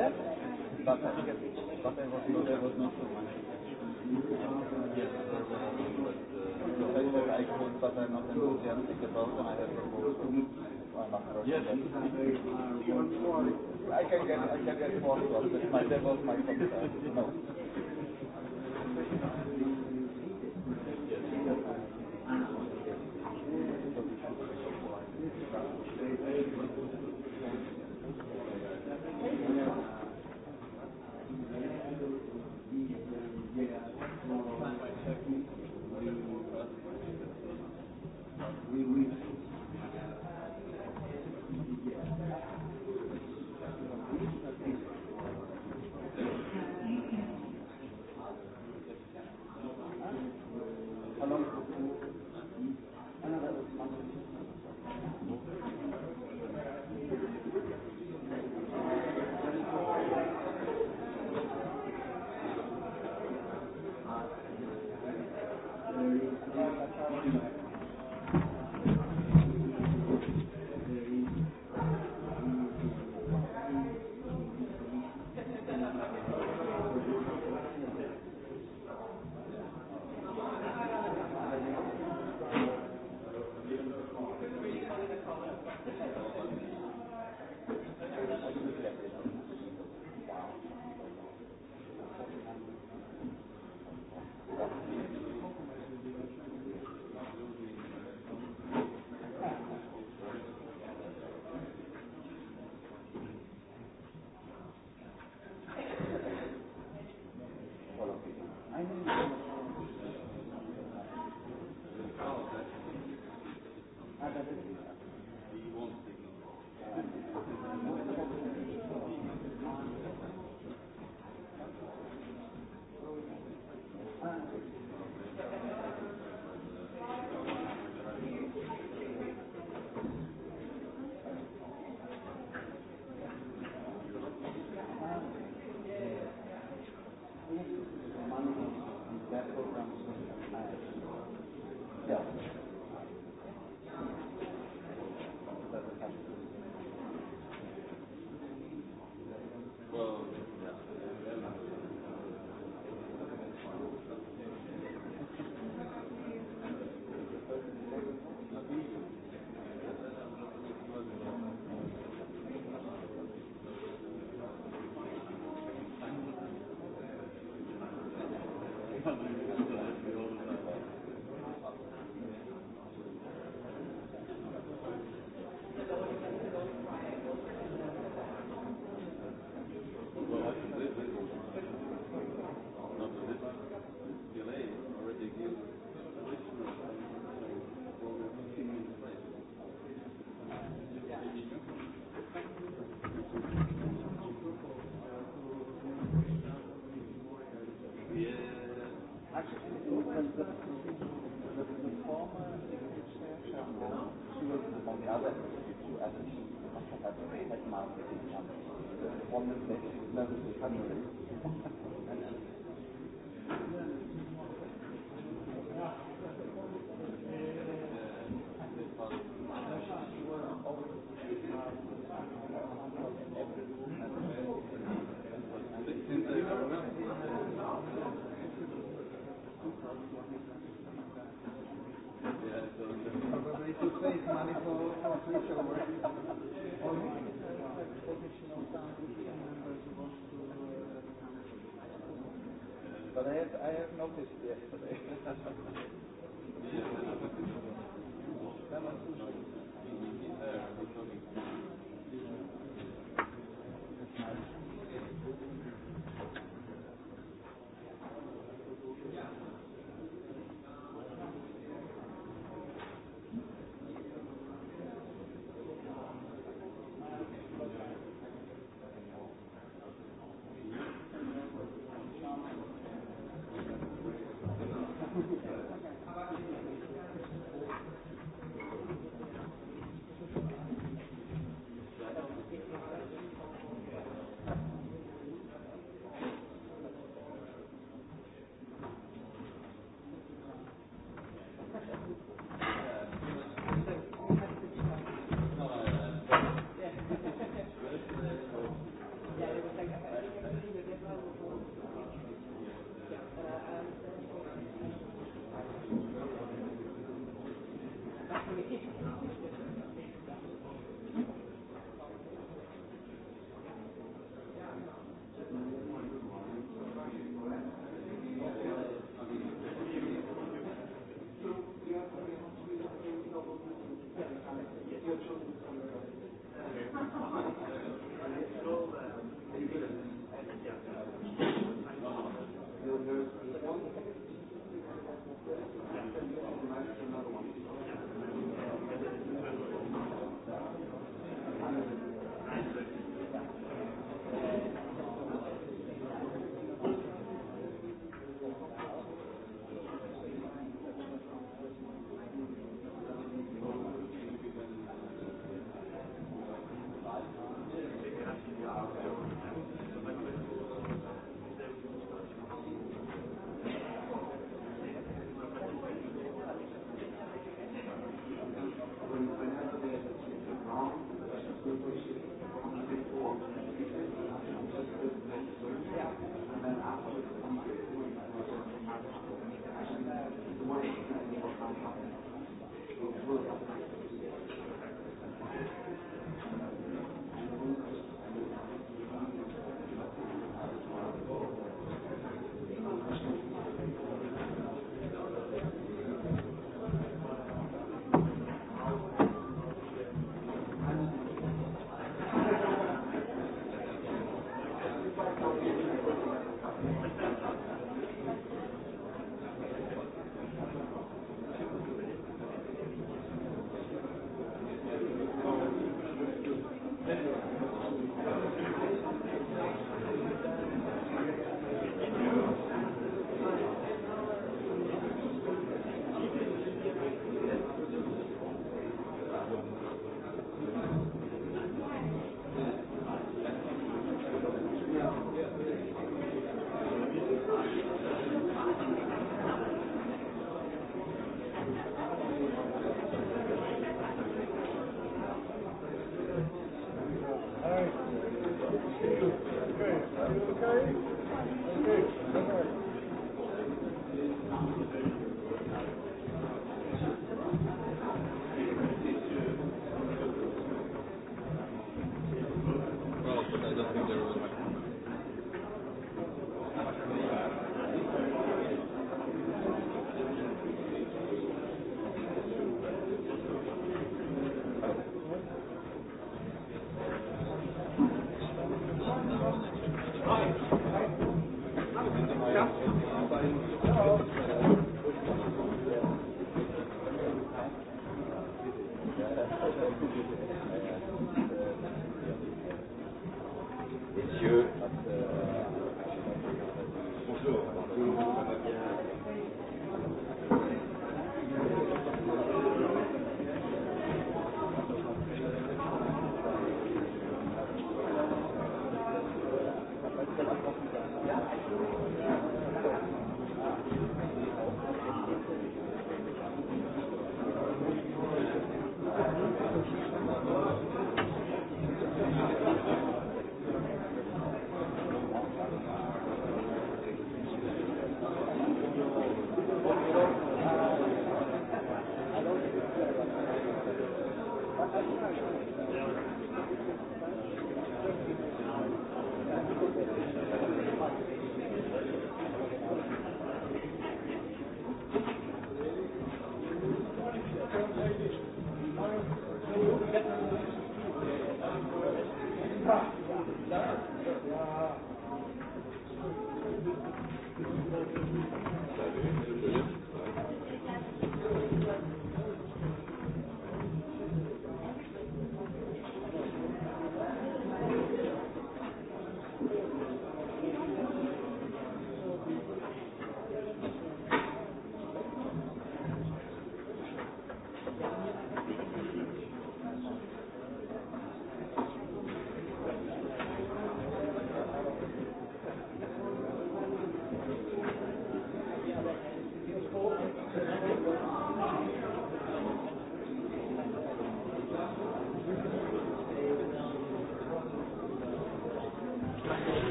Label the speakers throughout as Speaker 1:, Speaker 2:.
Speaker 1: step, but I think it, but I was not, there was not too much. Yes, there was, but uh, the fact that I could, but I'm not enthusiastic about, and I have proposed Yes. I can get, I can get more. That my, that was my concern. No. on the list of those countries. Yeah, so, but if you save money for, for switchover, or I have noticed yesterday.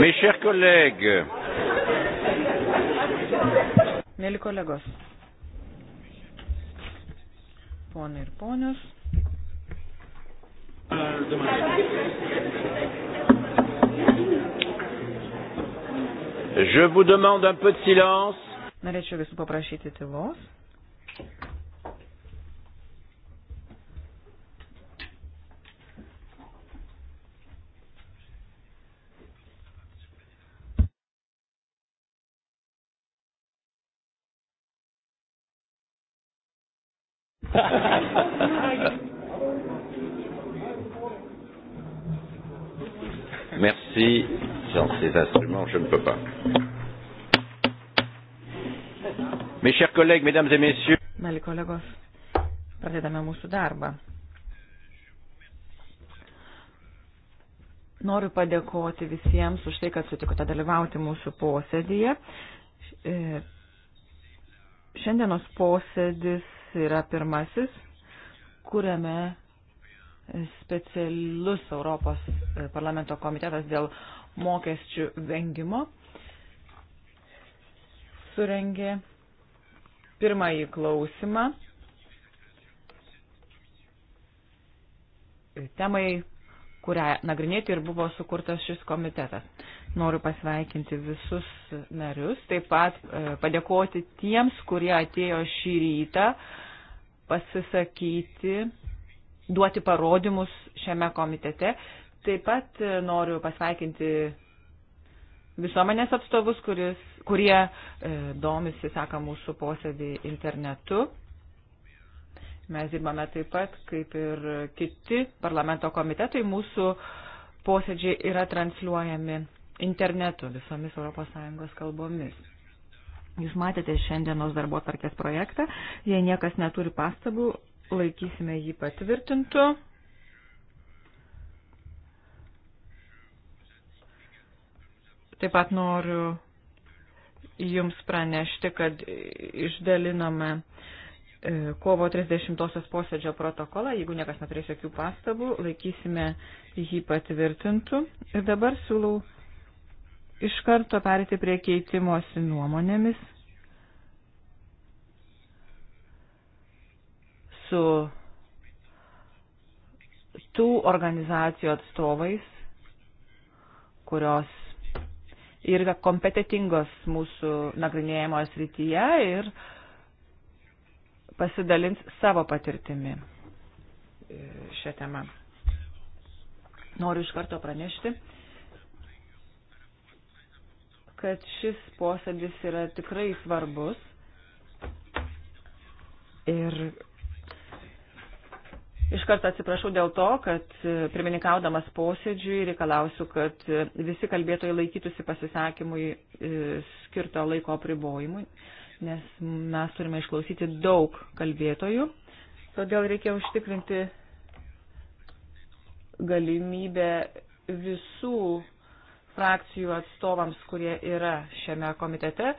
Speaker 1: Mes chers collègues.
Speaker 2: Mėly kolegos. Ponai ir ponios.
Speaker 1: Je vous demande un peu de silence.
Speaker 2: Norėčiau visų paprašyti tylos.
Speaker 1: collègues, mesdames et messieurs.
Speaker 2: Mėly kolegos, pradedame mūsų darbą. Noriu padėkoti visiems už tai, kad sutikote dalyvauti mūsų posėdėje. E, šiandienos posėdis yra pirmasis, kuriame specialus Europos parlamento komitetas dėl mokesčių vengimo surengė pirmąjį klausimą temai, kurią nagrinėti ir buvo sukurtas šis komitetas. Noriu pasveikinti visus narius, taip pat e, padėkoti tiems, kurie atėjo šį rytą pasisakyti, duoti parodymus šiame komitete. Taip pat e, noriu pasveikinti visuomenės atstovus, kuris, kurie e, domisi, seka mūsų posėdį internetu. Mes dirbame taip pat, kaip ir kiti parlamento komitetai, mūsų posėdžiai yra transliuojami internetu visomis ES kalbomis. Jūs matėte šiandienos darbo tarkės projektą. Jei niekas neturi pastabų, laikysime jį patvirtintų. Taip pat noriu Jums pranešti, kad išdaliname e, kovo 30-osios posėdžio protokolą, jeigu niekas neturės jokių pastabų, laikysime jį patvirtintų. Ir dabar siūlau iš karto perėti prie keitimosi nuomonėmis su tų organizacijų atstovais, kurios ir yra kompetitingos mūsų nagrinėjimo srityje ir pasidalins savo patirtimi e, šią temą. Noriu iš karto pranešti, kad šis posėdis yra tikrai svarbus ir Iš karto atsiprašau dėl to, kad e, pirmininkaudamas posėdžiui reikalausiu, kad e, visi kalbėtojai laikytųsi pasisakymui e, skirto laiko apribojimui, nes mes turime išklausyti daug kalbėtojų. Todėl reikia užtikrinti galimybę visų frakcijų atstovams, kurie yra šiame komitete,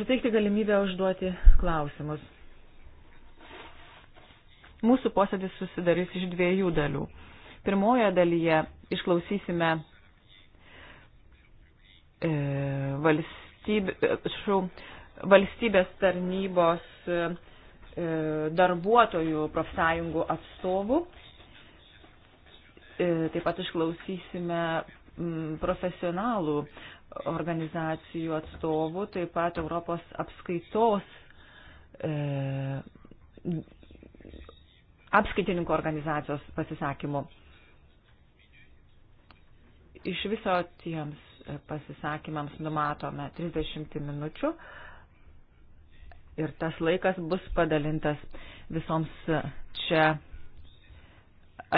Speaker 2: suteikti galimybę užduoti klausimus. Mūsų posėdis susidarys iš dviejų dalių. Pirmoje dalyje išklausysime e, valstybė, e, šau, valstybės tarnybos e, darbuotojų profsąjungų atstovų. E, taip pat išklausysime m, profesionalų organizacijų atstovų, taip pat Europos apskaitos e, apskaitininkų organizacijos pasisakymų. Iš viso tiems e, pasisakymams numatome 30 minučių ir tas laikas bus padalintas visoms čia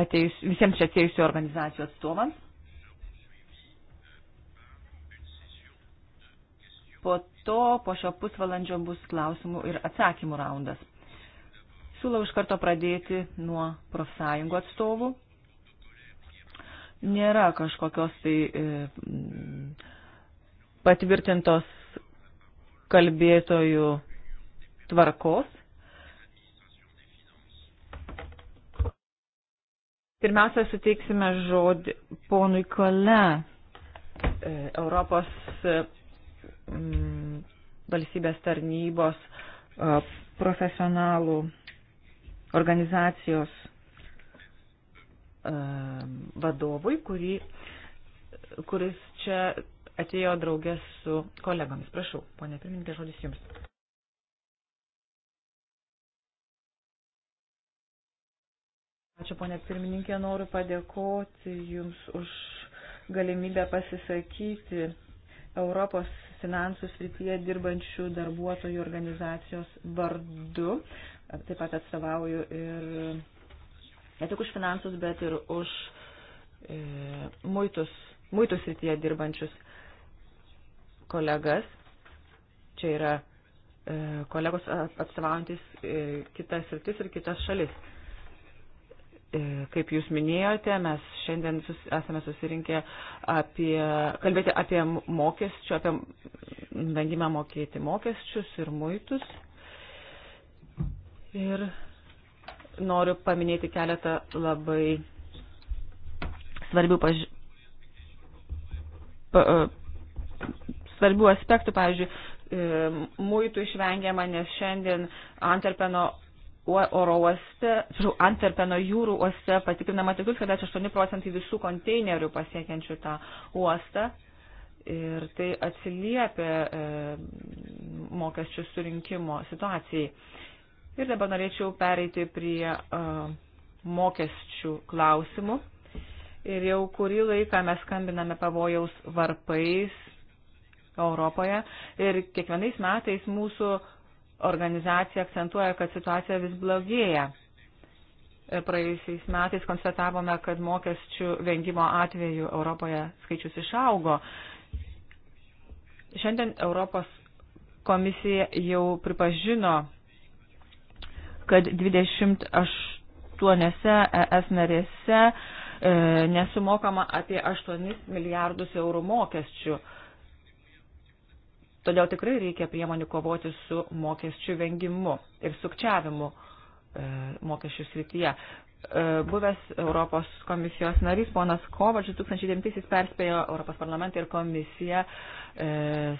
Speaker 2: atėjus, visiems čia atėjusių organizacijų atstovams. Po to, po šio pusvalandžio bus klausimų ir atsakymų raundas. Siūlau iš karto pradėti nuo profsąjungų atstovų. Nėra kažkokios tai e, patvirtintos kalbėtojų tvarkos. Pirmiausia, suteiksime žodį ponui Kole, e, Europos e, valstybės tarnybos e, profesionalų organizacijos e, vadovui, kurį, kuris čia atėjo draugės su kolegomis. Prašau, ponė pirmininkė, žodis jums. Ačiū, ponė pirmininkė, noriu padėkoti jums už galimybę pasisakyti Europos finansų srityje dirbančių darbuotojų organizacijos vardu. Uh, taip pat atstovauju ir ne tik už finansus, bet ir už e, muitus, muitus rytyje dirbančius kolegas. Čia yra e, kolegos atstovaujantis e, kitas rytis ir kitas šalis. E, kaip jūs minėjote, mes šiandien sus, esame susirinkę apie, kalbėti apie mokesčių, apie vengimą mokėti mokesčius ir muitus Ir noriu paminėti keletą labai svarbių, paž... pa, e, svarbių aspektų, pavyzdžiui, e, muitų išvengiama, nes šiandien Antarpeno oro uoste, žiūrėjau, Antarpeno jūrų uoste patikrinama tik 8 procentai visų konteinerių pasiekiančių tą uostą. Ir tai atsiliepia e, mokesčių surinkimo situacijai. Ir dabar norėčiau pereiti prie uh, mokesčių klausimų. Ir jau kurį laiką mes skambiname pavojaus varpais Europoje. Ir kiekvienais metais mūsų organizacija akcentuoja, kad situacija vis blogėja. Praėjusiais metais konstatavome, kad mokesčių vengimo atveju Europoje skaičius išaugo. Šiandien Europos komisija jau pripažino kad 28 ES narėse e, nesumokama apie 8 milijardus eurų mokesčių. Todėl tikrai reikia priemonių kovoti su mokesčių vengimu ir sukčiavimu e, mokesčių srityje. E, buvęs Europos komisijos narys ponas Kovač 2009-aisiais perspėjo Europos parlamentą ir komisiją e,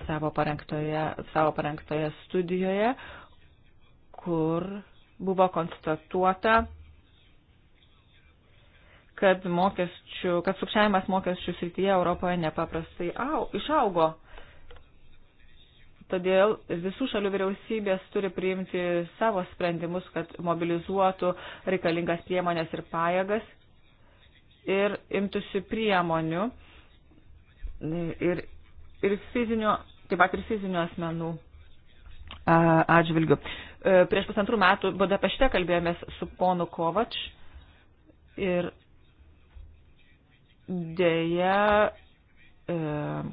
Speaker 2: savo, parengtoje, savo parengtoje studijoje, kur buvo konstatuota, kad, mokesčių, kad sukčiavimas mokesčių srityje Europoje nepaprastai au, išaugo. Todėl visų šalių vyriausybės turi priimti savo sprendimus, kad mobilizuotų reikalingas priemonės ir pajėgas ir imtųsi priemonių ir, ir fizinio, taip pat ir fizinio asmenų atžvilgių. E, prieš pusantrų metų Budapešte kalbėjomės su ponu Kovač ir dėja, e,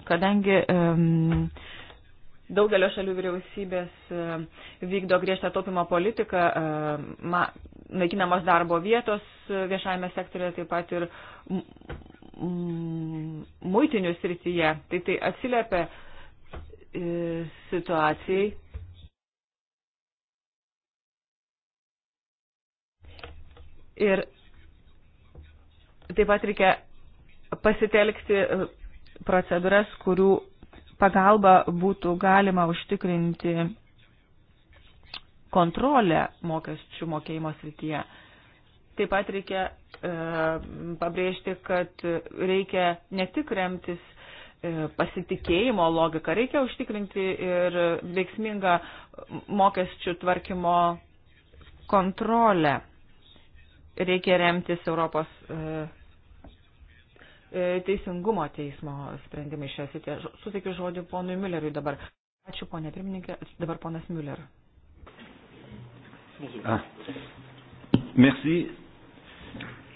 Speaker 2: kadangi e, daugelio šalių vyriausybės vykdo griežtą taupimo politiką, ma, naikinamos darbo vietos viešajame sektorėje, taip pat ir muitinių srityje. Tai tai atsiliepia situacijai Ir taip pat reikia pasitelkti e, procedūras, kurių pagalba būtų galima užtikrinti kontrolę mokesčių mokėjimo srityje. Taip pat reikia e, pabrėžti, kad reikia ne tik remtis e, pasitikėjimo logiką, reikia užtikrinti ir veiksmingą mokesčių tvarkymo kontrolę reikia remtis Europos e, e, teisingumo teismo sprendimai šią sitį. Suteikiu žodį ponui Mülleriui dabar. Ačiū, ponė pirmininkė. Dabar ponas Müller. Ah.
Speaker 1: Merci.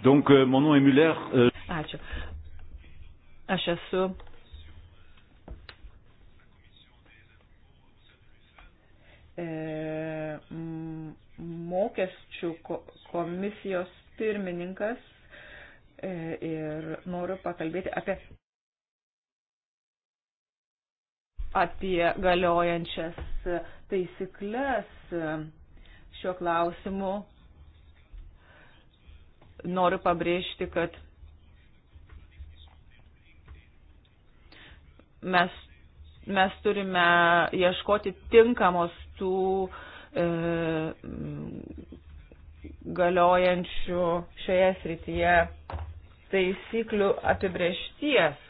Speaker 1: Donc, euh, mon nom est Müller. Euh,
Speaker 2: Ačiū. Aš esu e, mokesčių komisijos pirmininkas e, ir noriu pakalbėti apie, apie galiojančias taisyklės šiuo klausimu. Noriu pabrėžti, kad mes, mes turime ieškoti tinkamos tų e, galiojančių šioje srityje taisyklių apibriešties.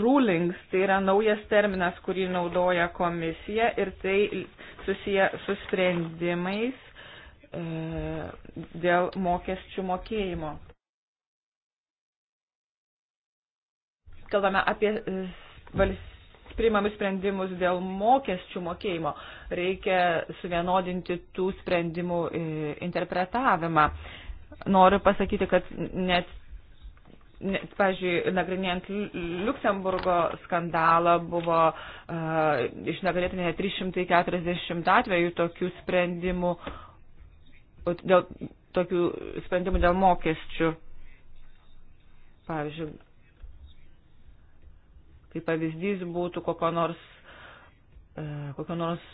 Speaker 2: Rulings tai yra naujas terminas, kurį naudoja komisija ir tai susiję su sprendimais e, dėl mokesčių mokėjimo. Kalbame apie e, vals, priimamus sprendimus dėl mokesčių mokėjimo. Reikia suvienodinti tų sprendimų e, interpretavimą. Noriu pasakyti, kad net net, pažiūrėjau, nagrinėjant Luksemburgo skandalą buvo uh, išnagrinėti net 340 atvejų tokių sprendimų, dėl, tokių sprendimų dėl mokesčių. Pavyzdžiui, Kaip pavyzdys būtų kokio nors, e, kokio nors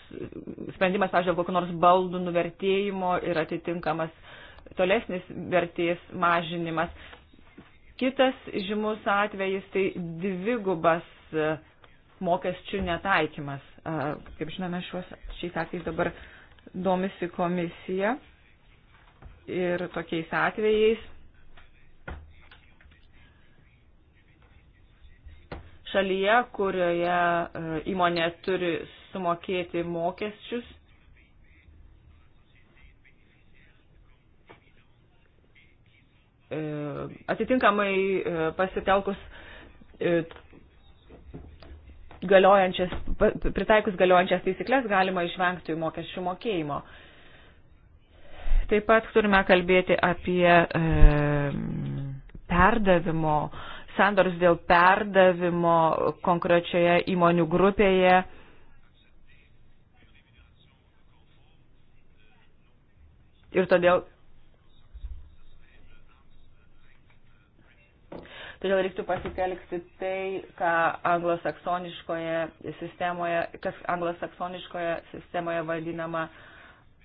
Speaker 2: sprendimas, pažiūrėjau, kokio nors baldų nuvertėjimo ir atitinkamas tolesnis vertės mažinimas. Kitas žymus atvejis tai dvigubas e, mokesčių netaikymas. E, kaip žinome, šios, šiais atvejais dabar domisi komisija ir tokiais atvejais šalyje, kurioje e, įmonė turi sumokėti mokesčius. E, atitinkamai e, pasitelkus galiojančias, pritaikus galiojančias taisyklės galima išvengti mokesčių mokėjimo. Taip pat turime kalbėti apie e, perdavimo e, sandoris dėl perdavimo konkrečioje įmonių grupėje. Ir todėl, todėl reiktų pasitelkti tai, ką anglosaksoniškoje sistemoje, kas anglosaksoniškoje sistemoje vadinama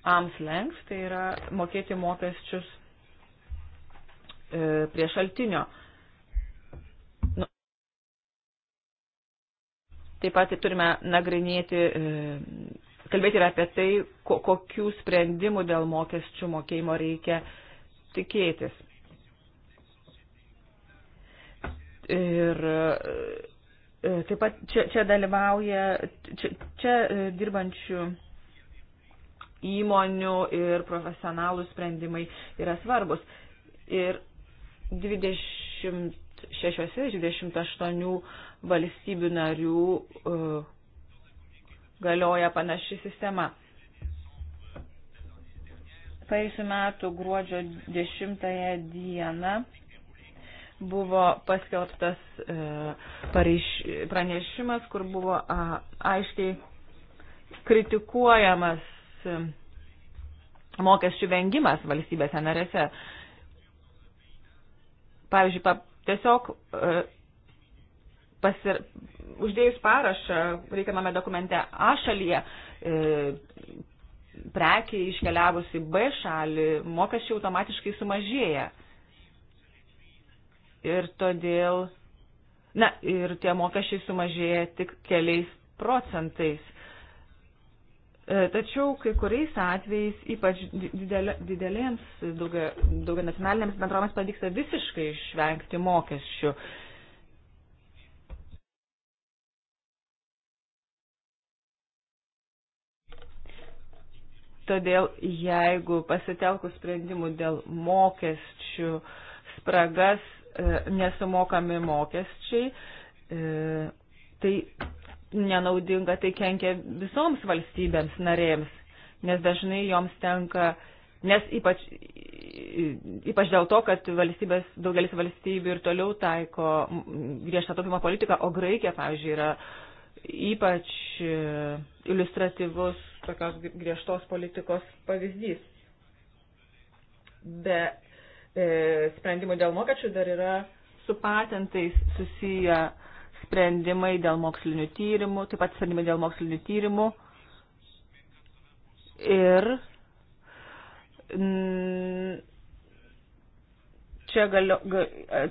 Speaker 2: arms length, tai yra mokėti mokesčius e, prie šaltinio. Taip pat turime nagrinėti, e, kalbėti ir apie tai, kokių sprendimų dėl mokesčių mokėjimo reikia tikėtis. Ir e, taip pat čia, čia dalyvauja, čia, čia e, dirbančių įmonių ir profesionalų sprendimai yra svarbus. Ir 20 26 iš 28 valstybių narių e, galioja panaši sistema. Praėjusiu metu gruodžio 10 dieną buvo paskelbtas e, pranešimas, kur buvo aiškiai kritikuojamas e, mokesčių vengimas valstybėse narėse. Pavyzdžiui, Tiesiog e, pasir... uždėjus parašą reikiamame dokumente A šalyje, e, prekiai iškeliavusi B šalį, mokesčiai automatiškai sumažėja. Ir todėl, na, ir tie mokesčiai sumažėja tik keliais procentais. E, tačiau kai kuriais atvejais, ypač didelėms daugia, daugia nacionalinėms bendrovėms pavyksta visiškai išvengti mokesčių. Todėl jeigu pasitelkus sprendimų dėl mokesčių spragas e, nesumokami mokesčiai, e, tai nenaudinga, tai kenkia visoms valstybėms narėms, nes dažnai joms tenka, nes ypač, ypač dėl to, kad valstybės, daugelis valstybių ir toliau taiko griežtą taupimo politiką, o Graikija, pavyzdžiui, yra ypač e, iliustratyvus tokios griežtos politikos pavyzdys. Be e, sprendimų dėl mokesčių dar yra su patentais susiję sprendimai dėl mokslinių tyrimų, taip pat sprendimai dėl mokslinių tyrimų ir mm, čia galio,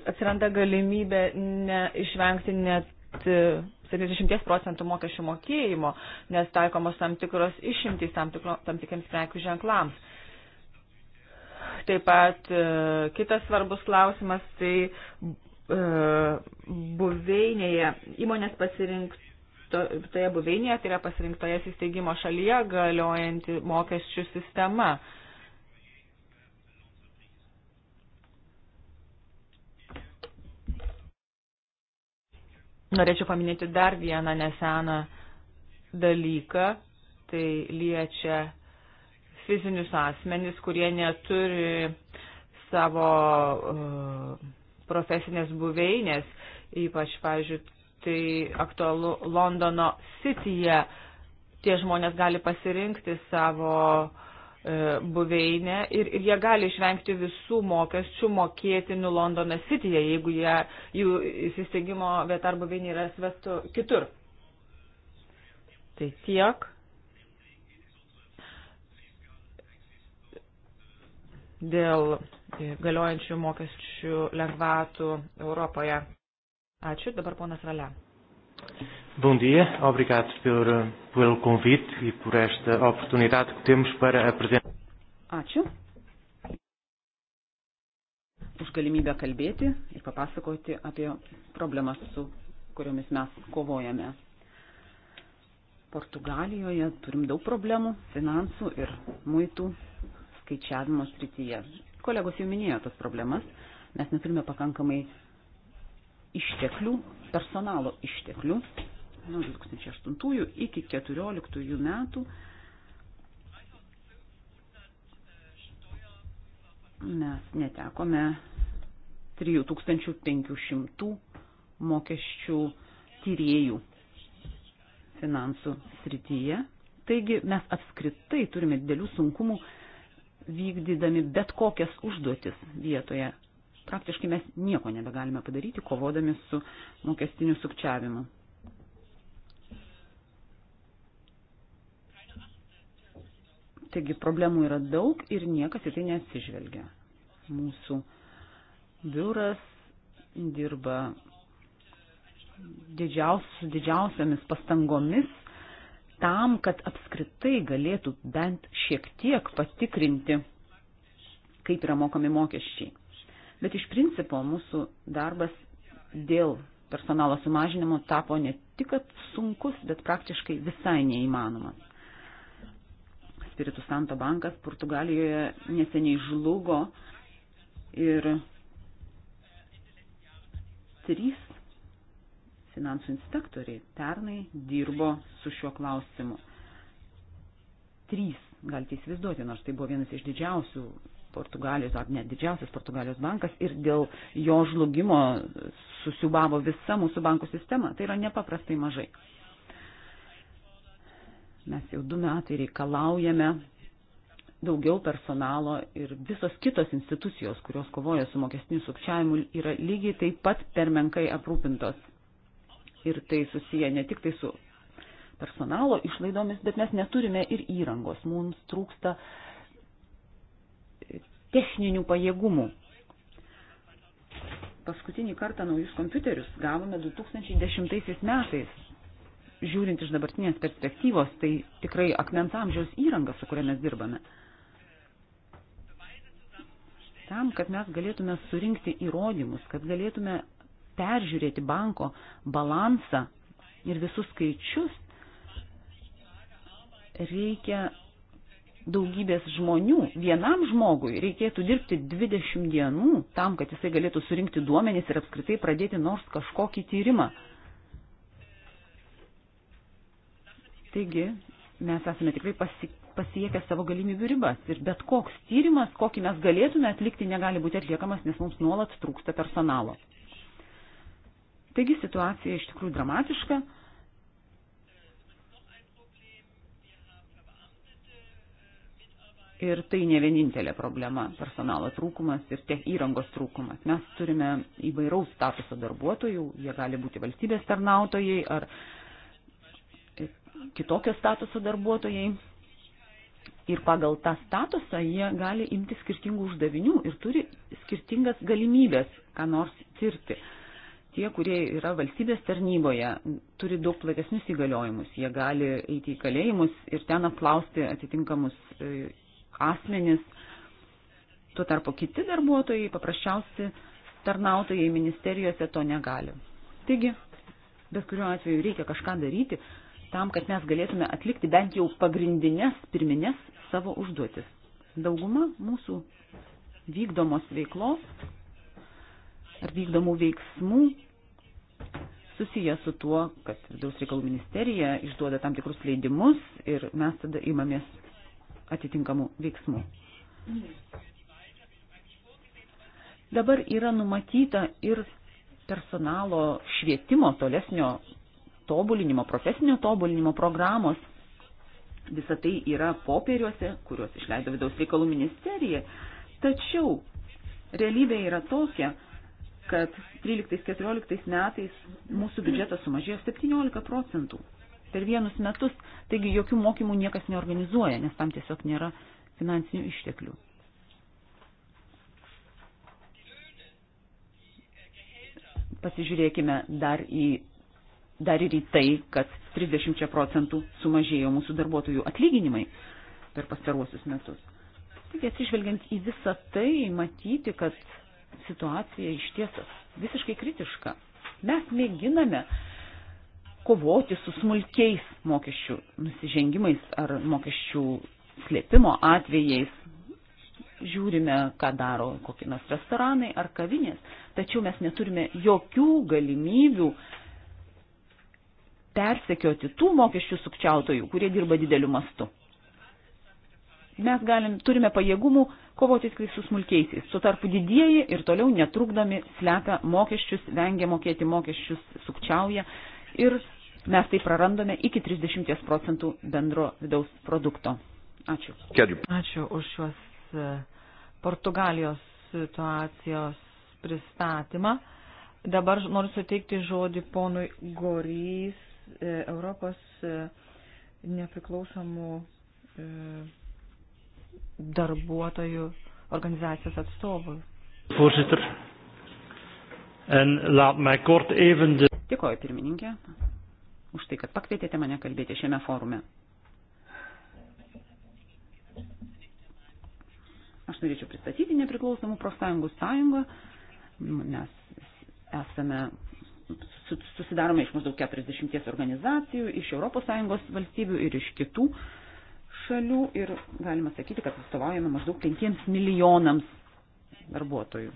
Speaker 2: atsiranda galimybė ne, išvengti net 70 e, procentų mokesčių mokėjimo, nes taikomos tam tikros išimtys tam, tikro, tam tikiems prekių ženklams. Taip pat e, kitas svarbus klausimas, tai E, buveinėje, įmonės pasirinktoje buveinėje, tai yra pasirinktoje įsteigimo šalyje galiojanti mokesčių sistema. Norėčiau paminėti dar vieną neseną dalyką, tai liečia fizinius asmenis, kurie neturi savo uh, profesinės buveinės, ypač, pavyzdžiui, tai aktualu Londono Cityje. Tie žmonės gali pasirinkti savo e, buveinę ir, ir jie gali išvengti visų mokesčių mokėtinių Londono Cityje, jeigu jie, jų įsisteigimo vieta ar buveinė yra svestų kitur. Tai tiek. Dėl galiojančių mokesčių lengvatų Europoje. Ačiū, dabar ponas Valia.
Speaker 1: Bom dia, obrigado por, pelo convite e por esta oportunidade que temos
Speaker 2: para apresentar. Ačiū už galimybę kalbėti ir papasakoti apie problemas, su kuriomis mes kovojame. Portugalijoje turim daug problemų finansų ir muitų skaičiavimo srityje. Kolegos jau minėjo tas problemas, mes neturime pakankamai išteklių, personalo išteklių nuo 2008 iki 2014 metų. Mes netekome 3500 mokesčių tyriejų finansų srityje. Taigi mes apskritai turime didelių sunkumų vykdydami bet kokias užduotis vietoje. Praktiškai mes nieko nebegalime padaryti, kovodami su mokestiniu sukčiavimu. Taigi problemų yra daug ir niekas į tai neatsižvelgia. Mūsų biuras dirba didžiaus, su didžiausiamis pastangomis tam, kad apskritai galėtų bent šiek tiek patikrinti, kaip yra mokami mokesčiai. Bet iš principo mūsų darbas dėl personalo sumažinimo tapo ne tik sunkus, bet praktiškai visai neįmanomas. Spiritus Santo bankas Portugalijoje neseniai žlugo ir trys finansų inspektoriai pernai dirbo su šiuo klausimu. Trys, galite įsivaizduoti, nors tai buvo vienas iš didžiausių Portugalijos, ar net didžiausias Portugalijos bankas ir dėl jo žlugimo susiubavo visa mūsų bankų sistema. Tai yra nepaprastai mažai. Mes jau du metai reikalaujame daugiau personalo ir visos kitos institucijos, kurios kovoja su mokestiniu sukčiavimu, yra lygiai taip pat per menkai aprūpintos ir tai susiję ne tik tai su personalo išlaidomis, bet mes neturime ir įrangos, mums trūksta techninių pajėgumų. Paskutinį kartą naujus kompiuterius gavome 2010 metais. Žiūrint iš dabartinės perspektyvos, tai tikrai akmens amžiaus įranga, su kuria mes dirbame. Tam, kad mes galėtume surinkti įrodymus, kad galėtume peržiūrėti banko balansą ir visus skaičius, reikia daugybės žmonių. Vienam žmogui reikėtų dirbti 20 dienų tam, kad jisai galėtų surinkti duomenys ir apskritai pradėti nors kažkokį tyrimą. Taigi, mes esame tikrai pasi, pasiekę savo galimybių ribas ir bet koks tyrimas, kokį mes galėtume atlikti, negali būti atliekamas, nes mums nuolat trūksta personalo. Taigi situacija iš tikrųjų dramatiška. Ir tai ne vienintelė problema - personalo trūkumas ir tech įrangos trūkumas. Mes turime įvairaus statuso darbuotojų, jie gali būti valstybės tarnautojai ar kitokio statuso darbuotojai. Ir pagal tą statusą jie gali imti skirtingų uždavinių ir turi skirtingas galimybės, ką nors tirti tie, kurie yra valstybės tarnyboje, turi daug platesnius įgaliojimus. Jie gali eiti į kalėjimus ir ten apklausti atitinkamus e, asmenis. Tuo tarpu kiti darbuotojai, paprasčiausi tarnautojai ministerijose to negali. Taigi, bet kuriuo atveju reikia kažką daryti tam, kad mes galėtume atlikti bent jau pagrindinės, pirminės savo užduotis. Dauguma mūsų vykdomos veiklos ar vykdomų veiksmų susiję su tuo, kad vidaus reikalų ministerija išduoda tam tikrus leidimus ir mes tada imamės atitinkamų veiksmų. Dabar yra numatyta ir personalo švietimo tolesnio tobulinimo, profesinio tobulinimo programos. Visa tai yra popieriuose, kuriuos išleido vidaus reikalų ministerija. Tačiau realybė yra tokia, kad 13-14 metais mūsų biudžetas sumažėjo 17 procentų per vienus metus, taigi jokių mokymų niekas neorganizuoja, nes tam tiesiog nėra finansinių išteklių. Pasižiūrėkime dar į, dar ir į tai, kad 30 procentų sumažėjo mūsų darbuotojų atlyginimai per pastaruosius metus. Taigi atsižvelgiant į visą tai, matyti, kad situacija iš tiesas visiškai kritiška. Mes mėginame kovoti su smulkiais mokesčių nusižengimais ar mokesčių slėpimo atvejais. Žiūrime, ką daro kokie nors restoranai ar kavinės, tačiau mes neturime jokių galimybių persekioti tų mokesčių sukčiautojų, kurie dirba dideliu mastu mes galim, turime pajėgumų kovoti tik su smulkiaisiais. Su tarpu didieji ir toliau netrukdomi slepia mokesčius, vengia mokėti mokesčius, sukčiauja ir mes tai prarandame iki 30 procentų bendro vidaus produkto. Ačiū. Ačiū už šios e, Portugalijos situacijos pristatymą. Dabar noriu suteikti žodį ponui Gorys, e, Europos e, nepriklausomų darbuotojų organizacijos atstovui. Voorzitter, en laat mij kort even de. Dėkoju pirmininkė už tai, kad pakvietėte mane kalbėti šiame forume. Aš norėčiau pristatyti nepriklausomų profsąjungų sąjungą. Mes esame, susidarome iš maždaug 40 organizacijų, iš ES valstybių ir iš kitų šalių ir galima sakyti, kad atstovaujame maždaug 5 milijonams darbuotojų.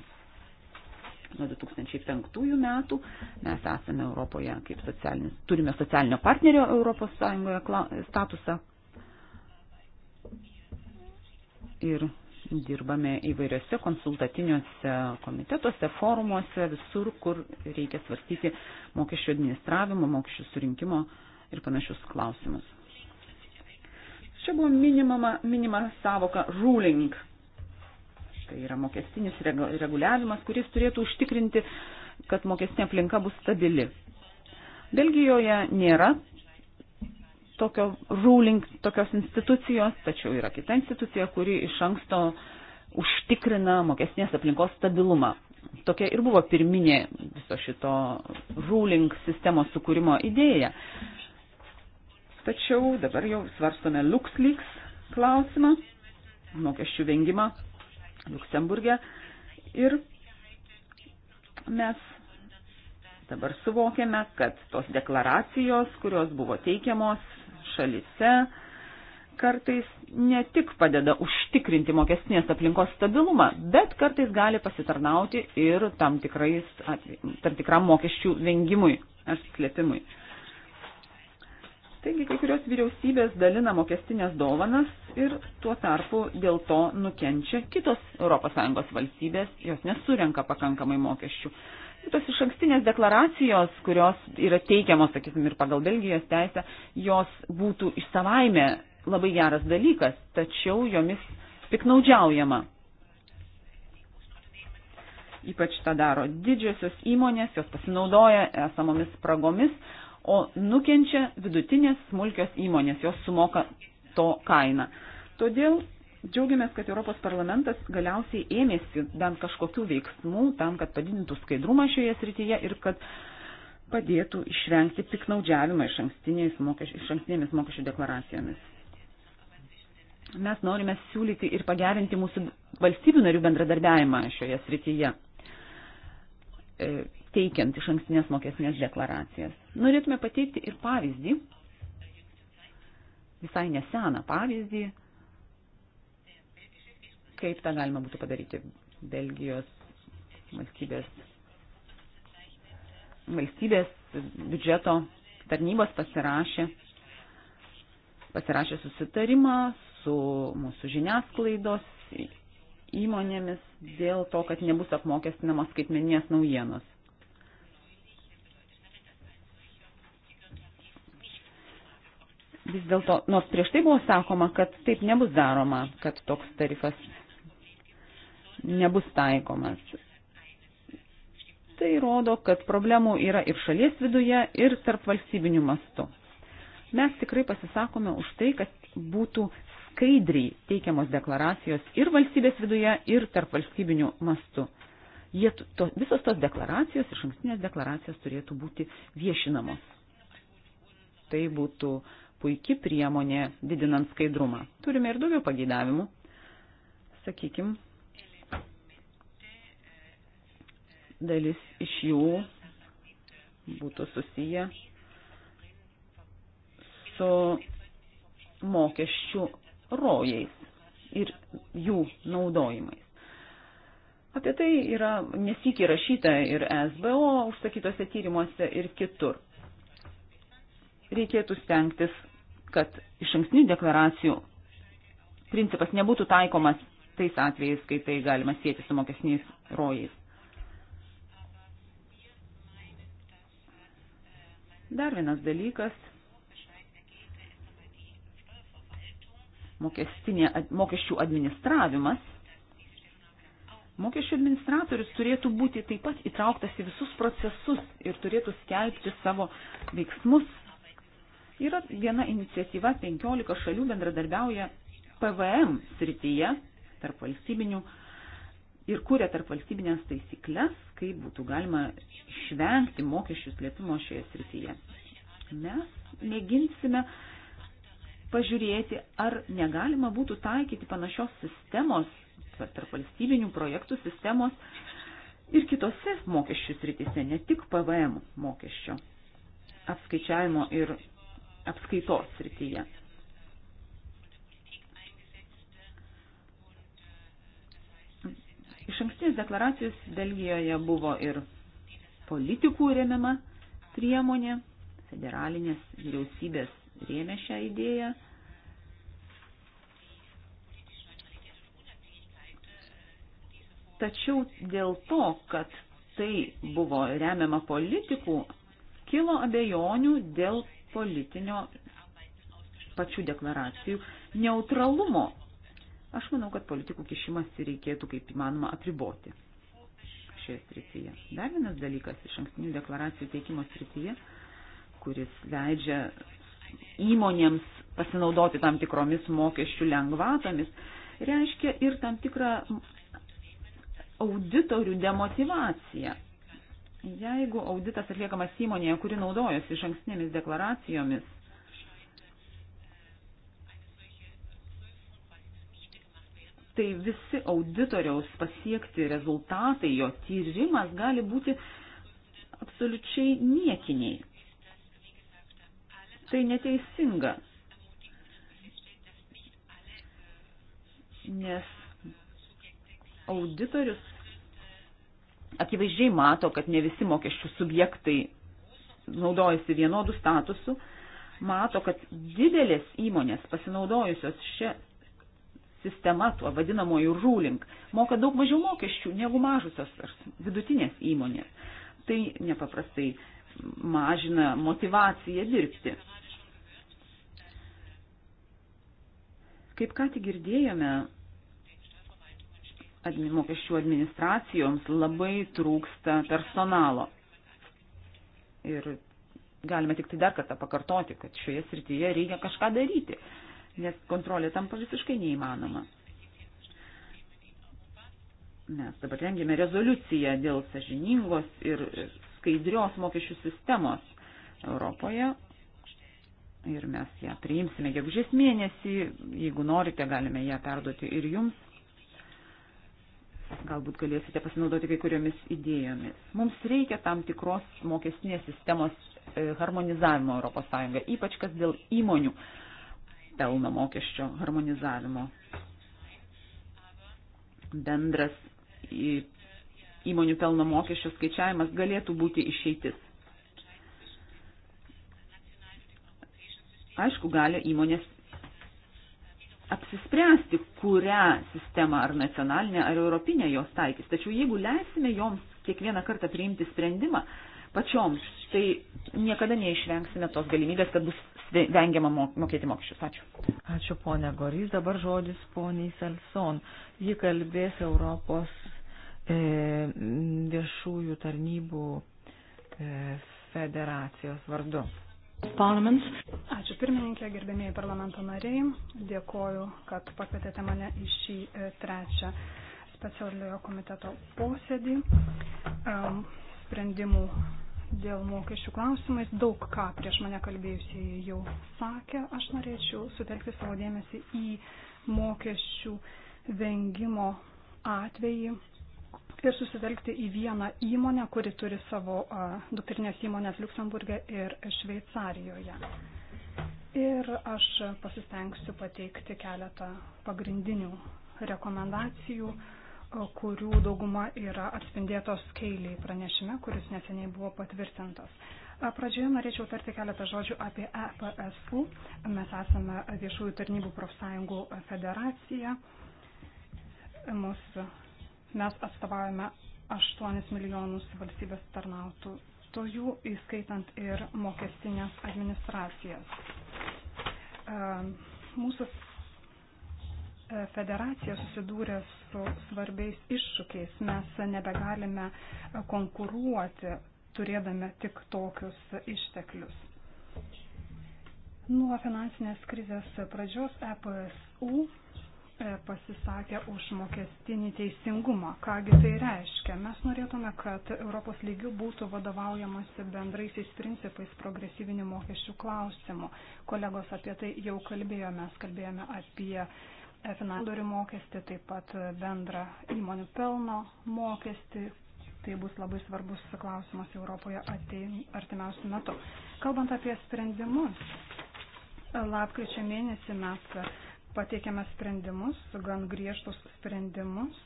Speaker 2: Nuo 2005 metų mes esame Europoje kaip socialinis, turime socialinio partnerio Europos Sąjungoje statusą ir dirbame įvairiose konsultatiniuose komitetuose, forumuose, visur, kur reikia svarstyti mokesčių administravimo, mokesčių surinkimo ir panašius klausimus.
Speaker 3: Čia buvo minima, minima
Speaker 2: savoka ruling. Tai yra mokestinis reguliavimas, kuris turėtų užtikrinti, kad mokestinė aplinka bus stabili. Belgijoje nėra tokio ruling, tokios institucijos, tačiau yra kita institucija, kuri iš anksto užtikrina mokesnės aplinkos stabilumą. Tokia ir buvo pirminė viso šito ruling sistemos sukūrimo idėja. Tačiau dabar jau svarstome LuxLeaks klausimą, mokesčių vengimą Luksemburgė. Ir mes dabar suvokiame, kad tos deklaracijos, kurios buvo teikiamos šalise, kartais ne tik padeda užtikrinti mokestinės aplinkos stabilumą, bet kartais gali pasitarnauti ir tam, tikrais, tam tikram mokesčių vengimui ar slėpimui. Taigi kai kurios vyriausybės dalina mokestinės dovanas ir tuo tarpu dėl to nukenčia kitos ES valstybės, jos nesurenka pakankamai mokesčių. Ir tos iš ankstinės deklaracijos, kurios yra teikiamos, sakysim, ir pagal Belgijos teisę, jos būtų iš savaime labai geras dalykas, tačiau jomis piknaudžiaujama. Ypač tą daro didžiosios įmonės, jos pasinaudoja esamomis spragomis, o nukenčia vidutinės smulkios įmonės, jos sumoka to kainą. Todėl džiaugiamės, kad Europos parlamentas galiausiai ėmėsi bent kažkokių veiksmų tam, kad padidintų skaidrumą šioje srityje ir kad padėtų išvengti piknaudžiavimą iš ankstinėmis mokesčių deklaracijomis. Mes norime siūlyti ir pagerinti mūsų valstybių narių bendradarbiavimą šioje srityje e, teikiant iš ankstinės mokesnės deklaracijas. Norėtume pateikti ir pavyzdį, visai neseną pavyzdį, kaip tą galima būtų padaryti Belgijos valstybės, valstybės biudžeto tarnybos pasirašė, pasirašė susitarimą su mūsų žiniasklaidos įmonėmis dėl to, kad nebus apmokestinamos skaitmeninės naujienos. vis dėlto, nors prieš tai buvo sakoma, kad taip nebus daroma, kad toks tarifas nebus taikomas. Tai rodo, kad problemų yra ir šalies viduje, ir tarp valstybinių mastų. Mes tikrai pasisakome už tai, kad būtų skaidriai teikiamos deklaracijos ir valstybės viduje, ir tarp valstybinių mastų. Jie, to, visos tos deklaracijos, iš ankstinės deklaracijos turėtų būti viešinamos. Tai būtų uh, puikia priemonė didinant skaidrumą. Turime ir daugiau pageidavimų. Sakykime, dalis iš jų būtų susiję su mokesčių rojais ir jų naudojimais. Apie tai yra nesikį rašyta ir SBO užsakytose tyrimuose ir kitur. Reikėtų stengtis kad iš ankstinių deklaracijų principas nebūtų taikomas tais atvejais, kai tai galima sėti su mokesniais rojais. Dar vienas dalykas. Mokesčių administravimas. Mokesčių administratorius turėtų būti taip pat įtrauktas į visus procesus ir turėtų skelbti savo veiksmus Yra viena iniciatyva, 15 šalių bendradarbiauja PVM srityje tarp valstybinių ir kūrė tarp valstybinės taisyklės, kaip būtų galima išvengti mokesčių slėpimo šioje srityje. Mes mėginsime pažiūrėti, ar negalima būtų taikyti panašios sistemos, tarp valstybinių projektų sistemos ir kitose mokesčių srityse, ne tik PVM mokesčio apskaičiavimo ir apskaitos srityje. Iš ankstinės deklaracijos Belgijoje buvo ir politikų remiama priemonė, federalinės vyriausybės rėmė šią idėją. Tačiau dėl to, kad tai buvo remiama politikų, kilo abejonių dėl politinio pačių deklaracijų neutralumo. Aš manau, kad politikų kišimasi reikėtų kaip įmanoma apriboti šioje srityje. Dar vienas dalykas iš ankstinių deklaracijų teikimo srityje, kuris leidžia įmonėms pasinaudoti tam tikromis mokesčių lengvatomis, reiškia ir tam tikrą auditorių demotivaciją. Jeigu auditas atliekamas įmonėje, kuri naudojasi iš ankstinėmis deklaracijomis, tai visi auditoriaus pasiekti rezultatai, jo tyrimas gali būti absoliučiai niekiniai. Tai neteisinga, nes auditorius akivaizdžiai mato, kad ne visi mokesčių subjektai naudojasi vienodų statusų, mato, kad didelės įmonės pasinaudojusios šią sistemą, tuo vadinamoju ruling, moka daug mažiau mokesčių negu mažusios ar vidutinės įmonės. Tai nepaprastai mažina motivaciją dirbti. Kaip ką tik girdėjome, mokesčių administracijoms labai trūksta personalo. Ir galime tik tai dar kartą pakartoti, kad šioje srityje reikia kažką daryti, nes kontrolė tampa visiškai neįmanoma. Mes dabar rengėme rezoliuciją dėl sažiningos ir skaidrios mokesčių sistemos Europoje. Ir mes ją priimsime gegužės mėnesį. Jeigu norite, galime ją perduoti ir jums. Galbūt galėsite pasinaudoti kai kuriomis idėjomis. Mums reikia tam tikros mokestinės sistemos e, harmonizavimo ES, ypač kas dėl įmonių pelno mokesčio harmonizavimo. Bendras įmonių pelno mokesčio skaičiavimas galėtų būti išeitis. Aišku, gali įmonės apsispręsti, kurią sistemą ar nacionalinę ar europinę jos taikys. Tačiau jeigu leisime joms kiekvieną kartą priimti sprendimą pačioms, tai niekada neišvengsime tos galimybės, kad bus vengiama mokėti mokesčius. Ačiū. Ačiū ponia Gorys. Dabar žodis poniai Selson. Ji kalbės Europos e, viešųjų tarnybų e, federacijos vardu. Parlaments.
Speaker 3: Ačiū pirmininkė, gerbėmėjai parlamento nariai. Dėkoju, kad pakvietėte mane į šį e, trečią specialiojo komiteto posėdį. Sprendimų dėl mokesčių klausimais. Daug ką prieš mane kalbėjusiai jau sakė. Aš norėčiau sutelkti savo dėmesį į mokesčių vengimo atvejį ir susitelkti į vieną įmonę, kuri turi savo dukrinės įmonės Luksemburgė ir Šveicarijoje. Ir aš pasistengsiu pateikti keletą pagrindinių rekomendacijų, kurių dauguma yra atspindėtos keiliai pranešime, kuris neseniai buvo patvirtintas. Pradžioje norėčiau tarti keletą žodžių apie EPSU. Mes esame viešųjų tarnybų profsąjungų federacija. Mūsų Mes atstovaujame 8 milijonus valstybės tarnautojų, įskaitant ir mokestinės administracijas. E, mūsų federacija susidūrė su svarbiais iššūkiais. Mes nebegalime konkuruoti, turėdami tik tokius išteklius. Nuo finansinės krizės pradžios EPSU E, pasisakė už mokestinį teisingumą. Kągi tai reiškia? Mes norėtume, kad Europos lygių būtų vadovaujamasi bendraisiais principais progresyvinių mokesčių klausimų. Kolegos apie tai jau kalbėjome. Mes kalbėjome apie finansorių mokestį, taip pat bendrą įmonių pelno mokestį. Tai bus labai svarbus klausimas Europoje artimiausių metų. Kalbant apie sprendimus, lapkričio mėnesį mes pateikėme sprendimus, gan griežtus sprendimus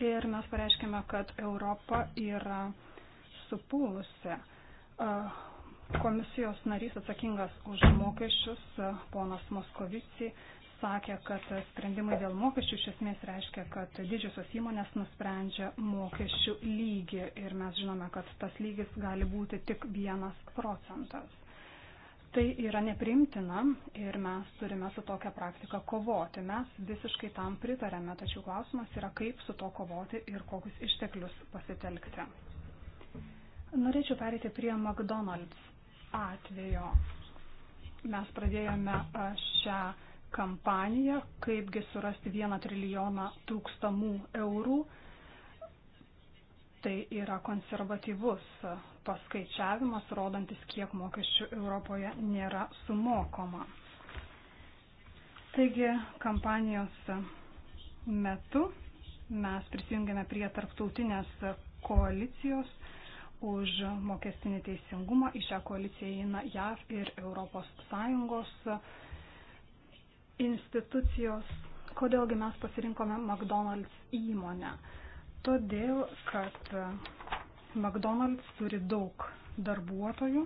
Speaker 3: ir mes pareiškėme, kad Europa yra supūlusi. Komisijos narys atsakingas už mokesčius, ponas Moskovici, sakė, kad sprendimai dėl mokesčių iš esmės reiškia, kad didžiosios įmonės nusprendžia mokesčių lygį ir mes žinome, kad tas lygis gali būti tik vienas procentas. Tai yra neprimtina ir mes turime su tokia praktika kovoti. Mes visiškai tam pritarėme, tačiau klausimas yra, kaip su to kovoti ir kokius išteklius pasitelkti. Norėčiau pereiti prie McDonald's atvejo. Mes pradėjome šią kampaniją, kaipgi surasti vieną trilijoną tūkstamų eurų Tai yra konservatyvus paskaičiavimas, rodantis, kiek mokesčių Europoje nėra sumokoma. Taigi kampanijos metu mes prisijungėme prie tarptautinės koalicijos už mokestinį teisingumą. Į šią koaliciją įeina JAV ir ES institucijos. Kodėlgi mes pasirinkome McDonald's įmonę? Todėl, kad McDonald's turi daug darbuotojų,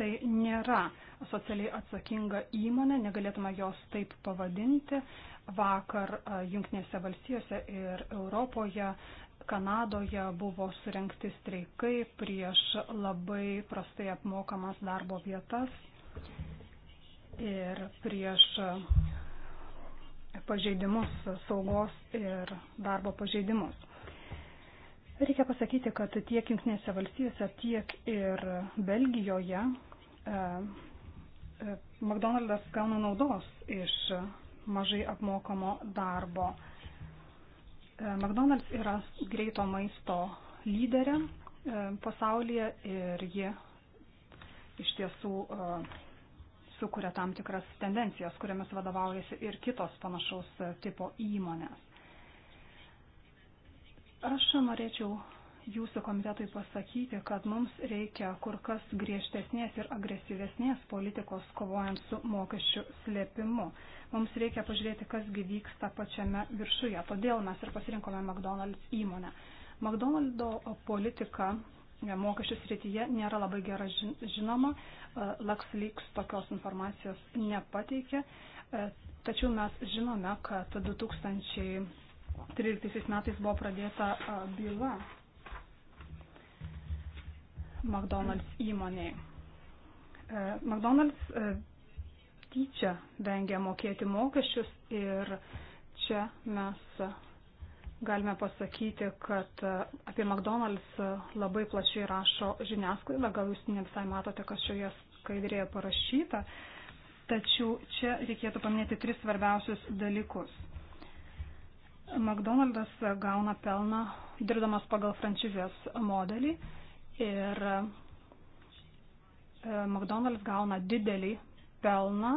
Speaker 3: tai nėra socialiai atsakinga įmonė, negalėtume jos taip pavadinti. Vakar Junktinėse valstijose ir Europoje, Kanadoje buvo surinkti streikai prieš labai prastai apmokamas darbo vietas ir prieš pažeidimus, saugos ir darbo pažeidimus. Reikia pasakyti, kad tiek Junktinėse valstijose, tiek ir Belgijoje e, e, McDonald's gauna naudos iš mažai apmokamo darbo. E, McDonald's yra greito maisto lyderė e, pasaulyje ir ji iš tiesų e, sukuria tam tikras tendencijas, kuriamis vadovaujasi ir kitos panašaus tipo įmonės. Aš norėčiau jūsų komitetui pasakyti, kad mums reikia kur kas griežtesnės ir agresyvesnės politikos kovojant su mokesčių slėpimu. Mums reikia pažiūrėti, kas vyksta pačiame viršuje. Todėl mes ir pasirinkome McDonald's įmonę. McDonald'o politika mokesčių srityje nėra labai gerai žinoma. LuxLeaks tokios informacijos nepateikė, tačiau mes žinome, kad 2013 metais buvo pradėta byla McDonald's įmoniai. McDonald's tyčia vengia mokėti mokesčius ir čia mes Galime pasakyti, kad e, apie McDonald's e, labai plačiai rašo žiniasklaida, gal jūs ne visai matote, kas šioje skaidrėje parašyta, tačiau čia reikėtų paminėti tris svarbiausius dalykus. McDonald's gauna pelną dirbdamas pagal frančizės modelį ir e, McDonald's gauna didelį pelną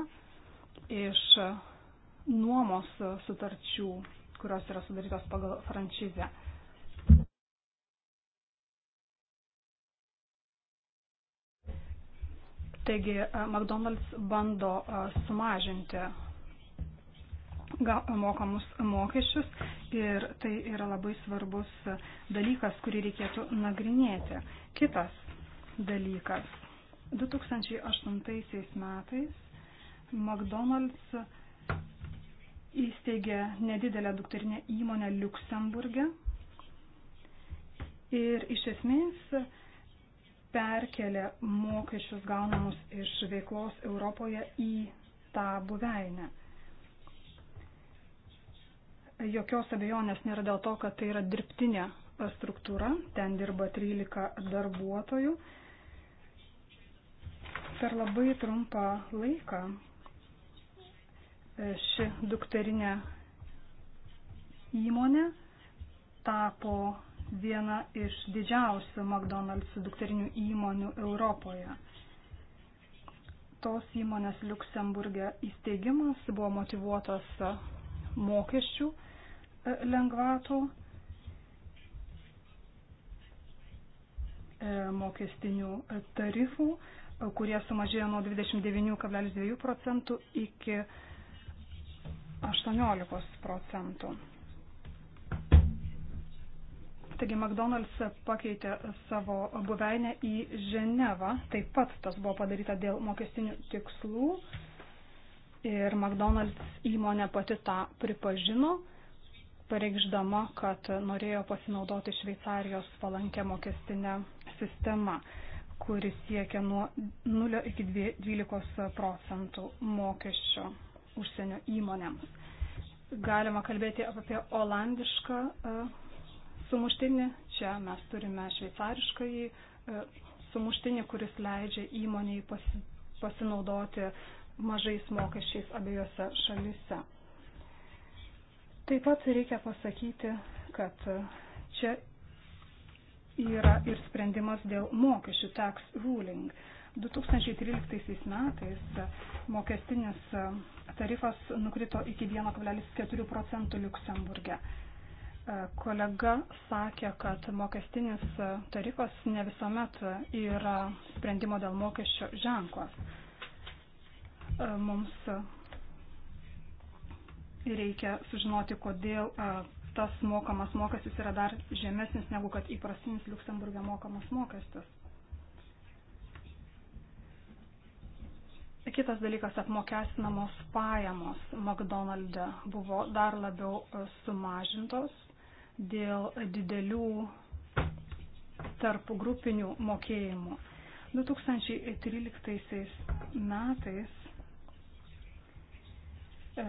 Speaker 3: iš nuomos sutarčių kurios yra sudarytos pagal franšizę. Taigi e, McDonald's bando e, sumažinti mokamus mokesčius ir tai yra labai svarbus dalykas, kurį reikėtų nagrinėti. Kitas dalykas. 2008 metais McDonald's įsteigė nedidelę dukterinę įmonę Luksemburgė ir iš esmės perkelė mokesčius gaunamus iš veiklos Europoje į tą buveinę. Jokios abejonės nėra dėl to, kad tai yra dirbtinė struktūra, ten dirba 13 darbuotojų. Per labai trumpą laiką ši dukterinė įmonė tapo viena iš didžiausių McDonald's dukterinių įmonių Europoje. Tos įmonės Luksemburgė įsteigimas buvo motivuotas mokesčių e, lengvatų, e, mokestinių tarifų, kurie sumažėjo nuo 29,2 procentų iki 29,2 18 procentų. Taigi McDonald's pakeitė savo buveinę į Ženevą. Taip pat tas buvo padaryta dėl mokestinių tikslų. Ir McDonald's įmonė pati tą pripažino, pareikšdama, kad norėjo pasinaudoti Šveicarijos palankę mokestinę sistemą, kuri siekia nuo 0 iki 12 procentų mokesčio užsienio įmonėms. Galima kalbėti apie olandišką e, sumuštinį. Čia mes turime šveicariškąjį e, sumuštinį, kuris leidžia įmoniai pasinaudoti mažais mokesčiais abiejose šalyse. Taip pat reikia pasakyti, kad e, čia yra ir sprendimas dėl mokesčių tax ruling. 2013 metais mokestinis tarifas nukrito iki 1,4 procentų Luksemburgė. E, kolega sakė, kad mokestinis tarifas ne visuomet yra sprendimo dėl mokesčio ženklas. E, mums reikia sužinoti, kodėl e, tas mokamas mokestis yra dar žemesnis negu kad įprastinis Luksemburgė mokamas mokestis. Kitas dalykas - apmokestinamos pajamos McDonald'e buvo dar labiau e, sumažintos dėl didelių tarp grupinių mokėjimų. 2013 metais e,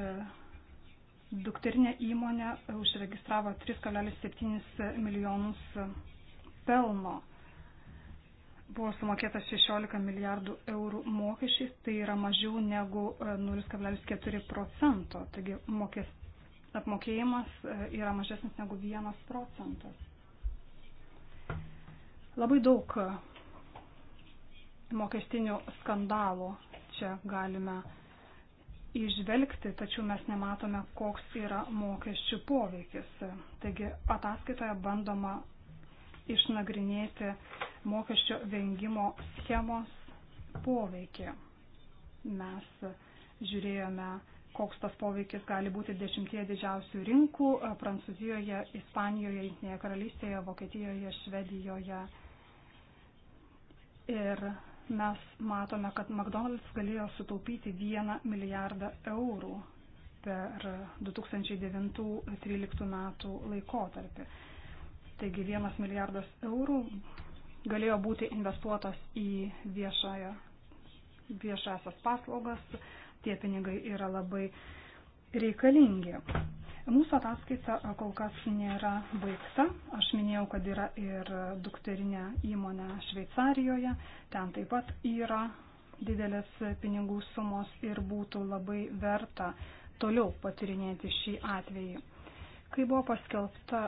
Speaker 3: dukterinė įmonė užregistravo 3,7 milijonus pelno buvo sumokėta 16 milijardų eurų mokesčiais, tai yra mažiau negu 0,4 e, procento, taigi mokės, apmokėjimas e, yra mažesnis negu 1 procentas. Labai daug e, mokestinių skandalų čia galime išvelgti, tačiau mes nematome, koks yra mokesčių poveikis. Taigi ataskaitoje bandoma išnagrinėti mokesčio vengimo schemos poveikį. Mes žiūrėjome, koks tas poveikis gali būti dešimtie didžiausių rinkų - Prancūzijoje, Ispanijoje, Jungtinėje karalystėje, Vokietijoje, Švedijoje. Ir mes matome, kad McDonald's galėjo sutaupyti 1 milijardą eurų per 2009-2013 metų laikotarpį. Taigi 1 milijardas eurų galėjo būti investuotas į viešąją, viešasias paslaugas. Tie pinigai yra labai reikalingi. Mūsų ataskaita kol kas nėra baigta. Aš minėjau, kad yra ir dukterinė įmonė Šveicarijoje. Ten taip pat yra didelės pinigų sumos ir būtų labai verta toliau patirinėti šį atvejį. Kai buvo paskelbta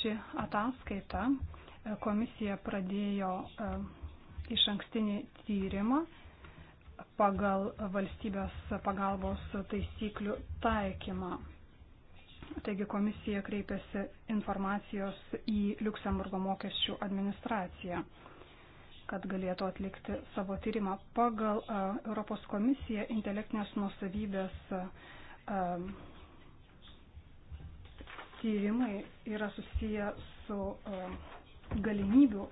Speaker 3: ši ataskaita, komisija pradėjo e, iš ankstinį tyrimą pagal valstybės pagalbos taisyklių taikymą. Taigi komisija kreipėsi informacijos į Luksemburgo mokesčių administraciją, kad galėtų atlikti savo tyrimą. Pagal e, Europos komisiją intelektinės nusavybės e, tyrimai yra susiję su galimybių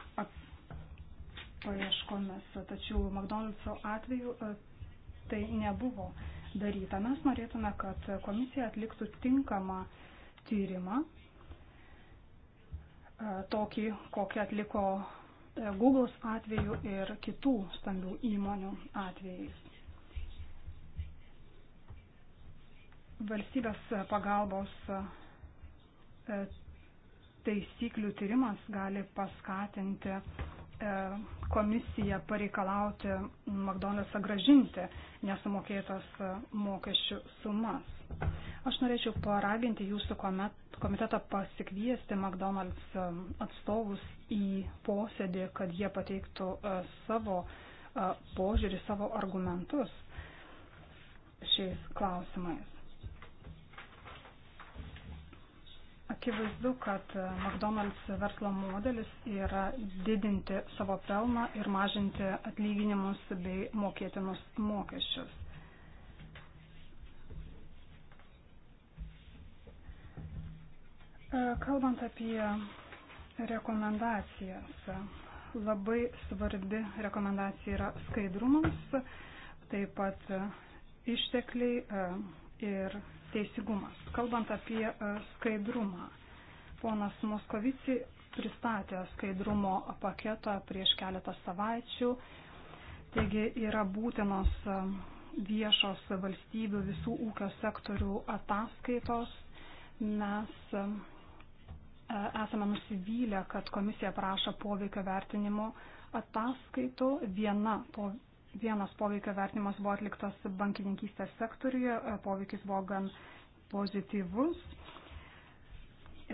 Speaker 3: paieškomis, tačiau McDonald'so atveju e, tai nebuvo daryta. Mes norėtume, kad komisija atliktų tinkamą tyrimą, e, tokį, kokį atliko e, Google's atveju ir kitų stambių įmonių atvejais. Valstybės pagalbos taisyklių tyrimas gali paskatinti e, komisiją pareikalauti McDonald'są gražinti nesumokėtas e, mokesčių sumas. Aš norėčiau paraginti jūsų komitetą pasikviesti McDonald's e, atstovus į posėdį, kad jie pateiktų savo požiūrį, savo argumentus šiais klausimais. Akivaizdu, kad e, McDonald's verslo modelis yra didinti savo pelną ir mažinti atlyginimus bei mokėtinus mokesčius. E, kalbant apie rekomendacijas, labai svarbi rekomendacija yra skaidrumas, taip pat ištekliai e, ir teisingumas. Kalbant apie e, skaidrumą, ponas Moskovici pristatė skaidrumo paketą prieš keletą savaičių. Taigi yra būtinos e, viešos valstybių visų ūkio sektorių ataskaitos. Mes e, esame nusivylę, kad komisija prašo poveikio vertinimo ataskaitų. Viena po Vienas poveikio vertinimas buvo atliktas bankininkystės sektoriuje, e, poveikis buvo gan pozityvus.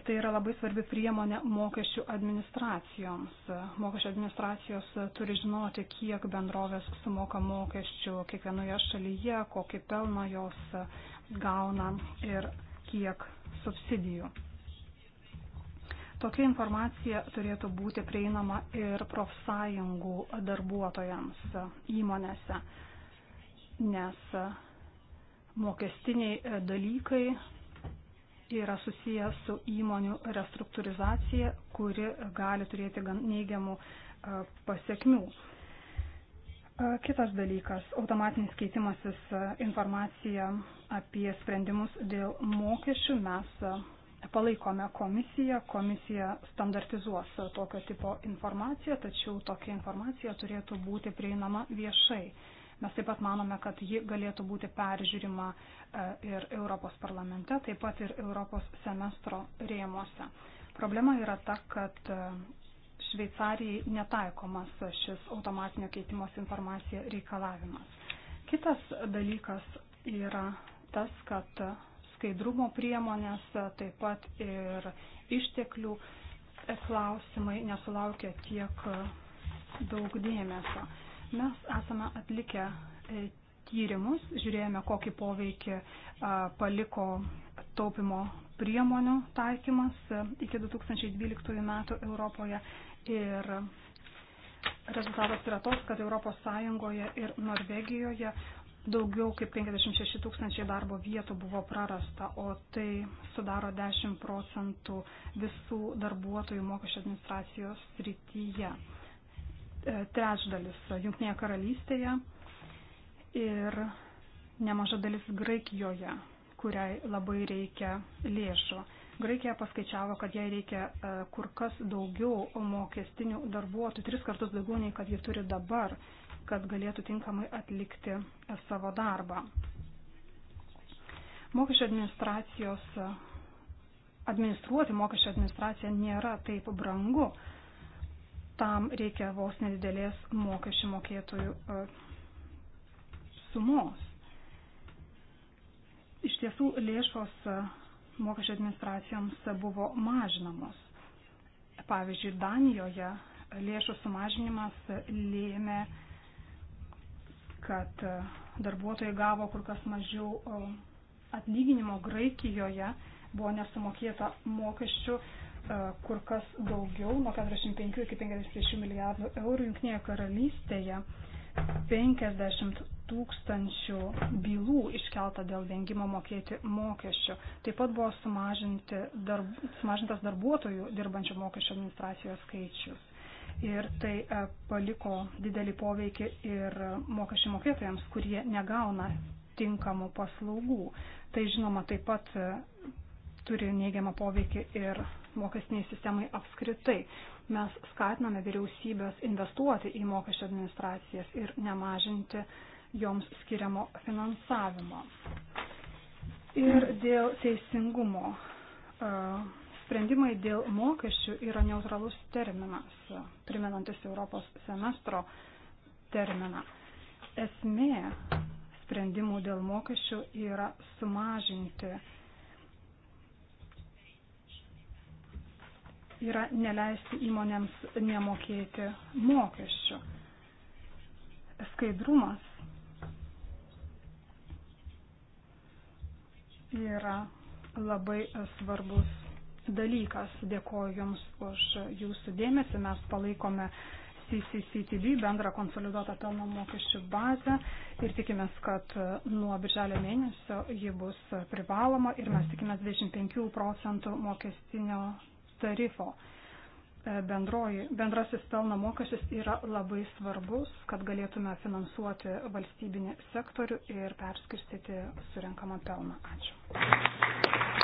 Speaker 3: Tai yra labai svarbi priemonė mokesčių administracijoms. E, mokesčių administracijos turi žinoti, kiek bendrovės sumoka mokesčių kiekvienoje šalyje, kokį pelną jos gauna ir kiek subsidijų. Tokia informacija turėtų būti prieinama ir profsąjungų darbuotojams įmonėse, nes mokestiniai dalykai yra susiję su įmonių restruktūrizacija, kuri gali turėti gan neigiamų e, pasiekmių. E, kitas dalykas - automatinis keitimasis e, informacija apie sprendimus dėl mokesčių. Mes palaikome komisiją, komisija standartizuos tokio tipo informaciją, tačiau tokia informacija turėtų būti prieinama viešai. Mes taip pat manome, kad ji galėtų būti peržiūrima e, ir Europos parlamente, taip pat ir Europos semestro rėmuose. Problema yra ta, kad e, Šveicarijai netaikomas šis automatinio keitimos informacija reikalavimas. Kitas dalykas yra tas, kad skaidrumo priemonės, taip pat ir išteklių klausimai nesulaukia tiek daug dėmesio. Mes esame atlikę e, tyrimus, žiūrėjome, kokį poveikį e, paliko taupimo priemonių taikymas e, iki 2012 metų Europoje ir rezultatas yra toks, kad ES ir Norvegijoje Daugiau kaip 56 tūkstančiai darbo vietų buvo prarasta, o tai sudaro 10 procentų visų darbuotojų mokesčio administracijos srityje. E, trečdalis Junktinėje karalystėje ir nemaža dalis Graikijoje, kuriai labai reikia lėšų. Graikija paskaičiavo, kad jai reikia e, kur kas daugiau mokestinių darbuotojų, tris kartus daugiau nei kad ji turi dabar kad galėtų tinkamai atlikti savo darbą. Mokesčio administracijos administruoti mokesčio administraciją nėra taip brangu. Tam reikia vos nedidelės mokesčių mokėtojų e, sumos. Iš tiesų lėšos e, mokesčio administracijoms buvo mažinamos. Pavyzdžiui, Danijoje lėšų sumažinimas lėmė kad e, darbuotojai gavo kur kas mažiau e, atlyginimo Graikijoje, buvo nesumokėta mokesčių e, kur kas daugiau, nuo 45 iki 56 milijardų eurų Junktinėje karalystėje. 50 tūkstančių bylų iškelta dėl vengimo mokėti mokesčių. Taip pat buvo darb, sumažintas darbuotojų dirbančių mokesčio administracijos skaičius ir tai e, paliko didelį poveikį ir mokesčių mokėtojams, kurie negauna tinkamų paslaugų. Tai žinoma taip pat e, turi neigiamą poveikį ir mokestiniai sistemai apskritai. Mes skatiname vyriausybės investuoti į mokesčio administracijas ir nemažinti joms skiriamo finansavimo. Ir dėl teisingumo e, Sprendimai dėl mokesčių yra neutralus terminas, primenantis Europos semestro terminą. Esmė sprendimų dėl mokesčių yra sumažinti, yra neleisti įmonėms nemokėti mokesčių. Skaidrumas yra labai svarbus dalykas. Dėkoju Jums už Jūsų dėmesį. Mes palaikome CCCTB bendrą konsoliduotą pelno mokesčių bazę ir tikimės, kad nuo birželio mėnesio ji bus privaloma ir mes tikimės 25 procentų mokestinio tarifo. Bendroji, bendrasis pelno mokesčius yra labai svarbus, kad galėtume finansuoti valstybinį sektorių ir perskirstyti surinkamą pelną. Ačiū.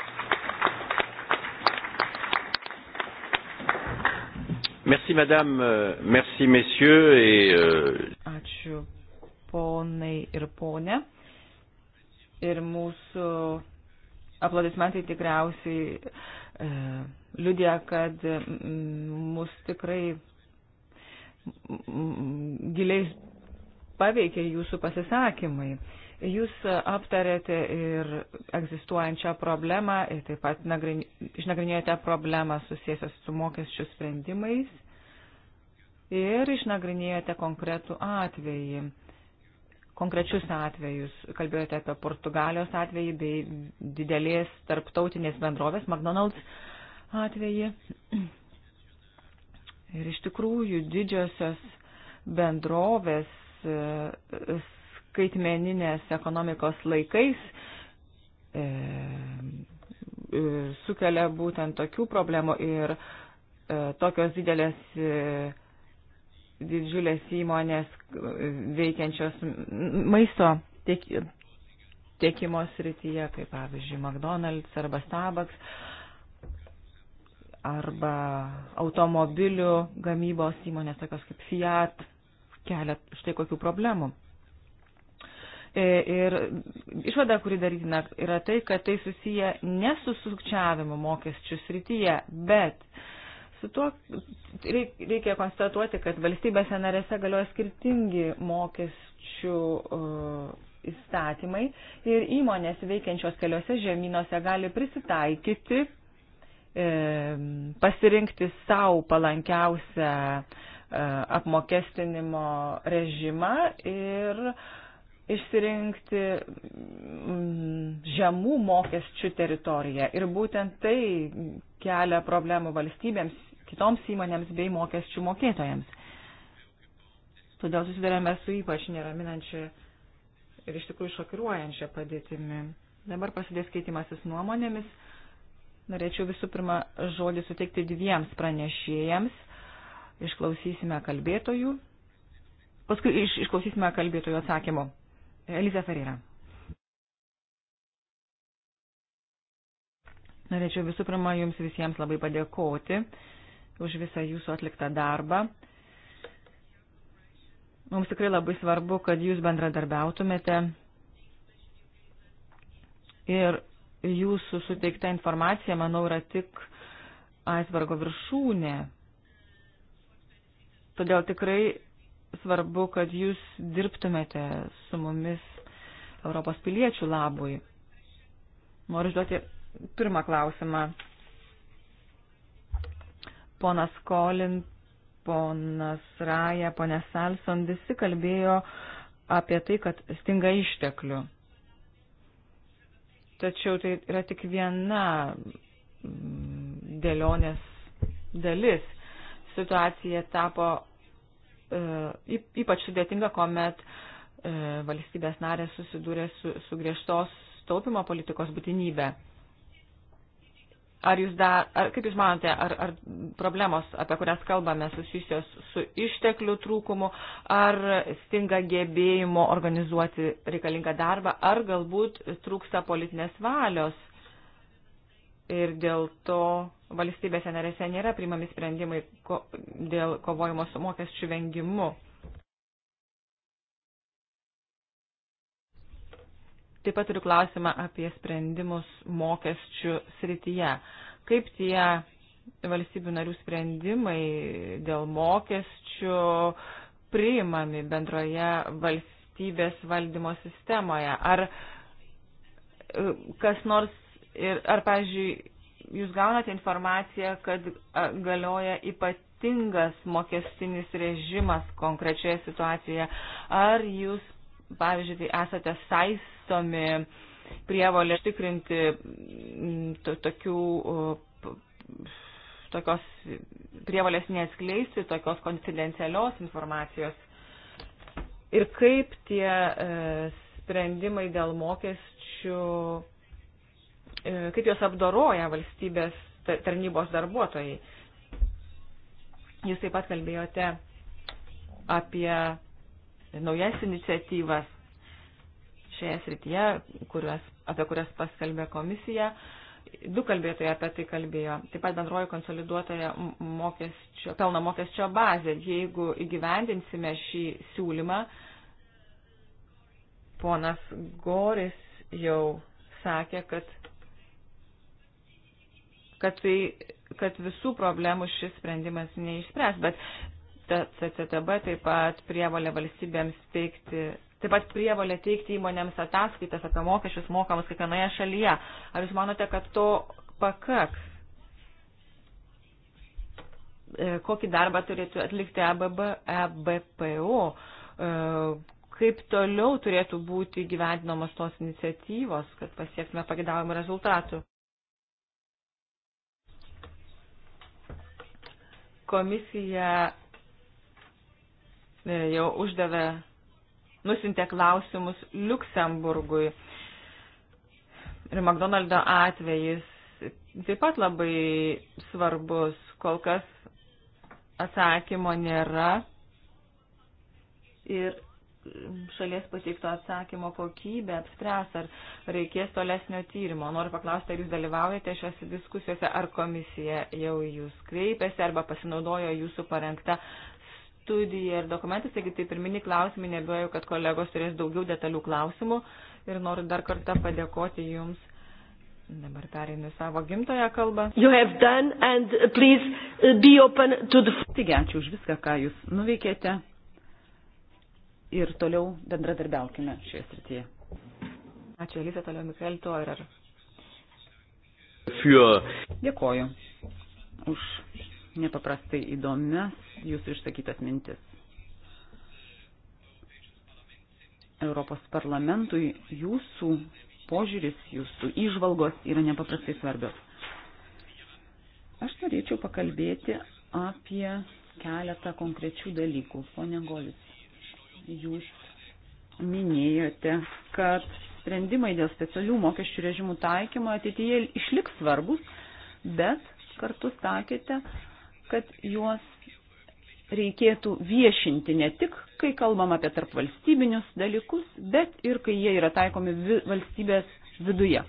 Speaker 1: Merci
Speaker 2: madame, euh,
Speaker 1: merci messieurs et. Euh...
Speaker 2: Ačiū ponai ir ponė. Ir mūsų aplodismentai tikriausiai e, liudė, kad mus tikrai giliai paveikė jūsų pasisakymai. Jūs aptarėte ir egzistuojančią problemą, ir taip pat nagrin... išnagrinėjote problemą susijęsios su mokesčių sprendimais ir išnagrinėjote konkretų atvejį, konkrečius atvejus. Kalbėjote apie Portugalijos atvejį bei didelės tarptautinės bendrovės McDonald's atvejį. Ir iš tikrųjų didžiosios bendrovės skaitmeninės ekonomikos laikais e, e, sukelia būtent tokių problemų ir e, tokios didelės e, didžiulės įmonės e, veikiančios maisto tiek, tiekimo srityje, kaip pavyzdžiui McDonald's arba Starbucks arba automobilių gamybos įmonės tokios kaip Fiat kelia štai kokių problemų. E, ir išvada, kuri darytina, yra tai, kad tai susiję ne su sukčiavimu mokesčių srityje, bet su tuo reikia konstatuoti, kad valstybėse narėse galioja skirtingi mokesčių e, įstatymai ir įmonės veikiančios keliose žemynuose gali prisitaikyti, e, pasirinkti savo palankiausią apmokestinimo režimą ir uh, išsirinkti mm, žemų mokesčių teritoriją. Ir būtent tai kelia problemų valstybėms, kitoms įmonėms bei mokesčių mokėtojams. Todėl susidarėme su ypač neraminančia ir iš tikrųjų šokiruojančia padėtimi. Dabar prasidės keitimasis nuomonėmis. Norėčiau visų pirma žodį suteikti dviems pranešėjams. Išklausysime kalbėtojų. Paskui iš, išklausysime kalbėtojų atsakymų. Eliza Ferreira. Norėčiau visų pirma Jums visiems labai padėkoti už visą Jūsų atliktą darbą. Mums tikrai labai svarbu, kad Jūs bendradarbiautumėte ir Jūsų suteikta informacija, manau, yra tik aisbergo viršūnė. Todėl tikrai svarbu, kad jūs dirbtumėte su mumis Europos piliečių labui. Noriu užduoti pirmą klausimą. Ponas Kolin, ponas Raja, ponas Salson visi kalbėjo apie tai, kad stinga išteklių. Tačiau tai yra tik viena mm, dėlionės dalis. Situacija tapo E, ypač sudėtinga, kuomet e, valstybės narės susidūrė su, su griežtos taupimo politikos būtinybė. Ar jūs dar, ar, kaip jūs manote, ar, ar problemos, apie kurias kalbame, susijusios su išteklių trūkumu, ar stinga gebėjimo organizuoti reikalingą darbą, ar galbūt trūksta politinės valios ir dėl to valstybėse narėse nėra primami sprendimai ko, dėl kovojimo su mokesčių vengimu. Taip pat turiu klausimą apie sprendimus mokesčių srityje. Kaip tie valstybių narių sprendimai dėl mokesčių priimami bendroje valstybės valdymo sistemoje? Ar e, kas nors Ir ar, pavyzdžiui, jūs gaunate informaciją, kad galioja ypatingas mokestinis režimas konkrečioje situacijoje, ar jūs, pavyzdžiui, tai esate saistomi prievolė tikrinti mm, to, tokių, tokios prievolės neatskleisti, tokios konfidencialios informacijos. Ir kaip tie e, sprendimai dėl mokesčių E, kaip jos apdoroja valstybės tarnybos darbuotojai. Jūs taip pat kalbėjote apie naujas iniciatyvas šioje srityje, kurios, apie kurias paskelbė komisija. Du kalbėtojai apie tai kalbėjo. Taip pat bendroji konsoliduotoja mokesčio, pelno mokesčio bazė. Jeigu įgyvendinsime šį siūlymą, ponas Goris jau sakė, kad kad, tai, kad visų problemų šis sprendimas neišspręs, bet CCTB taip pat prievalė valstybėms teikti. Taip pat prievalė teikti įmonėms ataskaitas apie mokesčius mokamus kiekvienoje šalyje. Ar jūs manote, kad to pakaks? E, kokį darbą turėtų atlikti ABB, EBPO? E, kaip toliau turėtų būti gyvendinamos tos iniciatyvos, kad pasiektume pagidavimų rezultatų? Komisija e, jau uždavė, nusintė klausimus Luksemburgui. Ir McDonaldo atvejis taip pat labai svarbus. Kol kas atsakymo nėra. Ir šalies pateikto atsakymo kokybė apspręs, ar reikės tolesnio tyrimo. Noriu paklausti, ar jūs dalyvaujate šiuose diskusijose, ar komisija jau jūs kreipėsi, arba pasinaudojo jūsų parengta studija ir dokumentas. Taigi, tai pirmini klausimai, nebejoju, kad kolegos turės daugiau detalių klausimų ir noriu dar kartą padėkoti jums. Dabar pereinu savo gimtoją kalbą. Taigi, ačiū už viską, ką jūs nuveikėte ir toliau bendradarbiaukime šioje srityje. Ačiū, Elisa, toliau Mikael Toirer. Für... Dėkoju už nepaprastai įdomias jūsų išsakytas mintis. Europos parlamentui jūsų požiūris, jūsų išvalgos yra nepaprastai svarbios. Aš norėčiau pakalbėti apie keletą konkrečių dalykų. Pone Golis, jūs minėjote, kad sprendimai dėl specialių mokesčių režimų taikymo ateityje išliks svarbus, bet kartu sakėte, kad juos reikėtų viešinti ne tik, kai kalbam apie tarpvalstybinius dalykus, bet ir kai jie yra taikomi vi valstybės viduje.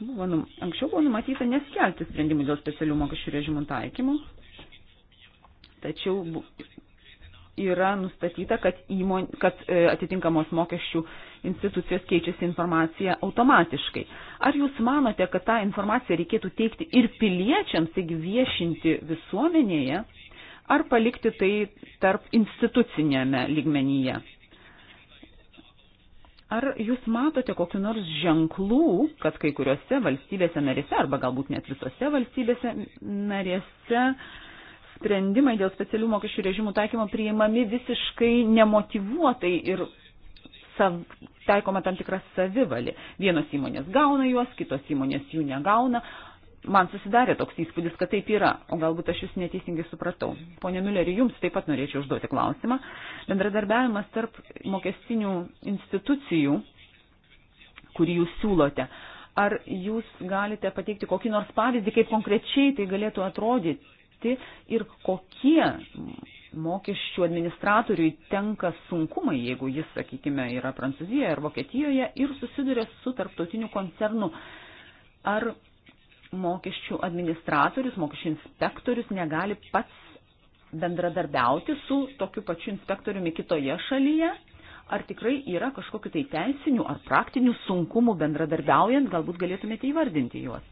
Speaker 2: Buvo, nu, anksčiau buvo numatyta neskelbti sprendimų dėl specialių mokesčių režimų taikymų, tačiau yra nustatyta, kad, įmon, kad e, atitinkamos mokesčių institucijos keičiasi informaciją automatiškai. Ar jūs manote, kad tą informaciją reikėtų teikti ir piliečiams, taigi viešinti visuomenėje, ar palikti tai tarp institucinėme lygmenyje? Ar jūs matote kokiu nors ženklų, kad kai kuriuose valstybėse narėse, arba galbūt net visose valstybėse narėse, uh, sprendimai dėl specialių mokesčių režimų taikymo priimami visiškai nemotivuotai ir sav, taikoma tam tikra savivalė. Vienos įmonės gauna juos, kitos įmonės jų negauna. Man susidarė toks įspūdis, kad taip yra, o galbūt aš jūs neteisingai supratau. Pone Mülleri, jums taip pat norėčiau užduoti klausimą. Bendradarbiavimas tarp mokestinių institucijų, kurį jūs siūlote, ar jūs galite pateikti kokį nors pavyzdį, kaip konkrečiai tai galėtų atrodyti, pateikti ir kokie mokesčių administratoriui tenka sunkumai, jeigu jis, sakykime, yra Prancūzijoje ar Vokietijoje ir susiduria su tarptautiniu koncernu. Ar mokesčių administratorius, mokesčių inspektorius negali pats bendradarbiauti su tokiu pačiu inspektoriumi kitoje šalyje? Ar tikrai yra kažkokiu tai teisiniu ar praktiniu sunkumu bendradarbiaujant, galbūt galėtumėte įvardinti juos?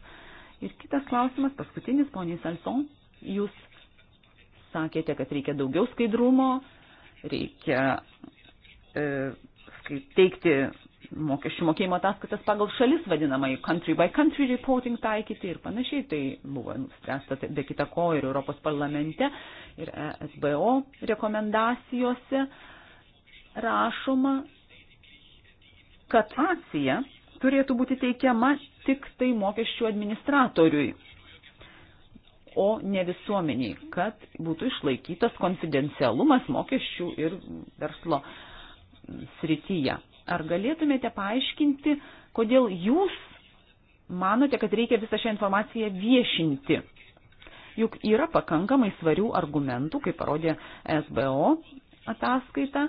Speaker 2: Ir kitas klausimas, paskutinis, poniai Salson. Jūs sakėte, kad reikia daugiau skaidrumo, reikia e, teikti mokesčių mokėjimo ataskaitas pagal šalis vadinamai country by country reporting taikyti ir panašiai. Tai buvo nuspręsta tai be kita ko ir Europos parlamente ir e SBO rekomendacijose rašoma, kad akcija turėtų būti teikiama tik tai mokesčių administratoriui o ne visuomeniai, kad būtų išlaikytas konfidencialumas mokesčių ir verslo srityje. Ar galėtumėte paaiškinti, kodėl jūs manote, kad reikia visą šią informaciją viešinti? Juk yra pakankamai svarių argumentų, kaip parodė SBO ataskaita,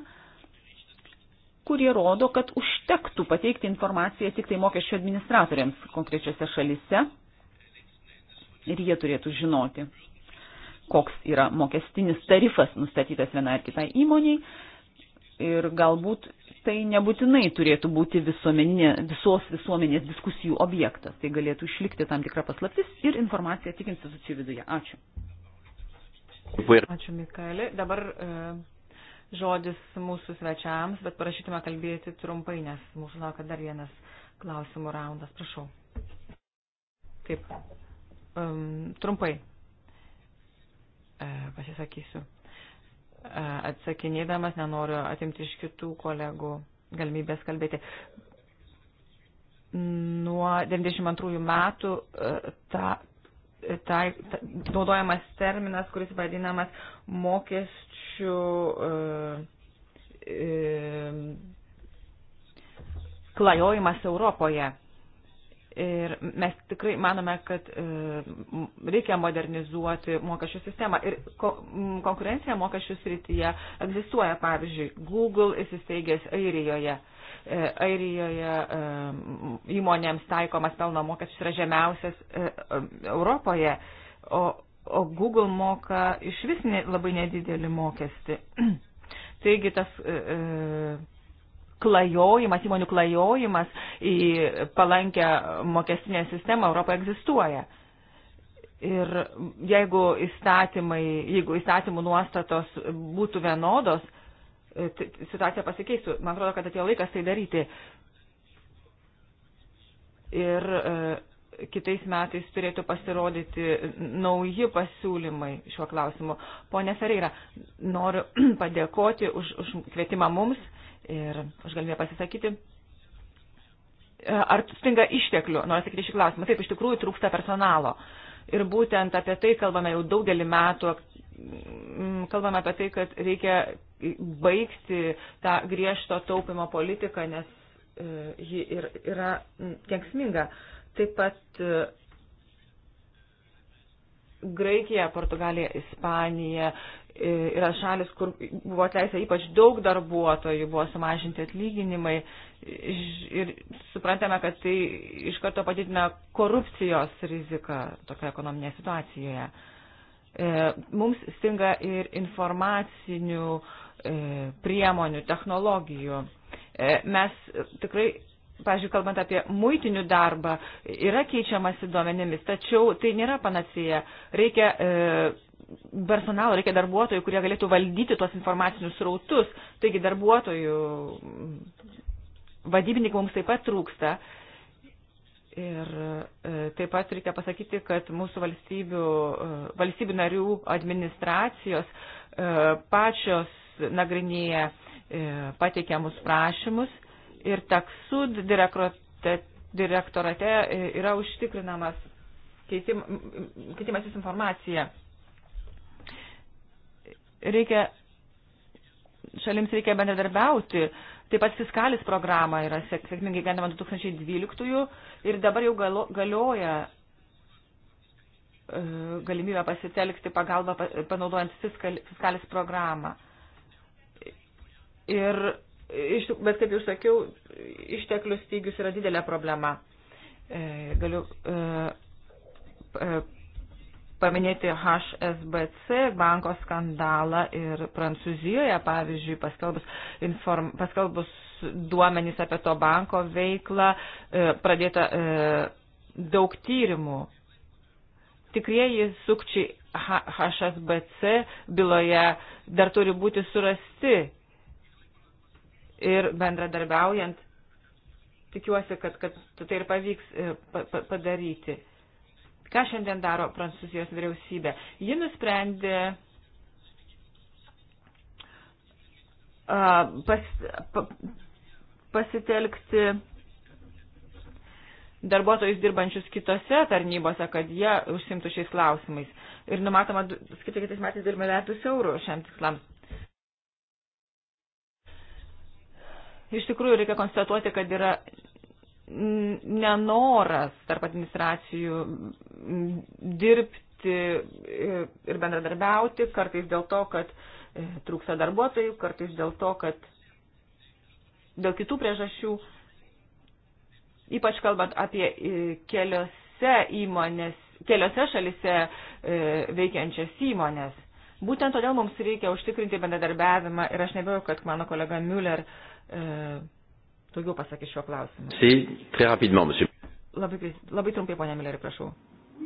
Speaker 2: kurie rodo, kad užtektų pateikti informaciją tik tai mokesčio administratoriams konkrečiose šalise ir jie turėtų žinoti, koks yra mokestinis tarifas nustatytas vienai ar kitai įmoniai ir galbūt tai nebūtinai turėtų būti visos visuomenės diskusijų objektas. Tai galėtų išlikti tam tikra paslaptis ir informacija tik institucijų viduje. Ačiū. Ačiū, Mikaeli. Dabar e, žodis mūsų svečiams, bet parašytume kalbėti trumpai, nes mūsų laukia dar vienas klausimų raundas. Prašau. Taip um, trumpai e, pasisakysiu. E, atsakinėdamas nenoriu atimti iš kitų kolegų galimybės kalbėti. Nuo 92 metų e, ta, ta, ta, naudojamas terminas, kuris vadinamas mokesčių e, klajojimas Europoje. Ir mes tikrai manome, kad e, reikia modernizuoti mokesčių sistemą. Ir ko, konkurencija mokesčių srityje egzistuoja, pavyzdžiui, Google įsisteigęs Airijoje. E, Airijoje e, įmonėms taikomas pelno mokestis yra žemiausias Europoje, o, o Google moka iš vis ne, labai nedidelį mokestį. Taigi tas. E, e, klajojimas, įmonių klajojimas į palankę mokestinę sistemą Europoje egzistuoja. Ir jeigu, įstatymai, jeigu įstatymų nuostatos būtų vienodos, e, situacija pasikeistų. Man atrodo, kad atėjo laikas tai daryti. Ir e, kitais metais turėtų pasirodyti nauji pasiūlymai šiuo klausimu. Pone Fereira, noriu padėkoti už, už kvietimą mums ir už galimybę pasisakyti. E, ar stinga išteklių? Noriu sakyti šį klausimą. Taip, iš tikrųjų trūksta personalo. Ir būtent apie tai kalbame jau daugelį metų, mm, kalbame apie tai, kad reikia baigti tą griežto taupimo politiką, nes e, ji ir, yra kenksminga. Taip pat e, Graikija, Portugalija, Ispanija E, yra šalis, kur buvo atleista ypač daug darbuotojų, buvo sumažinti atlyginimai ir suprantame, kad tai iš karto padidina korupcijos riziką tokioje ekonominėje situacijoje. E, mums stinga ir informacinių e, priemonių, technologijų. Mes tikrai pažiūrėjau, kalbant apie muitinių darbą, yra keičiamasi duomenimis, tačiau tai nėra panacija. Reikia e, personalo, reikia darbuotojų, kurie galėtų valdyti tuos informacinius srautus. Taigi darbuotojų, vadybininkų mums taip pat trūksta. Ir e, taip pat reikia pasakyti, kad mūsų valstybių, e, valstybių narių administracijos e, pačios nagrinėja pateikiamus prašymus ir taksud direktorate yra užtikrinamas keitimasis informacija reikia, šalims reikia bendradarbiauti. Taip pat fiskalis programa yra sėkmingai gyvenama 2012 ir dabar jau galo, galioja e, galimybę pasitelkti pagalbą panaudojant fiskal, fiskalis programą. Ir, bet kaip jau sakiau, išteklių stygius yra didelė problema. E, galiu e, paminėti HSBC banko skandalą ir Prancūzijoje, pavyzdžiui, paskelbus, inform, paskelbus duomenys apie to banko veiklą, e, pradėta e, daug tyrimų. Tikrieji sukčiai HSBC byloje dar turi būti surasti ir bendradarbiaujant tikiuosi, kad, kad tai ir pavyks e, padaryti. Ką šiandien daro Prancūzijos vyriausybė? Ji nusprendė uh, pas, pa, pasitelkti darbuotojus dirbančius kitose tarnybose, kad jie užsimtų šiais klausimais. Ir numatoma, skaitai kitais metais ir milijardus eurų šiam tikslams. Iš tikrųjų, reikia konstatuoti, kad yra nenoras tarp administracijų dirbti ir bendradarbiauti, kartais dėl to, kad e, trūksta darbuotojų, kartais dėl to, kad dėl kitų priežasčių, ypač kalbant apie e, keliose įmonės, keliose šalise e, veikiančias įmonės. Būtent todėl mums reikia užtikrinti bendradarbiavimą ir aš nebėjau, kad mano kolega Müller e, daugiau pasakys šiuo klausimu. Si,
Speaker 1: très rapidement, monsieur.
Speaker 2: Labai, labai trumpai, ponia Milerį, prašau.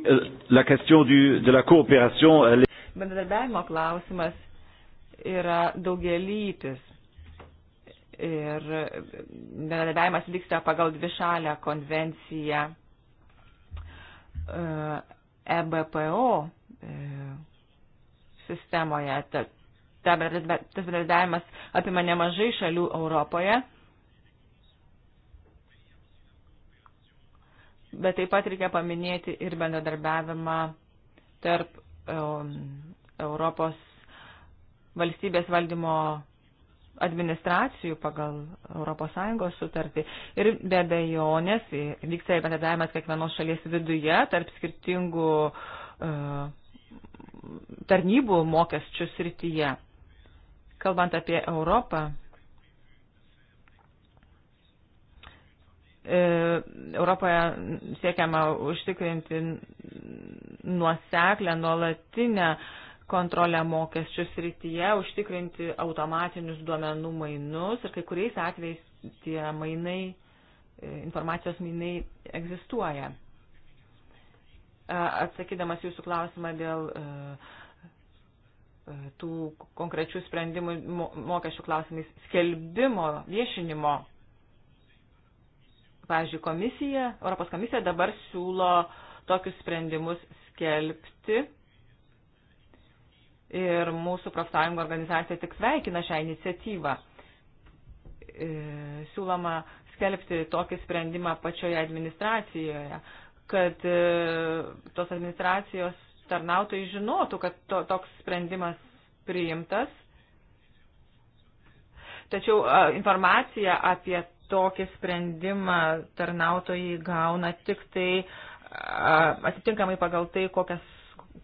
Speaker 1: Euh, la question du, de la coopération. Elle...
Speaker 2: Bendradarbiavimo klausimas yra daugelytis. Ir bendradarbiavimas vyksta pagal dvišalę konvenciją EBPO e e, sistemoje. Ta, ta, tas bendradarbiavimas apima nemažai šalių Europoje Bet taip pat reikia paminėti ir bendradarbiavimą tarp um, Europos valstybės valdymo administracijų pagal ES sutartį. Ir be abejonės vyksta bendradavimas kiekvienos šalies viduje tarp skirtingų uh, tarnybų mokesčių srityje. Kalbant apie Europą, E, Europoje siekiama užtikrinti nuoseklę, nuolatinę kontrolę mokesčių srityje, užtikrinti automatinius duomenų mainus ir kai kuriais atvejais tie mainai, e, informacijos mainai egzistuoja. E, atsakydamas jūsų klausimą dėl tų konkrečių sprendimų mokesčių klausimais skelbimo, viešinimo Pavyzdžiui, komisija, Europos komisija dabar siūlo tokius sprendimus skelbti ir mūsų profsąjungo organizacija tik sveikina šią iniciatyvą. E, siūloma skelbti tokį sprendimą pačioje administracijoje, kad e, tos administracijos tarnautojai žinotų, kad to, toks sprendimas priimtas. Tačiau e, informacija apie tokį sprendimą tarnautojai gauna tik tai atitinkamai pagal tai, kokias,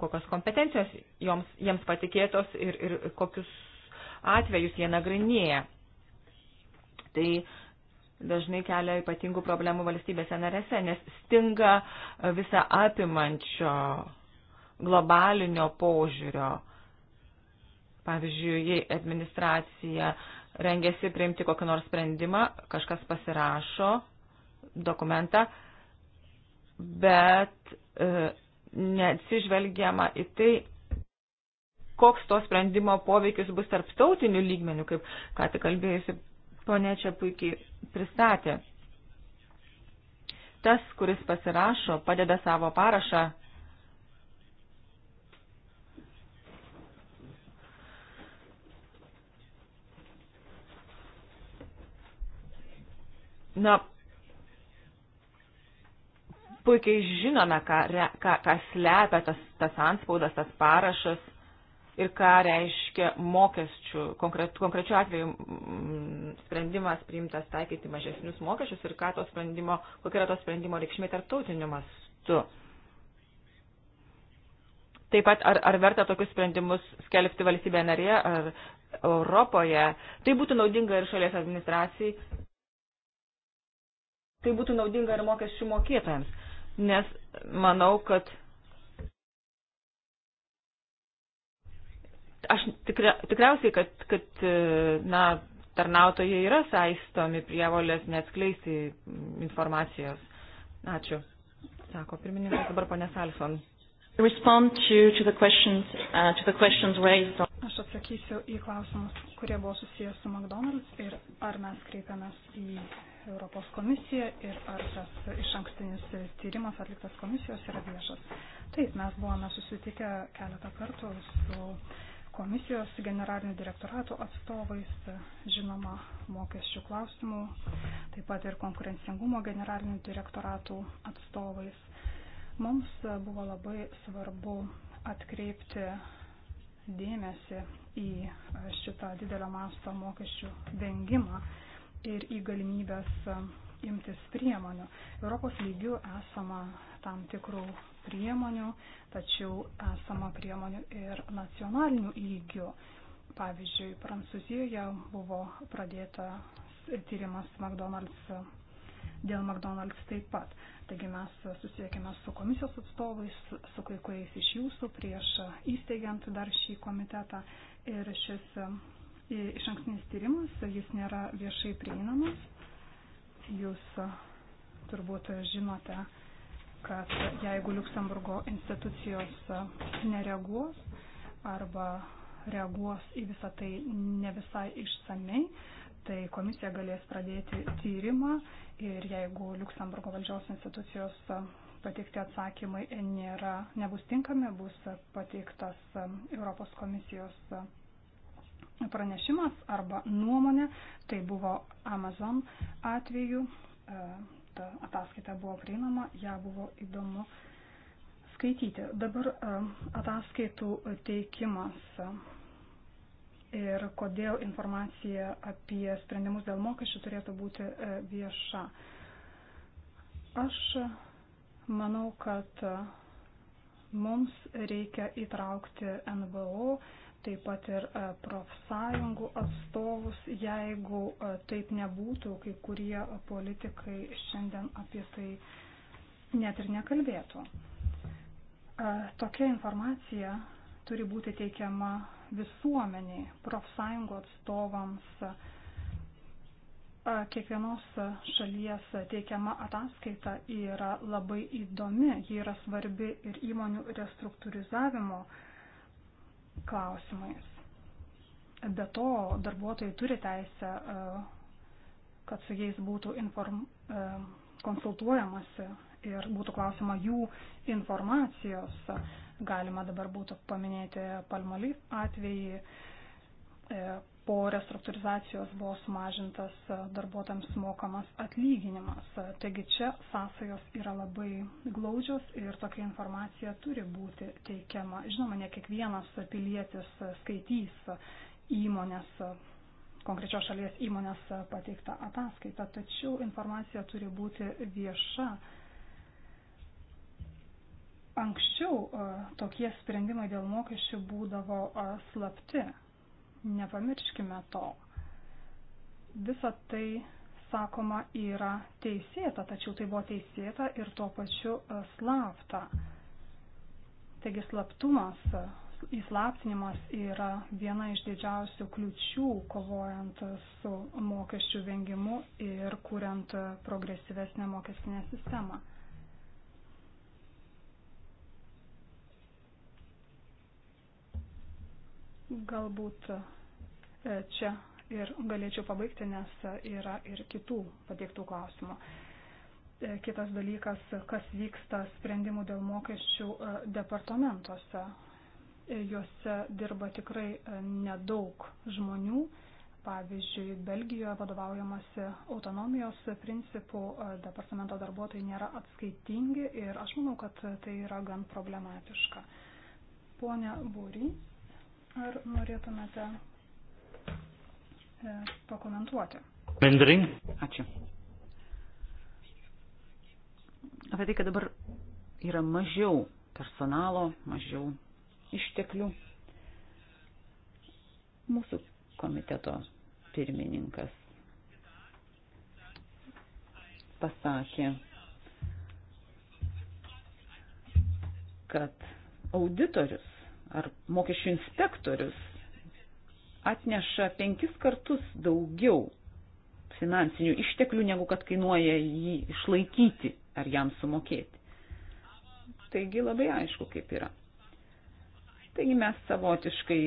Speaker 2: kokios kompetencijos joms, jiems patikėtos ir, ir kokius atvejus jie nagrinėja. Tai dažnai kelia ypatingų problemų valstybėse narėse, nes stinga visą apimančio globalinio požiūrio. Pavyzdžiui, jei administracija uh, rengėsi priimti kokį nors sprendimą, kažkas pasirašo dokumentą, bet e, neatsižvelgiama į tai, koks to sprendimo poveikis bus tarptautiniu lygmeniu, kaip ką tik kalbėjusi ponė čia puikiai pristatė. Tas, kuris pasirašo, padeda savo parašą na, puikiai žinome, ką, ką, ką slepia tas, tas anspaudas, tas parašas ir ką reiškia mokesčių, konkret, konkrečiu atveju m, mm, sprendimas priimtas taikyti mažesnius mokesčius ir ką to sprendimo, kokia yra to sprendimo reikšmė tarptautiniu mastu. Taip pat, ar, ar verta tokius sprendimus skelbti valstybėje narėje ar Europoje, tai būtų naudinga ir šalies administracijai, tai būtų naudinga ir mokesčių mokėtojams, nes manau, kad aš tikra, tikriausiai, kad, kad na, tarnautojai yra saistomi prievolės neatskleisti informacijos. Ačiū. Sako pirmininkas dabar ponės Alfon. Respond to, to, the questions, uh, to the questions
Speaker 3: raised on... Aš atsakysiu į klausimus, kurie buvo susijęs su McDonald's ir ar mes kreipiamės į Europos komisija ir ar tas iš ankstinis tyrimas atliktas komisijos yra viešas. Taip, mes buvome susitikę keletą kartų su komisijos generalinių direktoratų atstovais, žinoma, mokesčių klausimų, taip pat ir konkurencingumo generalinių direktoratų atstovais. Mums buvo labai svarbu atkreipti dėmesį į šitą didelio masto mokesčių vengimą ir į galimybės e, imtis priemonių. Europos lygių esama tam tikrų priemonių, tačiau esama priemonių ir nacionalinių lygių. Pavyzdžiui, Prancūzijoje buvo pradėta tyrimas McDonald's, dėl McDonald's taip pat. Taigi mes susiekime su komisijos atstovais, su kai kuriais iš jūsų prieš įsteigiant dar šį komitetą ir šis iš ankstinis tyrimas, jis nėra viešai prieinamas. Jūs turbūt žinote, kad jeigu Luksemburgo institucijos nereaguos arba reaguos į visą tai ne visai išsamei, tai komisija galės pradėti tyrimą ir jeigu Luksemburgo valdžios institucijos pateikti atsakymai nėra, nebus tinkami, bus pateiktas Europos komisijos pranešimas arba nuomonė, tai buvo Amazon atveju, e, ta ataskaita buvo prieinama, ją buvo įdomu skaityti. Dabar e, ataskaitų teikimas ir kodėl informacija apie sprendimus dėl mokesčių turėtų būti e, vieša. Aš manau, kad mums reikia įtraukti NVO taip pat ir e, profsąjungų atstovus. Jeigu e, taip nebūtų, kai kurie politikai šiandien apie tai net ir nekalbėtų. E, tokia informacija turi būti teikiama visuomeniai, profsąjungų atstovams. Kiekvienos šalies teikiama ataskaita yra labai įdomi, ji yra svarbi ir įmonių restruktūrizavimo klausimais. Be to, darbuotojai turi teisę, e, kad su jais būtų inform, e, konsultuojamasi ir būtų klausima jų informacijos. Galima dabar būtų paminėti palmolį atvejį, e, po restruktūrizacijos buvo sumažintas e, darbuotojams mokamas atlyginimas. E, taigi čia sąsajos yra labai glaudžios ir tokia informacija turi būti teikiama. Žinoma, ne kiekvienas pilietis skaitys įmonės, konkrečios šalies įmonės pateiktą ataskaitą, tačiau informacija turi būti vieša. Anksčiau e, tokie sprendimai dėl mokesčių būdavo slapti Nepamirškime to. Visa tai, sakoma, yra teisėta, tačiau tai buvo teisėta ir tuo pačiu e, slapta. Taigi slaptumas, e, įslaptinimas yra viena iš didžiausių kliučių kovojant su mokesčių vengimu ir kuriant e, progresyvesnę mokestinę sistemą. Galbūt e, čia ir galėčiau pabaigti, nes yra ir kitų pateiktų klausimų. E, kitas dalykas, kas vyksta sprendimų dėl mokesčių e, departamentuose. Juose dirba tikrai nedaug žmonių. Pavyzdžiui, Belgijoje vadovaujamasi autonomijos principų departamento darbuotojai nėra atskaitingi ir aš manau, kad tai yra gan problematiška. Pone Būry. Ar norėtumėte e, pakomentuoti?
Speaker 2: Bendring. Ačiū. Apie tai, kad dabar yra mažiau personalo, mažiau išteklių. Mūsų komiteto pirmininkas pasakė, kad auditorius ar mokesčių inspektorius atneša penkis kartus daugiau finansinių išteklių, negu kad kainuoja jį išlaikyti ar jam sumokėti. Taigi
Speaker 3: labai aišku,
Speaker 2: kaip yra. Taigi mes savotiškai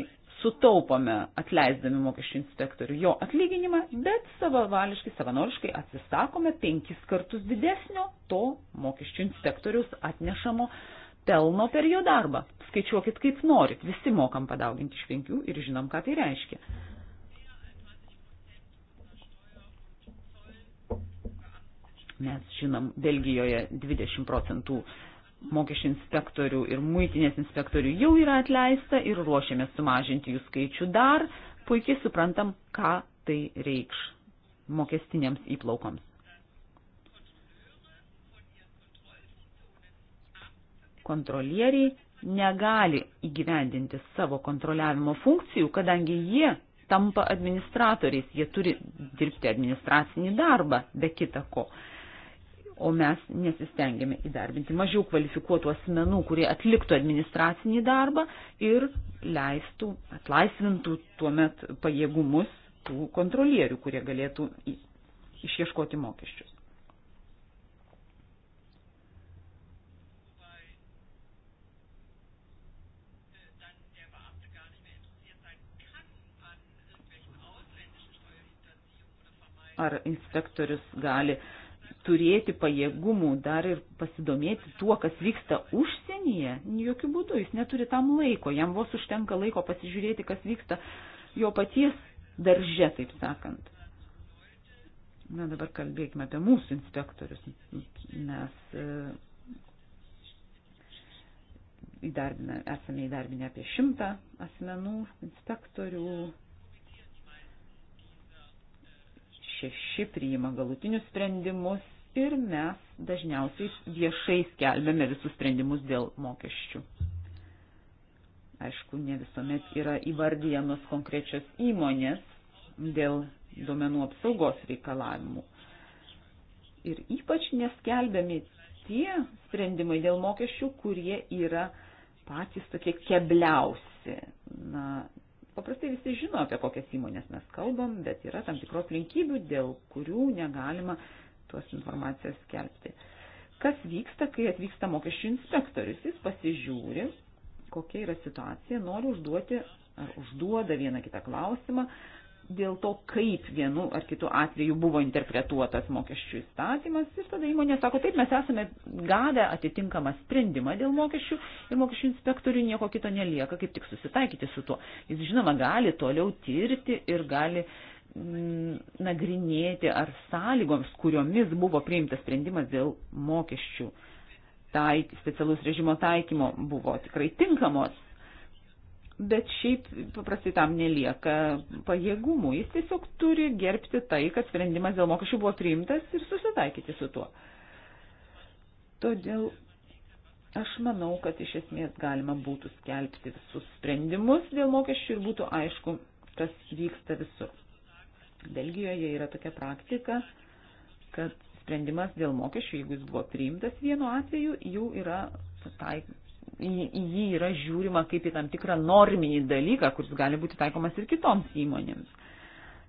Speaker 2: sutaupome atleisdami mokesčių inspektorių jo atlyginimą, bet savavališkai, savanoriškai atsisakome penkis kartus didesnio to mokesčių inspektoriaus atnešamo pelno per jo darbą. Skaičiuokit kaip norit, visi mokam padauginti iš penkių ir žinom, ką tai reiškia. Mes žinom, Belgijoje 20 procentų mokesčių inspektorių ir muitinės inspektorių jau yra atleista ir ruošiamės sumažinti jų skaičių dar, puikiai suprantam, ką tai reikš mokestinėms įplaukoms. kontrolieriai negali įgyvendinti savo kontroliavimo funkcijų, kadangi jie tampa administratoriais, jie turi dirbti administracinį darbą, be kita ko. O mes nesistengėme įdarbinti mažiau kvalifikuotų asmenų, kurie atliktų administracinį darbą ir leistų, atlaisvintų tuomet pajėgumus tų kontrolierių, kurie galėtų išieškoti mokesčius. ar inspektorius gali turėti pajėgumų dar ir pasidomėti tuo, kas vyksta užsienyje, jokių būdų jis neturi tam laiko, jam vos užtenka laiko pasižiūrėti, kas vyksta jo paties darže, taip sakant. Na dabar kalbėkime apie mūsų inspektorius. Mes e, įdarbina, esame įdarbinę apie šimtą asmenų, inspektorių, šeši priima galutinius sprendimus ir mes dažniausiai viešai skelbėme visus sprendimus dėl mokesčių. Aišku, ne visuomet yra įvardyjamos konkrečios įmonės dėl duomenų apsaugos reikalavimų. Ir ypač neskelbiami tie sprendimai dėl mokesčių, kurie yra patys tokie kebliausi. Na, Paprastai visi žino, apie kokias įmonės mes kalbam, bet yra tam tikros linkybių, dėl kurių negalima tuos informacijos skelbti. Kas vyksta, kai atvyksta mokesčių inspektorius? Jis pasižiūri, kokia yra situacija, nori užduoti ar užduoda vieną kitą klausimą, dėl to, kaip vienu ar kitu atveju buvo interpretuotas mokesčių įstatymas. Ir tada įmonė sako, taip mes esame gavę atitinkamą sprendimą dėl mokesčių ir mokesčių inspektoriui nieko kito nelieka, kaip tik susitaikyti su tuo. Jis, žinoma, gali toliau tirti ir gali m, mm, nagrinėti ar sąlygoms, kuriomis buvo priimtas sprendimas dėl mokesčių taik, specialus režimo taikymo buvo tikrai tinkamos bet šiaip paprastai tam nelieka pajėgumų. Jis tiesiog turi gerbti tai, kad sprendimas dėl mokesčių buvo priimtas ir susitaikyti su tuo. Todėl aš manau, kad iš esmės galima būtų skelbti visus sprendimus dėl mokesčių ir būtų aišku, kas vyksta visur. Belgijoje yra tokia praktika, kad sprendimas dėl mokesčių, jeigu jis buvo priimtas vienu atveju, jau yra taikomas į, į jį yra žiūrima kaip į tam tikrą norminį dalyką, kuris gali būti taikomas ir kitoms įmonėms.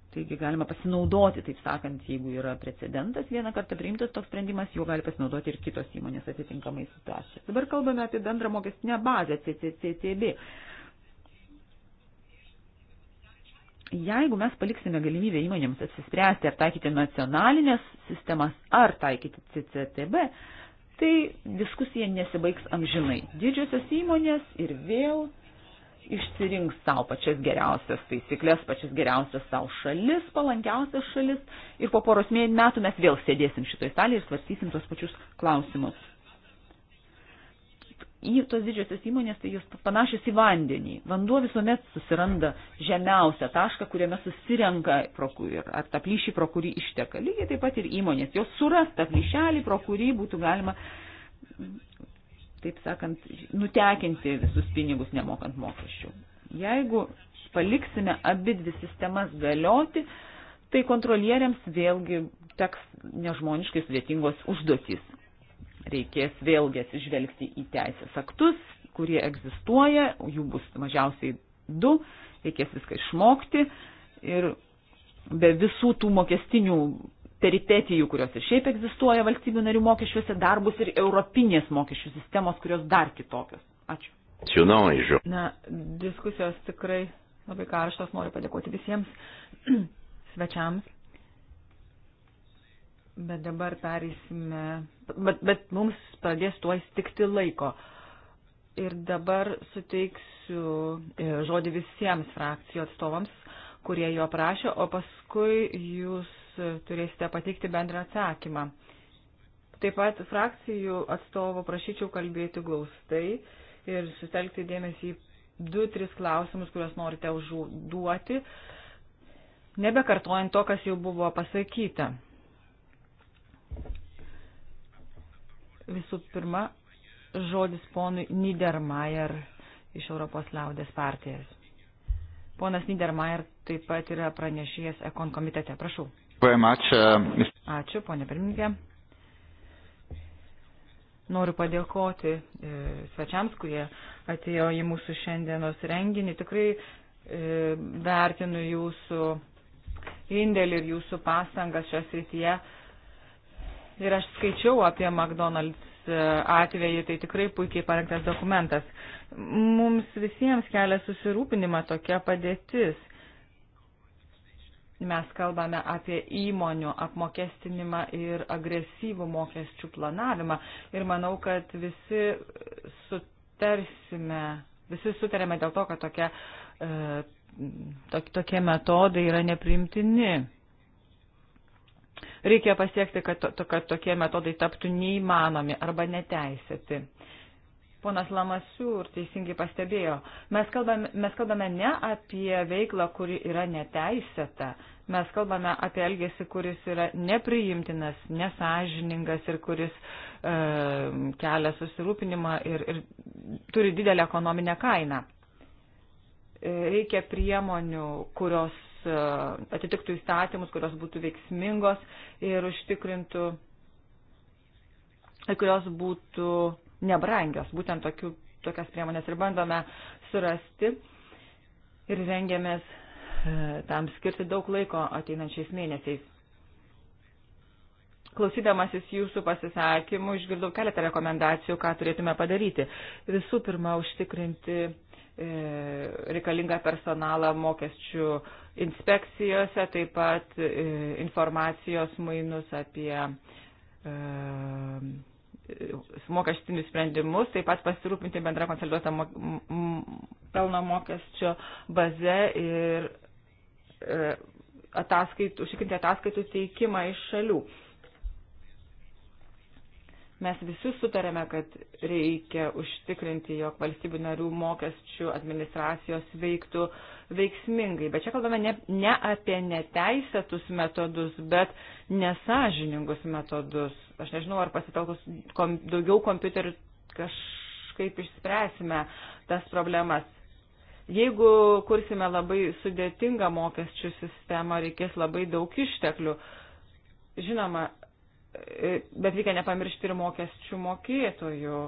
Speaker 2: Taigi galima pasinaudoti, taip sakant, jeigu yra precedentas vieną kartą priimtas toks sprendimas, juo gali pasinaudoti ir kitos įmonės atitinkamai situaciją. Dabar kalbame apie bendrą mokestinę bazę CCCTB. Jeigu mes paliksime galimybę įmonėms apsispręsti, ar taikyti nacionalinės sistemas, ar taikyti CCTB, tai diskusija nesibaigs amžinai. Didžiosios įmonės ir vėl išsirinks savo pačias geriausias taisyklės, pačias geriausias savo šalis, palankiausias šalis ir po poros metų mes vėl sėdėsim šitoj salėje ir svarstysim tos pačius klausimus į tos didžiosios įmonės, tai jos panašios į vandenį. Vanduo visuomet susiranda žemiausią tašką, kuriame susirenka ir ar tą plyšį, pro kurį išteka. Lygiai taip pat ir įmonės. Jos suras tą plyšelį, pro kurį būtų galima, taip sakant, nutekinti visus pinigus nemokant mokesčių. Jeigu paliksime abi dvi sistemas galioti, tai kontrolieriams vėlgi teks nežmoniškai sudėtingos užduotys reikės vėlgi atsižvelgti į teisės aktus, kurie egzistuoja, jų bus mažiausiai du, reikės viską išmokti ir be visų tų mokestinių peripetijų, kurios ir šiaip egzistuoja valstybių narių mokesčiuose, dar bus ir europinės mokesčių sistemos, kurios dar kitokios. Ačiū. Na, diskusijos tikrai labai karštos, noriu padėkoti visiems svečiams. Bet dabar perėsime, bet, bet mums pradės tuo įstikti laiko. Ir dabar suteiksiu e, žodį visiems frakcijų atstovams, kurie jo prašė, o paskui jūs turėsite pateikti bendrą atsakymą. Taip pat frakcijų atstovo prašyčiau kalbėti glaustai ir sutelkti dėmesį į du, tris klausimus, kuriuos norite užduoti, nebekartojant to, kas jau buvo pasakyta. Visų pirma, žodis ponui Niedermayer iš Europos liaudės partijos. Ponas Niedermayer taip pat yra pranešėjas Ekon komitete. Prašau.
Speaker 1: Uh,
Speaker 2: Ačiū, ponė pirmininkė. Noriu padėkoti e, svečiams, kurie atėjo į mūsų šiandienos renginį. Tikrai e, vertinu jūsų indėlį ir jūsų pastangas šią srityje. E, ir aš skaičiau apie McDonald's e, atvejį, tai tikrai puikiai parengtas dokumentas. Mums visiems kelia susirūpinimą tokia padėtis. Mes kalbame apie įmonių apmokestinimą ir agresyvų mokesčių planavimą ir manau, kad visi sutarsime, visi sutarėme dėl to, kad tokia, e, tokie metodai yra nepriimtini reikia pasiekti, kad, to, kad tokie metodai taptų neįmanomi arba neteisėti. Ponas Lamasiūr teisingai pastebėjo, mes kalbame, mes kalbame ne apie veiklą, kuri yra neteisėta, mes kalbame apie elgesį, kuris yra nepriimtinas, nesažiningas ir kuris e, kelia susirūpinimą ir, ir turi didelę ekonominę kainą e, reikia priemonių, kurios E, atitiktų įstatymus, kurios būtų veiksmingos ir užtikrintų, kurios būtų nebrangios. Būtent tokių, tokias priemonės ir bandome surasti ir rengiamės e, tam skirti daug laiko ateinančiais mėnesiais. Klausydamasis jūsų pasisakymų, išgirdau keletą rekomendacijų, ką turėtume padaryti. Visų pirma, užtikrinti E, reikalingą personalą mokesčių inspekcijose, taip pat e, informacijos mainus apie e, mokestinius sprendimus, taip pat pasirūpinti bendra konsoliduota pelno mokesčio baze ir ataskaitų, užsikrinti ataskaitų teikimą iš šalių. E, Mes visi sutarėme, kad reikia užtikrinti, jog valstybių narių mokesčių administracijos veiktų veiksmingai. Bet čia kalbame ne, ne apie neteisėtus metodus, bet nesažiningus metodus. Aš nežinau, ar pasitelkus kom, daugiau kompiuterių kažkaip išspręsime tas problemas. Jeigu kursime labai sudėtingą mokesčių sistemą, reikės labai daug išteklių. Žinoma, bet reikia nepamiršti ir mokesčių mokėtojų.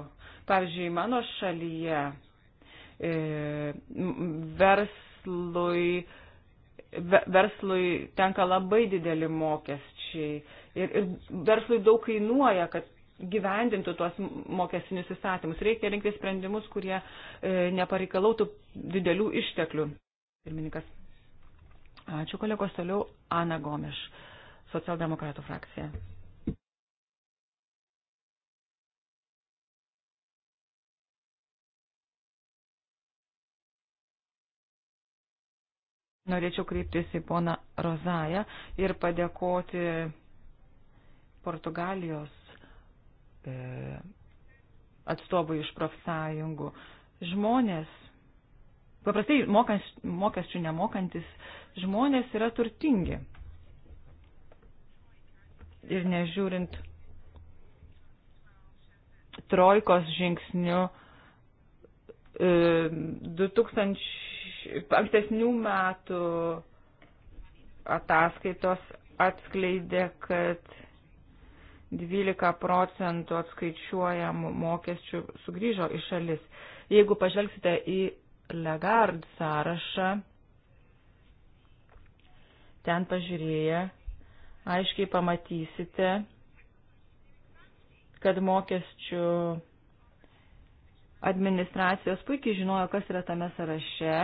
Speaker 2: Pavyzdžiui, mano šalyje e, verslui, verslui tenka labai dideli mokesčiai ir, ir verslui daug kainuoja, kad gyvendintų tuos mokesinius įstatymus. Reikia rinkti sprendimus, kurie e, nepareikalautų didelių išteklių. Pirmininkas. Ačiū kolegos toliau. Ana Gomiš, socialdemokratų frakcija. Norėčiau kreiptis į poną Rozają ir padėkoti Portugalijos e, atstovai iš profsąjungų. Žmonės, paprastai mokas, mokesčių nemokantis, žmonės yra turtingi. Ir nežiūrint trojkos žingsnių, 2000 e, ankstesnių metų ataskaitos atskleidė, kad 12 procentų atskaičiuojamų mokesčių sugrįžo į šalis. Jeigu pažvelgsite į Legard sąrašą, ten pažiūrėję, aiškiai pamatysite, kad mokesčių administracijos puikiai žinojo, kas yra tame sąraše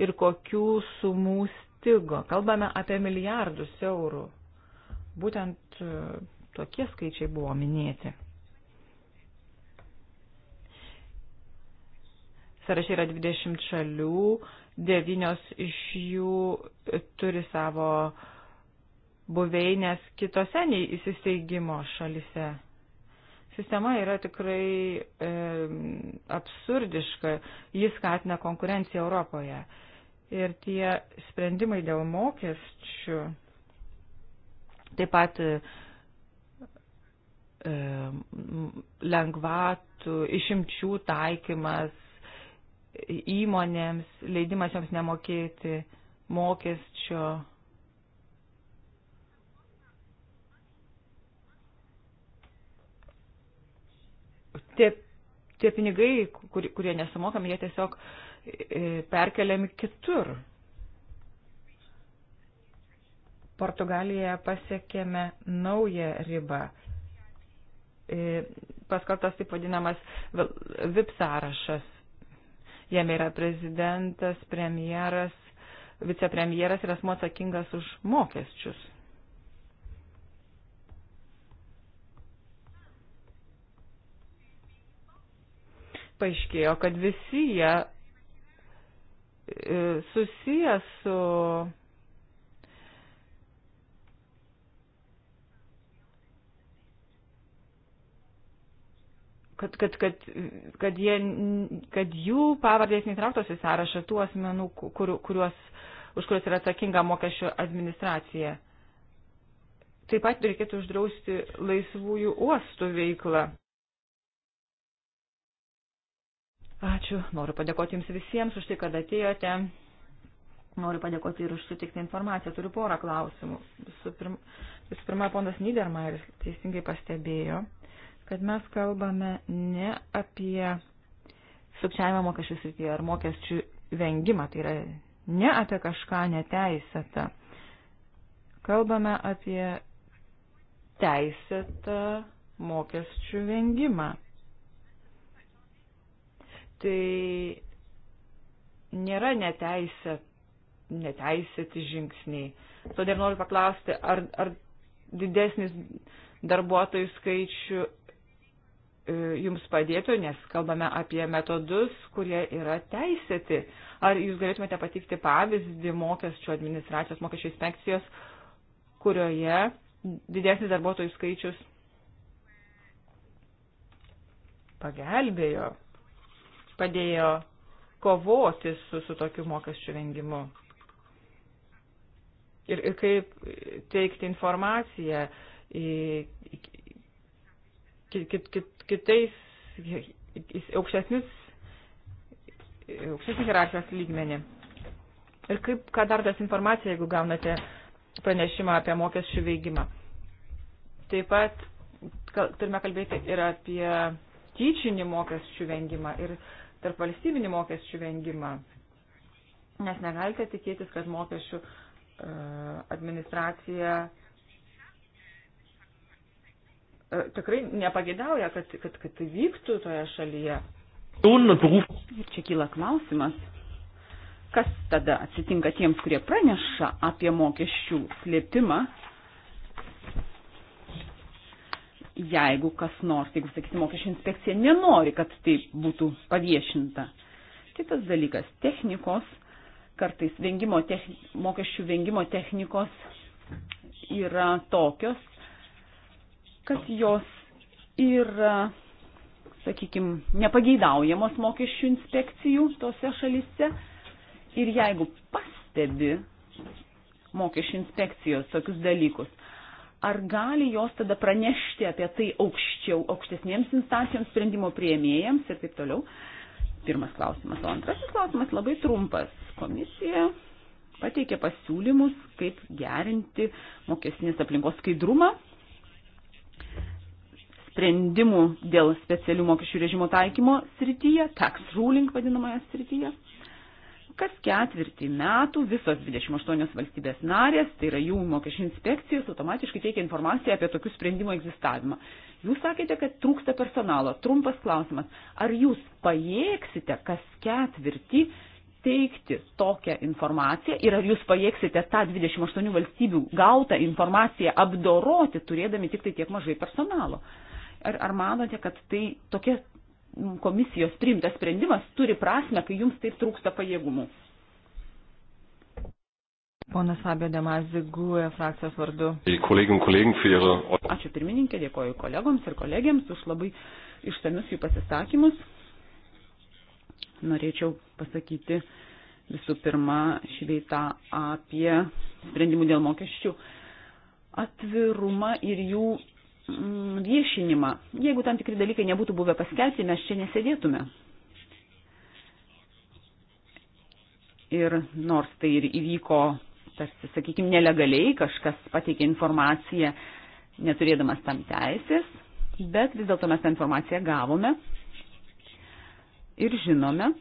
Speaker 2: ir kokių sumų stigo. Kalbame apie milijardus eurų. Būtent e, tokie skaičiai buvo minėti. Sarašė yra 20 šalių, 9 iš jų e, turi savo buveinės kitose nei įsisteigimo šalise. Sistema yra tikrai e, absurdiška, jis skatina konkurenciją Europoje. E, ir tie sprendimai dėl mokesčių, taip pat e, lengvatų, išimčių taikymas įmonėms, leidimas joms nemokėti mokesčio. Tie, tie pinigai, kur, kurie nesumokami, jie tiesiog uh, E, perkeliami kitur. Portugalijoje pasiekėme naują ribą. E, Paskaltas taip vadinamas VIP sąrašas. Jame yra prezidentas, premjeras, vicepremjeras ir asmo atsakingas už mokesčius. Paaiškėjo, kad visi jie E, susijęs su kad, kad, kad, kad, jie, kad jų pavardės netrauktos į sąrašą tų asmenų, kur, kuriuos, už kuriuos yra atsakinga mokesčio administracija. Taip pat reikėtų uždrausti laisvųjų uostų veiklą. Ačiū. Noriu padėkoti Jums visiems už tai, kad atėjote. Noriu padėkoti ir už sutiktą informaciją. Turiu porą klausimų. Visų pirma, visų pirma ponas Niedermayeris teisingai pastebėjo, kad mes kalbame ne apie sukčiavimą mokesčių srityje ar mokesčių vengimą, tai yra ne apie kažką neteisėtą. Kalbame apie teisėtą mokesčių vengimą tai nėra neteisė, neteisėti žingsniai. Todėl noriu paklausti, ar, ar didesnis darbuotojų skaičių e, jums padėtų, nes kalbame apie metodus, kurie yra teisėti. Ar jūs galėtumėte patikti pavyzdį mokesčių administracijos, mokesčių inspekcijos, kurioje didesnis darbuotojų skaičius pagelbėjo padėjo kovoti su, su tokiu mokesčių vengimu. Ir, ir kaip teikti informaciją į, kit, kit, kit, kitais aukštesnius, aukštesnį hierarchijos lygmenį. Ir kaip, ką dar tas informacija, jeigu gaunate pranešimą apie mokesčių veigimą. Taip pat turime kalbėti ir apie tyčinį mokesčių vengimą. Ir tarp valstybinį mokesčių vengimą. Nes negalite tikėtis, kad mokesčių e, administracija e, tikrai nepagėdauja, kad, kad, kad tai vyktų toje šalyje.
Speaker 1: Ir
Speaker 2: čia kyla klausimas, kas tada atsitinka tiems, kurie praneša apie mokesčių slėpimą jeigu kas nors, jeigu, sakysim, mokesčių inspekcija nenori, kad tai būtų paviešinta. Kitas dalykas - technikos, kartais vengimo techn... mokesčių vengimo technikos yra tokios, kad jos yra, sakykime, nepageidaujamos mokesčių inspekcijų tose šalise. Ir jeigu pastebi mokesčių inspekcijos tokius dalykus, ar gali jos tada pranešti apie tai aukščiau, aukštesniems instancijoms, sprendimo prieimėjams ir taip toliau? Pirmas klausimas. O antrasis klausimas labai trumpas. Komisija pateikė pasiūlymus, kaip gerinti mokestinės aplinkos skaidrumą, sprendimų dėl specialių mokesčių režimo taikymo srityje, tax ruling vadinamoje srityje. Kas ketvirtį metų visos 28 valstybės narės, tai yra jų mokesčių inspekcijos, automatiškai teikia informaciją apie tokių sprendimų egzistavimą. Jūs sakėte, kad trūksta personalo. Trumpas klausimas. Ar jūs pajėgsite kas ketvirtį teikti tokią informaciją ir ar jūs pajėgsite tą 28 valstybių gautą informaciją apdoroti, turėdami tik tai tiek mažai personalo? Ar, ar manote, kad tai tokia komisijos priimtas sprendimas turi prasme, kai jums taip trūksta pajėgumų. Ponas Fabio Demazi, GUE frakcijos vardu. Ačiū pirmininkė, dėkoju kolegoms ir kolegiams už labai išsamius jų pasisakymus. Norėčiau pasakyti visų pirma šveitą apie sprendimų dėl mokesčių atvirumą ir jų Mm, viešinimą. Jeigu tam tikri dalykai nebūtų buvę paskelbti, mes čia nesėdėtume. Ir nors tai ir įvyko, tarsi, sakykime, nelegaliai, kažkas pateikė informaciją, neturėdamas tam teisės, bet vis dėlto mes tą informaciją gavome ir žinome,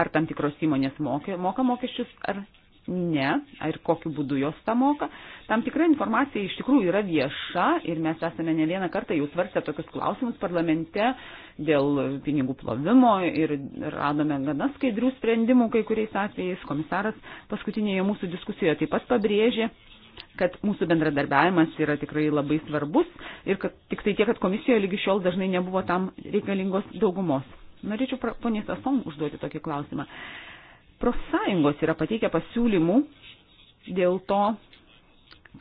Speaker 2: ar tam tikros įmonės moka, moka mokesčius, ar ne, ir kokiu būdu jos tą moka. Tam tikra informacija iš tikrųjų yra vieša ir mes esame ne vieną kartą jau svarstę tokius klausimus parlamente dėl pinigų plovimo ir radome gana skaidrių sprendimų kai kuriais atvejais. Komisaras paskutinėje mūsų diskusijoje taip pat pabrėžė kad mūsų bendradarbiavimas yra tikrai labai svarbus ir kad tik tai tiek, kad komisijoje lygi šiol dažnai nebuvo tam reikalingos daugumos. Norėčiau poniai Sasom užduoti tokį klausimą. Profsąjungos yra pateikę pasiūlymų dėl to,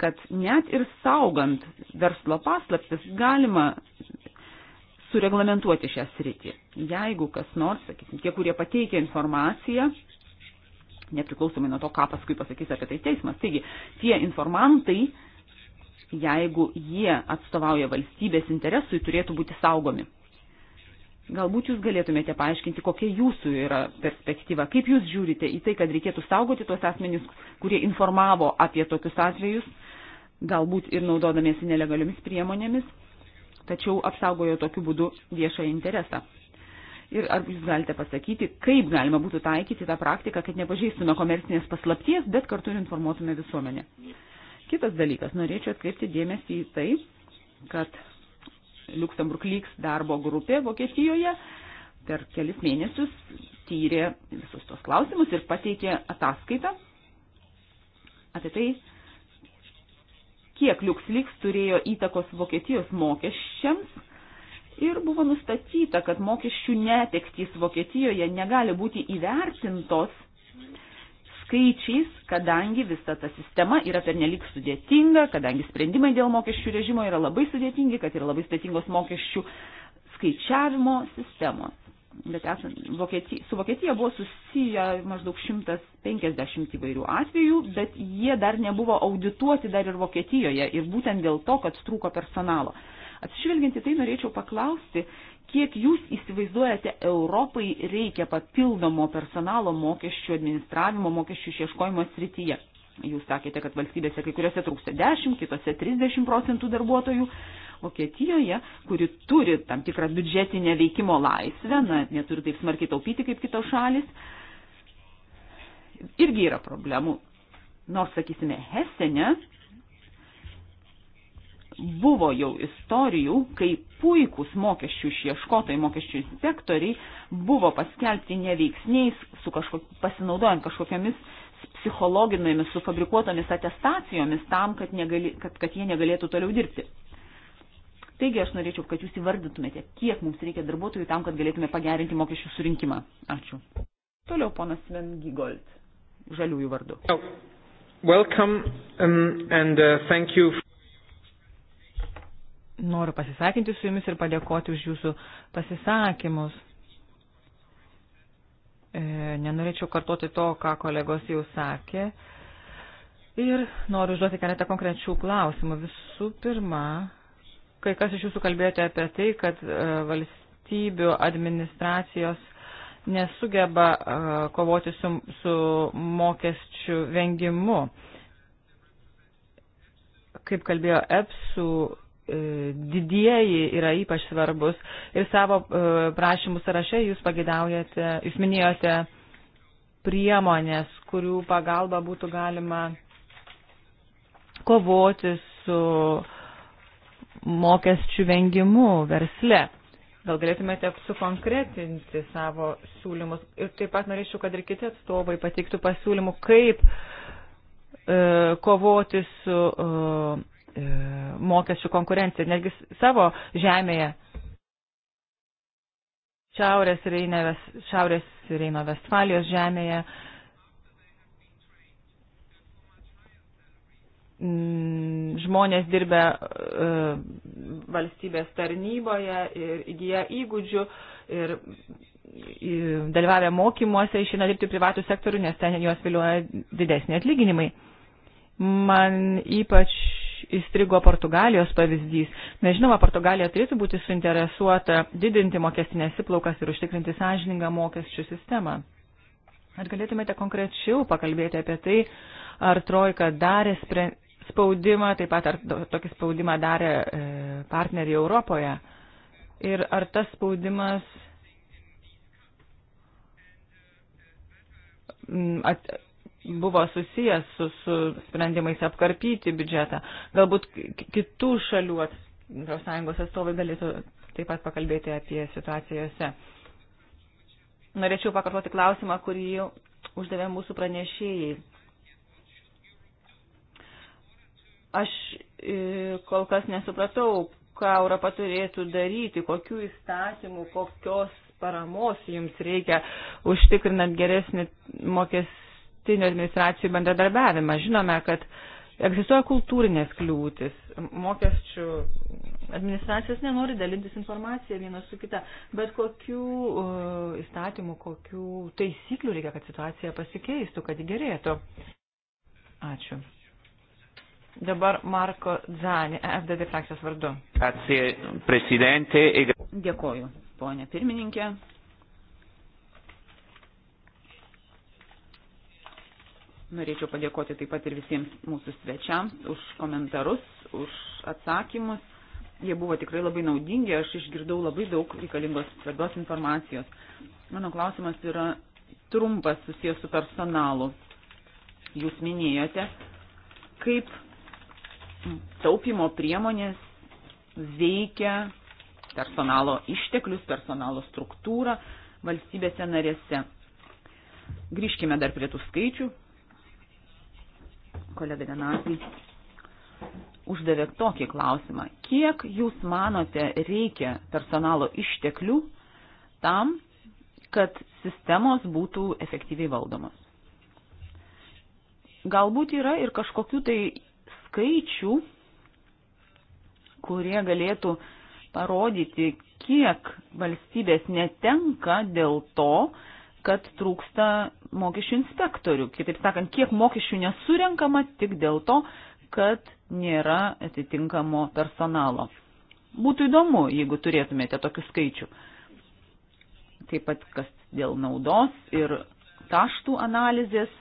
Speaker 2: kad net ir saugant verslo paslaptis galima sureglamentuoti šią sritį. Jeigu kas nors, sakysim, tie, kurie pateikia informaciją, nepriklausomai nuo to, ką paskui pasakys apie tai teismas, taigi tie informantai, jeigu jie atstovauja valstybės interesui, turėtų būti saugomi. Galbūt jūs galėtumėte paaiškinti, kokia jūsų yra perspektyva, kaip jūs žiūrite į tai, kad reikėtų saugoti tuos asmenys, kurie informavo apie tokius atvejus, galbūt ir naudodamiesi nelegaliomis priemonėmis, tačiau apsaugojo tokiu būdu viešą interesą. Ir ar jūs galite pasakyti, kaip galima būtų taikyti tą praktiką, kad nepažeistume komercinės paslapties, bet kartu ir informuotume visuomenę. Kitas dalykas, norėčiau atkreipti dėmesį į tai, kad Luxemburg Lygs darbo grupė Vokietijoje per kelis mėnesius tyrė visus tos klausimus ir pateikė ataskaitą apie tai, kiek LuxLeaks turėjo įtakos Vokietijos mokesčiams ir buvo nustatyta, kad mokesčių netektys Vokietijoje negali būti įvertintos skaičiais, kadangi visa ta sistema yra pernelik sudėtinga, kadangi sprendimai dėl mokesčių režimo yra labai sudėtingi, kad yra labai sudėtingos mokesčių skaičiavimo sistemos. Bet esant, Vokietija, su Vokietija buvo susiję maždaug 150 įvairių atvejų, bet jie dar nebuvo audituoti dar ir Vokietijoje ir būtent dėl to, kad trūko personalo. Atsižvelginti tai norėčiau paklausti, uh, Kiek jūs įsivaizduojate, Europai reikia papildomo personalo mokesčių administravimo, mokesčių išieškojimo srityje? Jūs sakėte, kad valstybėse kai kuriuose trūksta 10, kitose 30 procentų darbuotojų. Vokietijoje, kuri turi tam tikrą biudžetinę veikimo laisvę, na, neturi taip smarkiai taupyti kaip kitos šalis, irgi yra problemų. Nors, sakysime, Hesene buvo jau istorijų, kai puikūs mokesčių išieškotojai, mokesčių inspektoriai buvo paskelbti neveiksniais, kažkok, pasinaudojant kažkokiamis psichologinėmis, sufabrikuotomis atestacijomis tam, kad, negali, kad, kad jie negalėtų toliau dirbti. Taigi aš norėčiau, kad jūs įvardytumėte, kiek mums reikia darbuotojų tam, kad galėtume pagerinti mokesčių surinkimą. Ačiū. Toliau ponas Sven Gigold, žaliųjų vardu. Welcome um, and uh, thank you noriu pasisakinti su jumis ir padėkoti už jūsų pasisakymus. E, nenorėčiau kartoti to, ką kolegos jau sakė. Ir noriu užduoti keletą konkrečių klausimų. Visų pirma, kai kas iš jūsų kalbėjote apie tai, kad e, valstybių administracijos nesugeba e, kovoti su, su mokesčių vengimu. Kaip kalbėjo EPSU E, didieji yra ypač svarbus. Ir savo e, prašymų sąraše jūs pagidaujate, jūs minėjote priemonės, kurių pagalba būtų galima kovoti su mokesčių vengimu versle. Gal galėtumėte sukonkretinti savo siūlymus ir taip pat norėčiau, kad ir kiti atstovai pateiktų pasiūlymų, kaip e, kovoti su e, E, mokesčių konkurenciją, netgi savo žemėje. Šiaurės Reino, Šiaurės Reino Vestfalijos žemėje mm, žmonės dirbę e, valstybės tarnyboje ir įgyja įgūdžių ir dalyvavę mokymuose išina dirbti privatų sektorių, nes ten juos vilioja didesni atlyginimai. Man ypač įstrigo Portugalijos pavyzdys. Mes žinoma, Portugalija turėtų būti suinteresuota didinti mokestinės įplaukas ir užtikrinti sąžiningą mokesčių sistemą. Ar galėtumėte konkrečiau pakalbėti apie tai, ar Trojka darė spaudimą, taip pat ar tokį spaudimą darė e, partneriai Europoje? Ir ar tas spaudimas at, buvo susijęs su, su sprendimais apkarpyti biudžetą. Galbūt kitų šalių profsąjungos atstovai galėtų taip pat pakalbėti apie situacijose. Norėčiau pakartoti klausimą, kurį uždavė mūsų pranešėjai. Aš e, kol kas nesupratau, ką Europa turėtų daryti, kokių įstatymų, kokios paramos jums reikia, užtikrinant geresnį mokestį dabartinių administracijų bendradarbiavimą. Žinome, kad egzistuoja kultūrinės kliūtis. Mokesčių administracijos nenori dalintis informaciją vienas su kita, bet kokių uh, įstatymų, kokių taisyklių reikia, kad situacija pasikeistų, kad gerėtų. Ačiū. Dabar Marko Dzani, FDD frakcijos vardu. Dėkoju, ponė pirmininkė. Norėčiau padėkoti taip pat ir visiems mūsų svečiams už komentarus, už atsakymus. Jie buvo tikrai labai naudingi, aš išgirdau labai daug reikalingos svarbios informacijos. Mano klausimas yra trumpas susijęs su personalu. Jūs minėjote, kaip taupimo priemonės veikia personalo išteklius, personalo struktūrą valstybėse narėse. Grįžkime dar prie tų skaičių, kolega Denatį uždavė tokį klausimą. Kiek jūs manote reikia personalo išteklių tam, kad sistemos būtų efektyviai valdomos? Galbūt yra ir kažkokių tai skaičių, kurie galėtų parodyti, kiek valstybės netenka dėl to, kad trūksta mokesčių inspektorių. Kitaip sakant, kiek mokesčių nesurenkama tik dėl to, kad nėra atitinkamo personalo. Būtų įdomu, jeigu turėtumėte tokių skaičių. Taip pat kas dėl naudos ir kaštų analizės.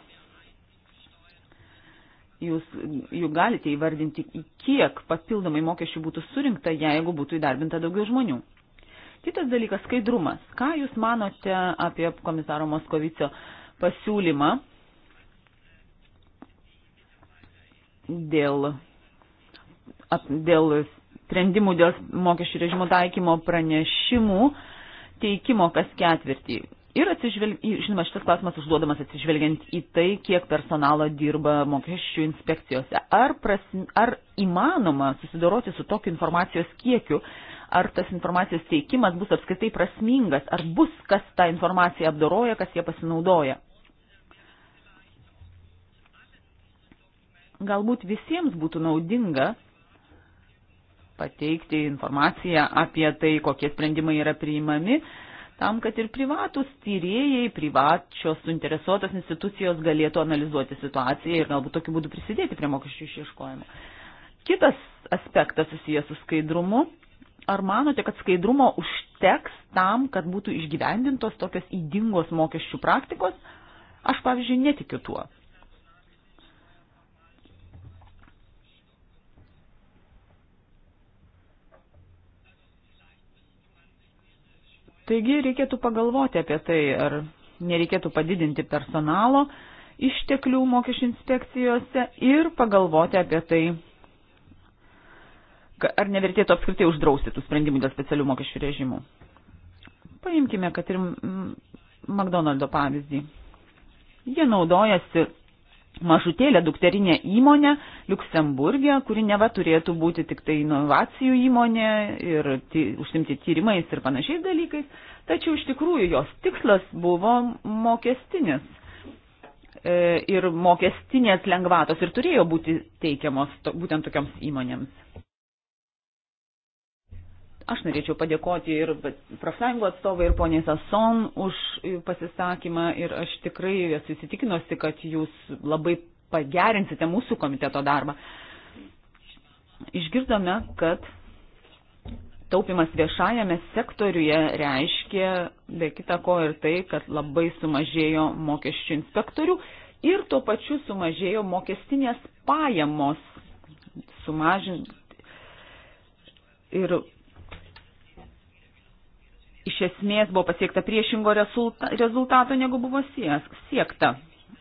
Speaker 2: Jūs jų galite įvardinti, kiek papildomai mokesčių būtų surinkta, jeigu būtų įdarbinta daugiau žmonių. Kitas dalykas - skaidrumas. Ką Jūs manote apie komisaro Moskovicio pasiūlymą dėl, ap, dėl sprendimų dėl mokesčių režimo taikymo pranešimų teikimo kas ketvirtį? Ir atsižvelg, žinoma, šitas klausimas užduodamas atsižvelgiant į tai, kiek personalo dirba mokesčių inspekcijose. Ar, pras, ar įmanoma susidoroti su tokiu informacijos kiekiu, ar tas informacijos teikimas bus apskritai prasmingas, ar bus kas tą informaciją apdoroja, kas ją pasinaudoja. Galbūt visiems būtų naudinga pateikti informaciją apie tai, kokie sprendimai yra priimami, tam, kad ir privatus tyrėjai, privačios suinteresuotos institucijos galėtų analizuoti situaciją ir galbūt tokiu būdu prisidėti prie mokesčių išieškojimo. Kitas aspektas susijęs su skaidrumu ar manote, kad skaidrumo užteks tam, kad būtų išgyvendintos tokios įdingos mokesčių praktikos? Aš, pavyzdžiui, netikiu tuo. Taigi reikėtų pagalvoti apie tai, ar nereikėtų padidinti personalo išteklių mokesčių inspekcijose ir pagalvoti apie tai, ar nevertėtų apskritai uždrausti tų sprendimų dėl specialių mokesčių režimų. Paimkime, kad ir McDonald'o pavyzdį. Jie naudojasi mažutėlę dukterinę įmonę Luksemburgė, kuri neva turėtų būti tik tai inovacijų įmonė ir ty, užsimti tyrimais ir panašiais dalykais, tačiau iš tikrųjų jos tikslas buvo mokestinis e, ir mokestinės lengvatos ir turėjo būti teikiamos to, būtent tokioms įmonėms. Aš norėčiau padėkoti ir profsąjungų atstovai, ir poniai Sason už pasisakymą ir aš tikrai esu įsitikinusi, kad jūs labai pagerinsite mūsų komiteto darbą. Išgirdome, kad taupimas viešajame sektoriuje reiškia, be kita ko ir tai, kad labai sumažėjo mokesčių inspektorių ir tuo pačiu sumažėjo mokestinės pajamos sumažinti. Ir iš esmės buvo pasiekta priešingo rezultato, negu buvo siekta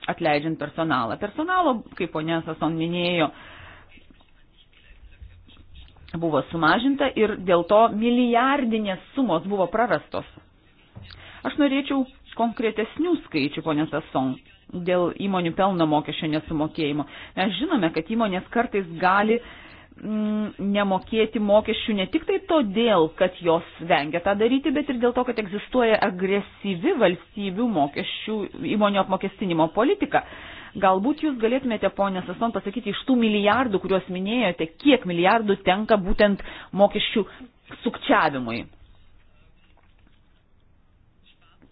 Speaker 2: atleidžiant personalą. Personalo, kaip ponė Sason minėjo, buvo sumažinta ir dėl to milijardinės sumos buvo prarastos. Aš norėčiau konkretesnių skaičių, ponė Sason, dėl įmonių pelno mokesčio nesumokėjimo. Mes žinome, kad įmonės kartais gali uh, Mm, nemokėti mokesčių ne tik tai todėl, kad jos vengia tą daryti, bet ir dėl to, kad egzistuoja agresyvi valstybių mokesčių įmonių apmokestinimo politika. Galbūt jūs galėtumėte, ponė Sason, pasakyti iš tų milijardų, kuriuos minėjote, kiek milijardų tenka būtent mokesčių sukčiavimui.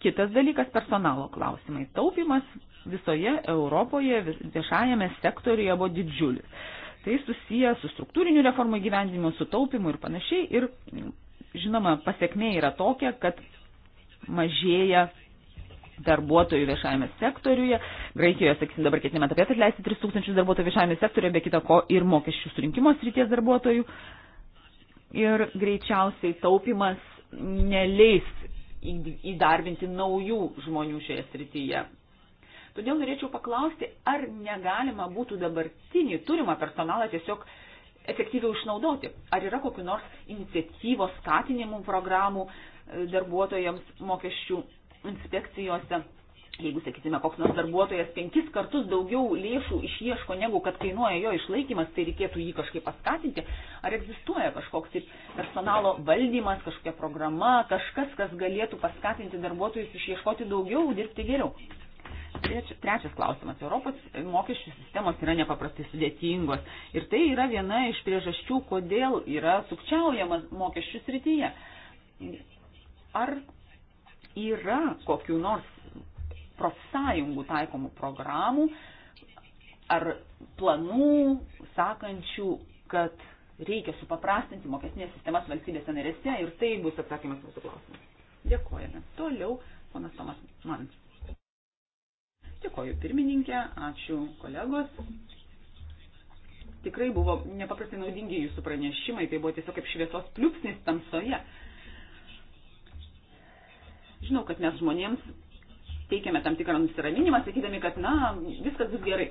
Speaker 2: Kitas dalykas - personalo klausimai. Taupimas visoje Europoje viešajame sektoriuje buvo didžiulis Tai susijęs su struktūriniu reformų gyvendinimu, su taupimu ir panašiai. Ir, žinoma, pasiekmė yra tokia, kad mažėja darbuotojų viešajame sektoriuje. Graikijoje, sakysim, dabar ketiname apie atleisti 3000 darbuotojų viešajame sektoriuje, be kita ko ir mokesčių surinkimo srities darbuotojų. Ir greičiausiai taupimas neleis įdarbinti naujų žmonių šioje srityje. Todėl norėčiau paklausti, ar negalima būtų dabartinį turimą personalą tiesiog efektyviau išnaudoti. Ar yra kokiu nors iniciatyvos skatinimų programų e, darbuotojams mokesčių inspekcijose? Jeigu, sakysime, koks nors darbuotojas penkis kartus daugiau lėšų išieško, negu kad kainuoja jo išlaikymas, tai reikėtų jį kažkaip paskatinti. Ar egzistuoja kažkoks taip personalo valdymas, kažkokia programa, kažkas, kas galėtų paskatinti darbuotojus išieškoti daugiau, dirbti geriau? Trečias klausimas. Europos mokesčių sistemos yra nepaprastai sudėtingos ir tai yra viena iš priežasčių, kodėl yra sukčiaujama mokesčių srityje. Ar yra kokių nors profsąjungų taikomų programų ar planų sakančių, kad reikia supaprastinti mokestinės sistemas valstybėse narėse ir tai bus atsakymas mūsų klausimus. Dėkojame. Toliau, ponas Tomas Manis. Dėkoju pirmininkė, ačiū kolegos. Tikrai buvo nepaprastai naudingi jūsų pranešimai, tai buvo tiesiog kaip šviesos pliūpsnis tamsoje. Žinau, kad mes žmonėms teikiame tam tikrą nusiraminimą, sakydami, kad, na, viskas bus gerai.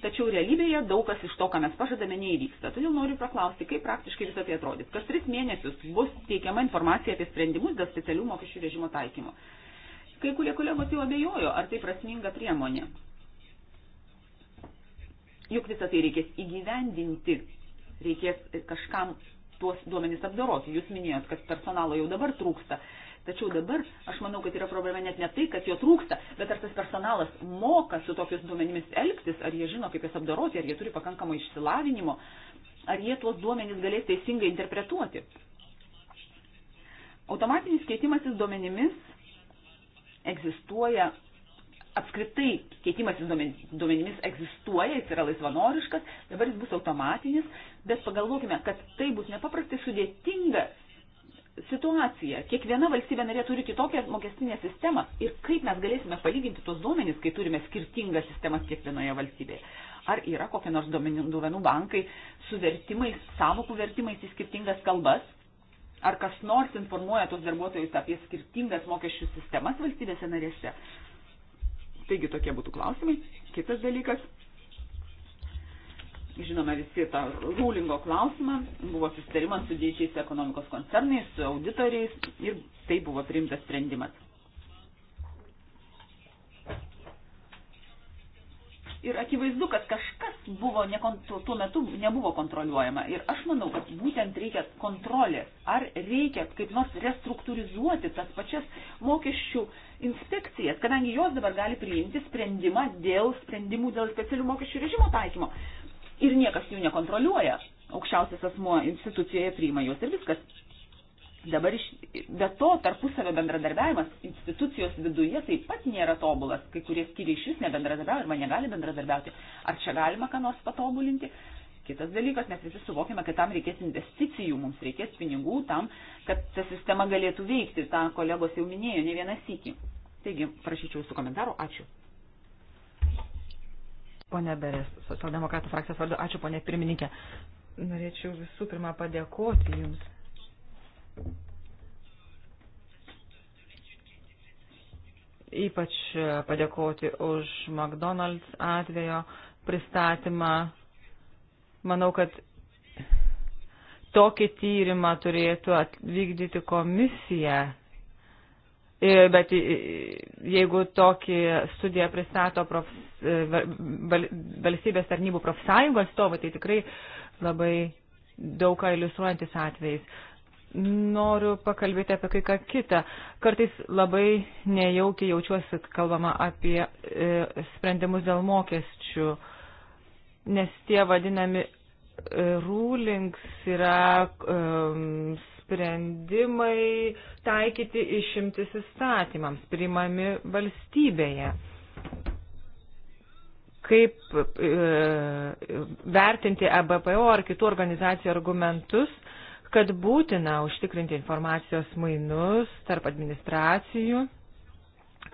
Speaker 2: Tačiau realybėje daug kas iš to, ką mes pažadame, neįvyksta. Todėl noriu paklausti, kaip praktiškai visą tai atrodys. Kas tris mėnesius bus teikiama informacija apie sprendimus dėl specialių mokesčių režimo taikymo. Kai kurie kolegos jau abejojo, ar tai prasminga priemonė. Juk visą tai reikės įgyvendinti, reikės kažkam tuos duomenys apdoroti. Jūs minėjot, kad personalo jau dabar trūksta. Tačiau dabar aš manau, kad yra problema net ne tai, kad jo trūksta, bet ar tas personalas moka su tokius duomenimis elgtis, ar jie žino, kaip jas apdaroti, ar jie turi pakankamai išsilavinimo, ar jie tuos duomenys galės teisingai interpretuoti. Automatinis keitimasis duomenimis egzistuoja apskritai keitimasis duomenimis egzistuoja, jis yra laisvanoriškas, dabar jis bus automatinis, bet pagalvokime, kad tai bus nepaprastai sudėtinga situacija. Kiekviena valstybė narė turi kitokią mokestinę sistemą ir kaip mes galėsime palyginti tos duomenys, kai turime skirtingas sistemas kiekvienoje valstybėje. Ar yra kokie nors duomenų bankai su vertimais, savokų vertimais į skirtingas kalbas? Ar kas nors informuoja tos darbuotojus apie skirtingas mokesčių sistemas valstybėse narėse? Taigi tokie būtų klausimai. Kitas dalykas. Žinome visi tą rūlingo klausimą. Buvo susitarimas su didžiais ekonomikos koncernais, su auditoriais ir tai buvo priimtas sprendimas. Ir akivaizdu, kad kažkas buvo nekontro, tuo metu nebuvo kontroliuojama. Ir aš manau, kad būtent reikia kontrolės. Ar reikia kaip nors restruktūrizuoti tas pačias mokesčių inspekcijas, kadangi jos dabar gali priimti sprendimą dėl sprendimų dėl specialių mokesčių režimo taikymo. Ir niekas jų nekontroliuoja. Aukščiausias asmuo institucijoje priima juos ir viskas. Dabar iš, be to tarpusavio bendradarbiavimas institucijos viduje taip pat nėra tobulas, kai kurie skyriai iš vis nebendradarbiauja arba negali bendradarbiauti. Ar čia galima ką nors patobulinti? Kitas dalykas, mes visi suvokiame, kad tam reikės investicijų, mums reikės pinigų tam, kad ta sistema galėtų veikti, tą kolegos jau minėjo ne vieną sykį. Taigi, prašyčiau jūsų komentarų, ačiū. Pone Beres, socialdemokratų frakcijos vardu, ačiū, ponė pirmininkė. Norėčiau visų pirma padėkoti Jums Ypač e, padėkoti už McDonald's atvejo pristatymą. Manau, kad tokį tyrimą turėtų atvykdyti komisija. E, bet e, jeigu tokį studiją pristato profs, valstybės tarnybų profsąjungos atstovai, tai tikrai labai daug ką iliustruojantis atvejais noriu pakalbėti apie kai ką kitą. Kartais labai nejaukiai jaučiuosi, kalbama apie e, sprendimus dėl mokesčių, nes tie vadinami e, rulings yra e, sprendimai taikyti išimtis įstatymams, priimami valstybėje. Kaip e, vertinti ABPO e ar kitų organizacijų argumentus, kad būtina užtikrinti informacijos mainus tarp administracijų,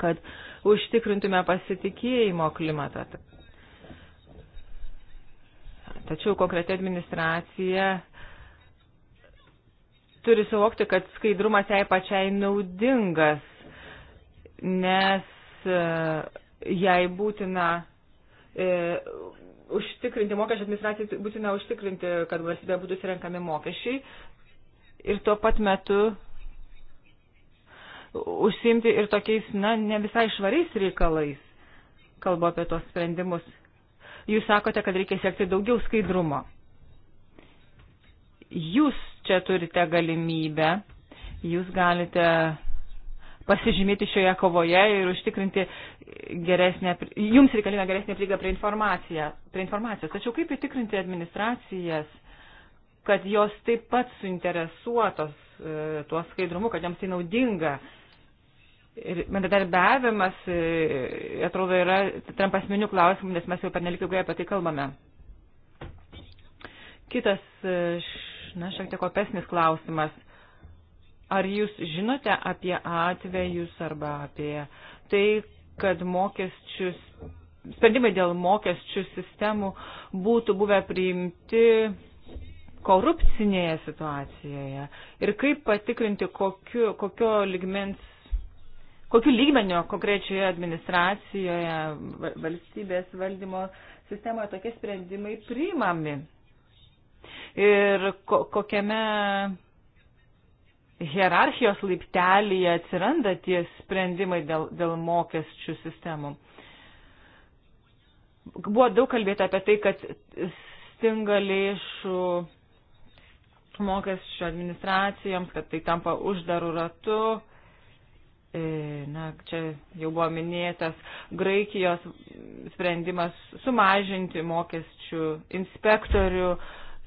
Speaker 2: kad užtikrintume pasitikėjimo klimatą. Tačiau konkreti administracija turi suvokti, kad skaidrumas jai pačiai naudingas, nes e, jai būtina e, užtikrinti mokesčių administracijai, būtina užtikrinti, kad valstybė būtų surenkami mokesčiai ir tuo pat metu užsimti ir tokiais, na, ne visai švariais reikalais. Kalbu apie tos sprendimus. Jūs sakote, kad reikia siekti daugiau skaidrumo. Jūs čia turite galimybę, jūs galite pasižymėti šioje kovoje ir užtikrinti geresnę, jums reikalinga geresnė prieiga prie, prie informacijos. Tačiau kaip įtikrinti administracijas, kad jos taip pat suinteresuotos e, tuo skaidrumu, kad jiems tai naudinga. Ir bendradarbiavimas, e, atrodo, yra trampasminių klausimų, nes mes jau pernelik ilgai apie tai kalbame. Kitas, e, na, šiek tiek opesnis klausimas Ar jūs žinote apie atvejus arba apie tai, kad mokesčius, sprendimai dėl mokesčių sistemų būtų buvę priimti korupcinėje situacijoje ir kaip patikrinti, kokiu, kokio ligmens, kokiu lygmenio konkrečioje administracijoje, valstybės valdymo sistemoje tokie sprendimai priimami ir ko, kokiame hierarchijos laiptelėje atsiranda tie sprendimai dėl, dėl mokesčių sistemų. Buvo daug kalbėta apie tai, kad stinga lėšų mokesčių administracijoms, kad tai tampa uždarų ratų. E, na, čia jau buvo minėtas Graikijos sprendimas sumažinti mokesčių inspektorių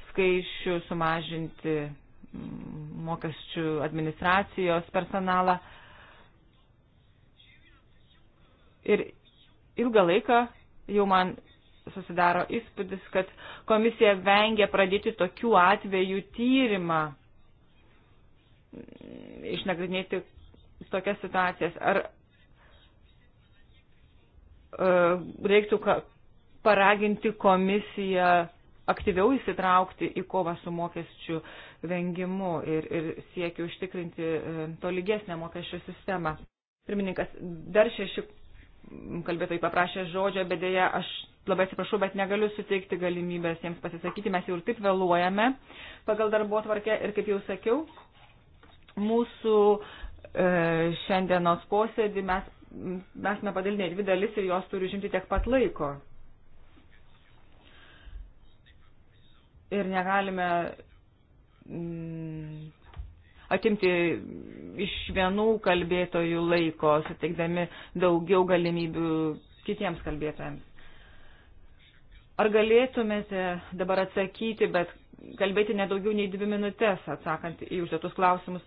Speaker 2: skaičių, sumažinti mokesčių administracijos personalą. Ir ilgą laiką jau man susidaro įspūdis, kad komisija vengia pradėti tokių atvejų tyrimą, išnagrinėti tokias situacijas. Ar uh, reiktų paraginti komisiją aktyviau įsitraukti į kovą su mokesčių uh, vengimu ir, ir siekiu užtikrinti e, tolygesnę mokesčių sistemą. Pirmininkas, dar šeši kalbėtojai paprašė žodžio, bet dėja aš labai atsiprašau, bet negaliu suteikti galimybės jiems pasisakyti, mes jau ir taip vėluojame pagal darbo tvarkę ir kaip jau sakiau, mūsų e, šiandienos posėdį mes, mes nepadalinė dvi dalis ir jos turi žimti tiek pat laiko. Ir negalime Mm, atimti iš vienų kalbėtojų laiko, suteikdami daugiau galimybių kitiems kalbėtojams. Ar galėtumėte dabar atsakyti, bet kalbėti nedaugiau nei dvi minutės, atsakant į užduotus klausimus?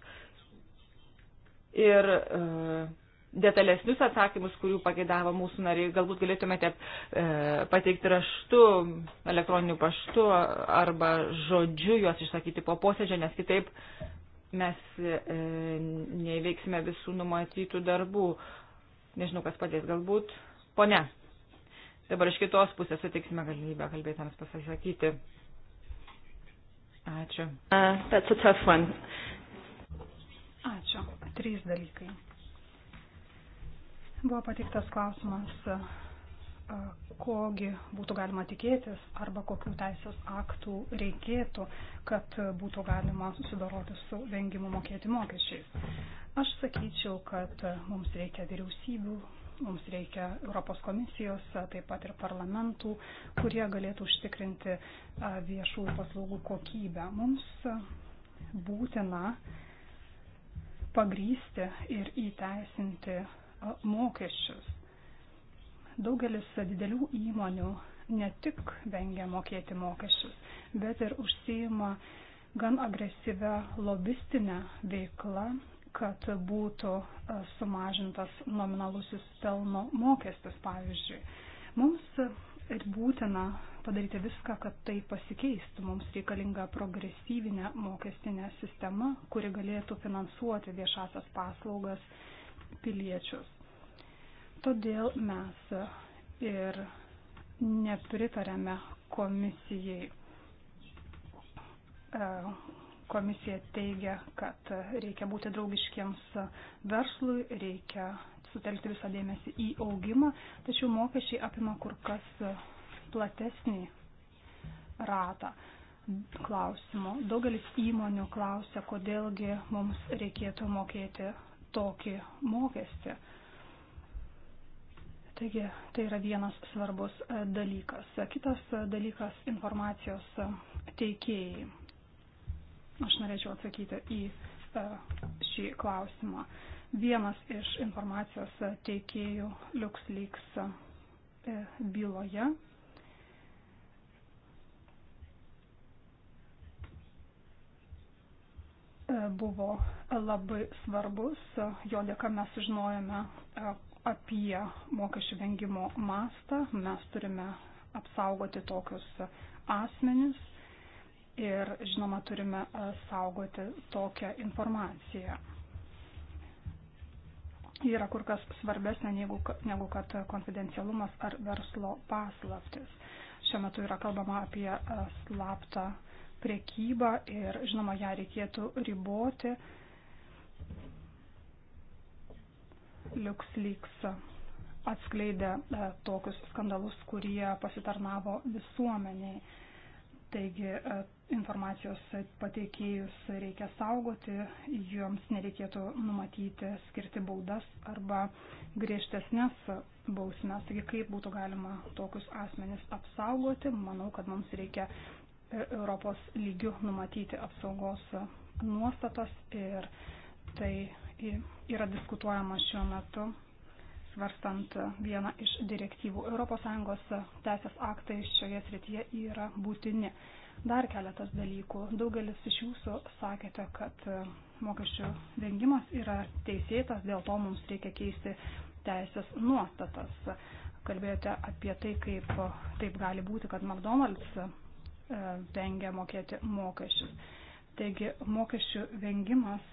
Speaker 2: Ir uh, detalesnius atsakymus, kurių pagėdavo mūsų nariai. Galbūt galėtumėte e, pateikti raštu, elektroniniu paštu arba žodžiu juos išsakyti po posėdžio, nes kitaip mes e, neįveiksime visų numatytų darbų. Nežinau, kas padės, galbūt. Pone, dabar iš kitos pusės suteiksime galimybę kalbėtams pasisakyti. Ačiū. Uh,
Speaker 3: Ačiū. Trys dalykai. Buvo pateiktas klausimas, e, kogi būtų galima tikėtis arba kokių teisės aktų reikėtų, kad būtų galima susidoroti su vengimu mokėti mokesčiais. Aš sakyčiau, kad mums reikia vyriausybių, mums reikia Europos komisijos, taip pat ir parlamentų, kurie galėtų užtikrinti viešųjų paslaugų kokybę. Mums būtina pagrysti ir įteisinti mokesčius. Daugelis didelių įmonių ne tik vengia mokėti mokesčius, bet ir užsijima gan agresyvę lobistinę veiklą, kad būtų e, sumažintas nominalusis pelno mokestis, pavyzdžiui. Mums ir būtina padaryti viską, kad tai pasikeistų. Mums reikalinga progresyvinė mokestinė sistema, kuri galėtų finansuoti viešasias paslaugas piliečius. Todėl mes ir nepritarėme komisijai. E, komisija teigia, kad reikia būti draugiškiams verslui, reikia sutelkti visą dėmesį į augimą, tačiau mokesčiai apima kur kas platesnį ratą klausimų. Daugelis įmonių klausia, kodėlgi mums reikėtų mokėti tokį mokestį. Taigi tai yra vienas svarbus e, dalykas. Kitas e, dalykas - informacijos e, teikėjai. Aš norėčiau atsakyti į šį klausimą. Vienas iš informacijos teikėjų LuxLeaks byloje E, buvo labai svarbus. Jo dėka mes sužinojome e, apie mokesčių vengimo mastą. Mes turime apsaugoti tokius asmenis ir, žinoma, turime e, saugoti tokią informaciją. Yra kur kas svarbesnė negu, negu kad konfidencialumas ar verslo paslaptis. Šiuo metu yra kalbama apie slaptą priekybą ir, žinoma, ją reikėtų riboti. LuxLeaks atskleidė e, tokius skandalus, kurie pasitarnavo visuomeniai. Taigi e, informacijos pateikėjus reikia saugoti, joms nereikėtų numatyti skirti baudas arba griežtesnės bausmes. Taigi kaip būtų galima tokius asmenis apsaugoti, manau, kad mums reikia Europos lygių numatyti apsaugos nuostatos ir tai yra diskutuojama šiuo metu, svarstant vieną iš direktyvų. ES teisės aktai šioje srityje yra būtini. Dar keletas dalykų. Daugelis iš jūsų sakėte, kad mokesčių vengimas yra teisėtas, dėl to mums reikia keisti teisės nuostatas. Kalbėjote apie tai, kaip taip gali būti, kad McDonald's E, vengia mokėti mokesčius. Taigi mokesčių vengimas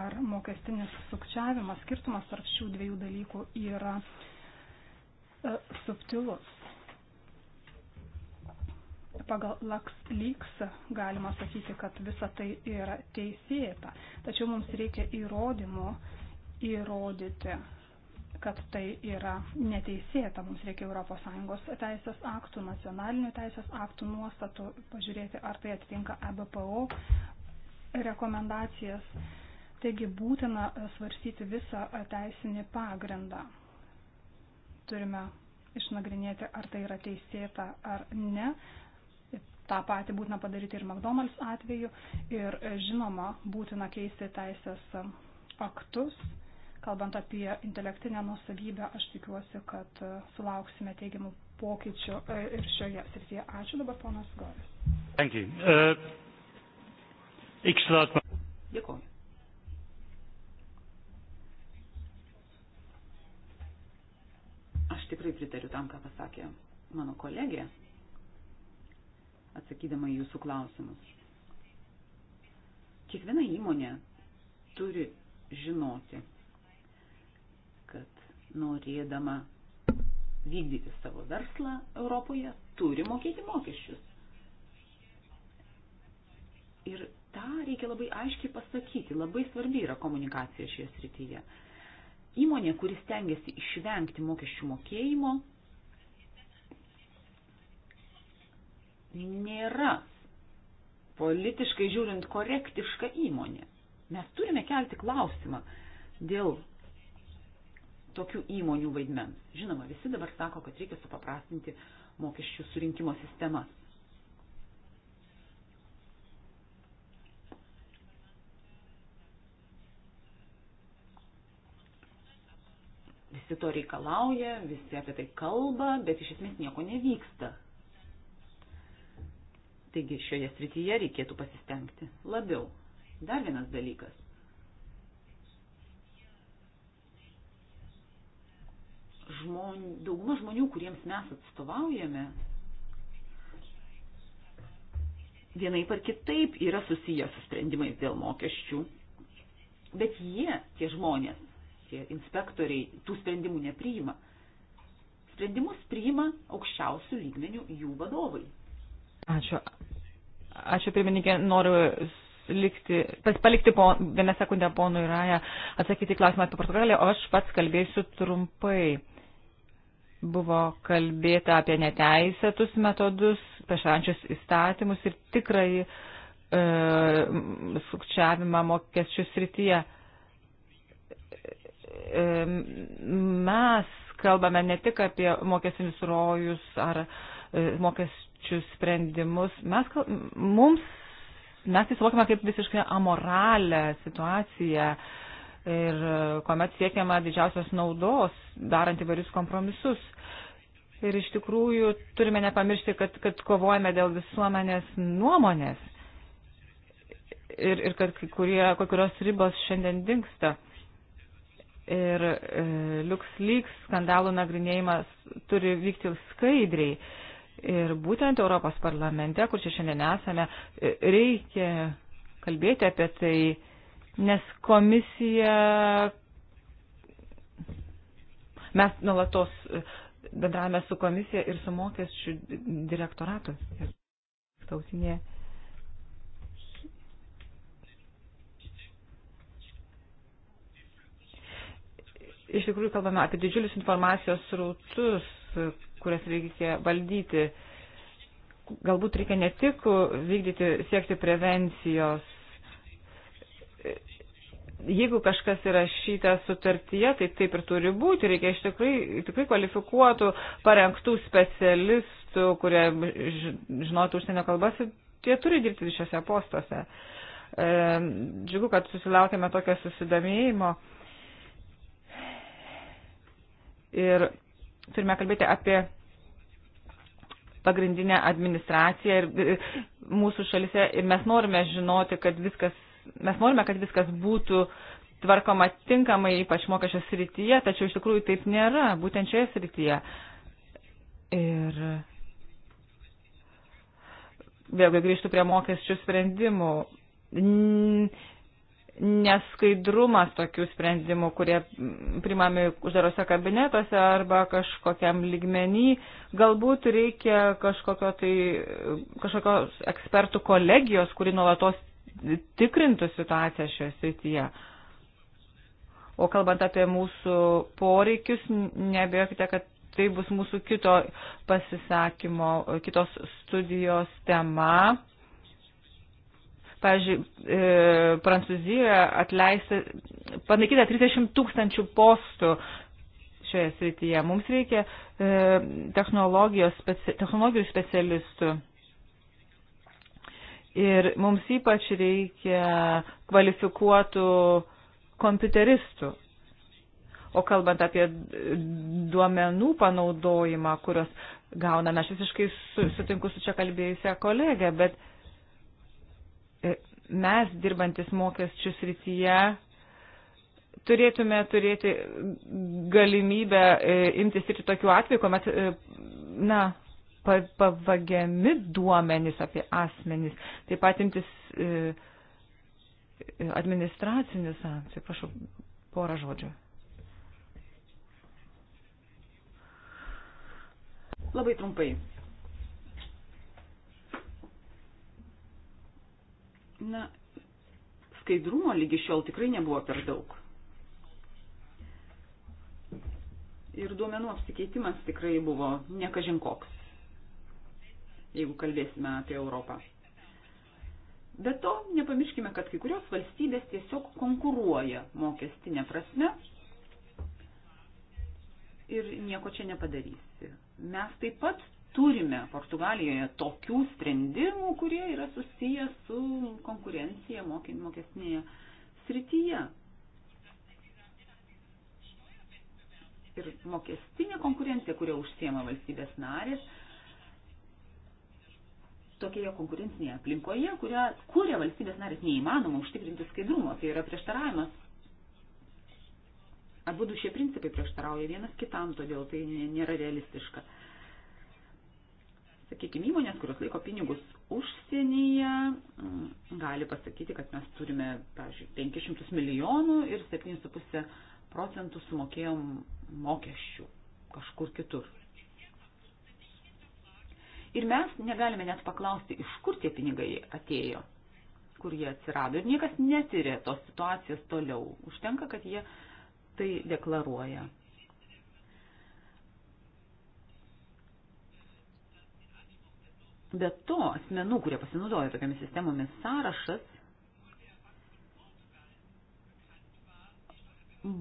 Speaker 3: ar mokestinis sukčiavimas, skirtumas tarp šių dviejų dalykų yra e, subtilus. Pagal laks lygs galima sakyti, kad visa tai yra teisėta, tačiau mums reikia įrodymų įrodyti, kad tai yra neteisėta. Mums reikia ES teisės aktų, nacionalinių teisės aktų nuostatų, pažiūrėti, ar tai atitinka EBPO rekomendacijas. Taigi būtina svarstyti visą teisinį pagrindą. Turime išnagrinėti, ar tai yra teisėta ar ne. Ta pati būtina padaryti ir McDonald's atveju. Ir žinoma, būtina keisti teisės aktus Kalbant apie intelektinę nusavybę, aš tikiuosi, kad e, sulauksime teigiamų pokyčių e, ir šioje srityje. Ačiū dabar, ponas Goris.
Speaker 1: Uh, e,
Speaker 3: Dėkuoju.
Speaker 2: Aš tikrai pritariu tam, ką pasakė mano kolegė, atsakydama į jūsų klausimus. Kiekviena įmonė turi žinoti, norėdama vykdyti savo verslą Europoje, turi mokėti mokesčius. Ir tą reikia labai aiškiai pasakyti, labai svarbi yra komunikacija šioje srityje. Įmonė, kuris tengiasi išvengti mokesčių mokėjimo, nėra politiškai žiūrint korektiška įmonė. Mes turime kelti klausimą dėl tokių įmonių vaidmens. Žinoma, visi dabar sako, kad reikia supaprastinti mokesčių surinkimo sistemas. Visi to reikalauja, visi apie tai kalba, bet iš esmės nieko nevyksta. Taigi šioje srityje reikėtų pasistengti labiau. Dar vienas dalykas žmon, dauguma žmonių, kuriems mes atstovaujame, vienai par kitaip yra susijęs su sprendimais dėl mokesčių, bet jie, tie žmonės, tie inspektoriai, tų sprendimų nepriima. Sprendimus priima aukščiausių lygmenių jų vadovai. Ačiū. Ačiū, pirmininkė, noriu likti, palikti po, vieną sekundę ponui Raja atsakyti klausimą apie Portugaliją, o aš pats kalbėsiu trumpai. Buvo kalbėta apie neteisėtus metodus, pašančius įstatymus ir tikrai e, sukčiavimą mokesčių srityje. E, mes kalbame ne tik apie mokesinius rojus ar e, mokesčių sprendimus. Mes, mums, mes tai suvokiame kaip visiškai amoralę situaciją. E, ir e, kuomet siekiama didžiausios naudos, darant įvairius kompromisus. Ir iš tikrųjų turime nepamiršti, kad, kad kovojame dėl visuomenės nuomonės ir, ir kad kurie, kokios ribos šiandien dinksta. Ir e, LuxLeaks skandalų nagrinėjimas turi vykti skaidriai. Ir būtent Europos parlamente, kur čia šiandien esame, reikia kalbėti apie tai nes komisija. Mes nuolatos e, bendravome su komisija ir su mokesčių direktoratu. Ir tautinė. Iš tikrųjų, kalbame apie didžiulius informacijos srautus, kurias reikia valdyti. Galbūt reikia ne tik vykdyti, siekti prevencijos jeigu kažkas įrašyta sutartyje, tai taip ir turi būti. Reikia iš tikrai, tikrai kvalifikuotų, parengtų specialistų, kurie žinotų užsienio kalbas ir tie turi dirbti šiuose postuose. E, džiugu, kad susilaukėme tokio susidomėjimo. Ir turime kalbėti apie pagrindinę administraciją ir mūsų šalise ir mes norime žinoti, kad viskas mes norime, kad viskas būtų tvarkoma tinkamai, ypač mokesčio srityje, tačiau iš tikrųjų taip nėra, būtent šioje srityje. Ir vėlgi grįžtų prie mokesčių sprendimų. Neskaidrumas tokių sprendimų, kurie primami uždarose kabinetuose arba kažkokiam lygmenį, galbūt reikia kažkokio tai, kažkokios ekspertų kolegijos, kuri nuolatos tikrintų situaciją šioje srityje. O kalbant apie mūsų poreikius, nebijokite, kad tai bus mūsų kito pasisakymo, kitos studijos tema. Pavyzdžiui, e, Prancūzijoje atleista, panaikyta 30 tūkstančių postų šioje srityje. Mums reikia e, technologijų specialistų. Ir mums ypač reikia kvalifikuotų kompiuteristų. O kalbant apie duomenų panaudojimą, kurios gauname, aš visiškai sutinku su čia kalbėjusią kolegę, bet e, mes dirbantis mokesčių srityje turėtume turėti galimybę e, imtis ir tokių atvejų, kuomet, e, na, pavagiami duomenys apie asmenys, taip pat imtis e, e, administracinių sankcijų. Prašau, porą žodžių. Labai trumpai. Na, skaidrumo lygi šiol tikrai nebuvo per daug. Ir duomenų apsikeitimas tikrai buvo nekažinkoks jeigu kalbėsime apie Europą. Be to, nepamirškime, kad kai kurios valstybės tiesiog konkuruoja mokestinė prasme ir nieko čia nepadarysi. Mes taip pat turime Portugalijoje tokių sprendimų, kurie yra susiję su konkurencija mokestinėje srityje. Ir mokestinė konkurencija, kuria užsiema valstybės narės, tokioje konkurencinėje aplinkoje, kurią kūrė valstybės narės neįmanoma užtikrinti skaidrumo, tai yra prieštaravimas. Abu du šie principai prieštarauja vienas kitam, todėl tai nėra realistiška. Sakykime, įmonės, kurios laiko pinigus užsienyje, mm, gali pasakyti, kad mes turime, pavyzdžiui, 500 milijonų ir 7,5 procentų sumokėjom mokesčių kažkur kitur Ir mes negalime net paklausti, iš kur tie pinigai atėjo, kur jie atsirado. Ir niekas netyrė tos situacijos toliau. Užtenka, kad jie tai deklaruoja. Be to, asmenų, kurie pasinaudoja tokiamis sistemomis sąrašas,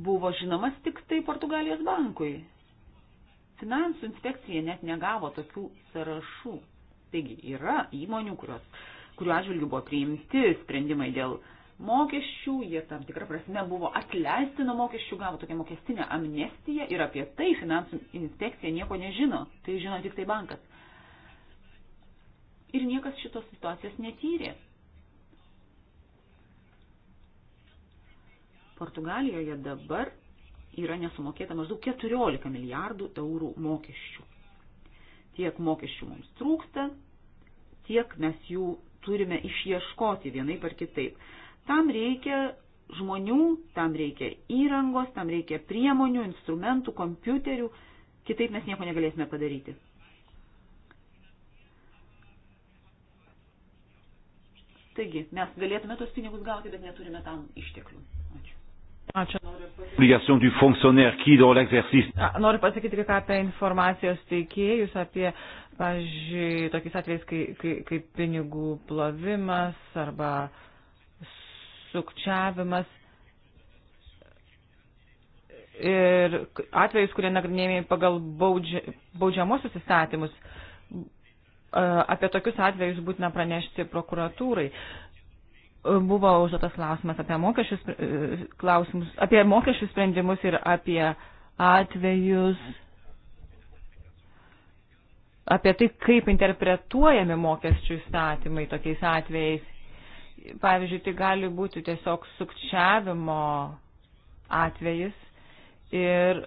Speaker 2: buvo žinomas tik tai Portugalijos bankui. Finansų inspekcija net negavo tokių sąrašų. Taigi yra įmonių, kurios, kuriuo atžvilgiu buvo priimti sprendimai dėl mokesčių, jie tam tikrą prasme buvo atleisti nuo mokesčių, gavo tokią mokestinę amnestiją ir apie tai finansų inspekcija nieko nežino, tai žino tik tai bankas. Ir niekas šitos situacijos netyrė. Portugalijoje dabar yra nesumokėta maždaug 14 milijardų eurų mokesčių. Tiek mokesčių mums trūksta, tiek mes jų turime išieškoti vienaip ar kitaip. Tam reikia žmonių, tam reikia įrangos, tam reikia priemonių, instrumentų, kompiuterių, kitaip mes nieko negalėsime padaryti. Taigi, mes galėtume tos pinigus gauti, bet neturime tam išteklių. Ačiū. Ačiū, Noriu pasakyti ką apie informacijos teikėjus, apie, pažiūrėjau, tokiais atvejais, kai, kai, kaip pinigų plovimas arba sukčiavimas. Ir atvejus, kurie nagrinėjami pagal baudžia, baudžiamosius įstatymus, apie tokius atvejus būtina pranešti prokuratūrai buvo užduotas klausimas apie mokesčius, e, klausimus, apie mokesčių sprendimus ir apie atvejus, apie tai, kaip interpretuojami mokesčių įstatymai tokiais atvejais. Pavyzdžiui, tai gali būti tiesiog sukčiavimo atvejis ir e,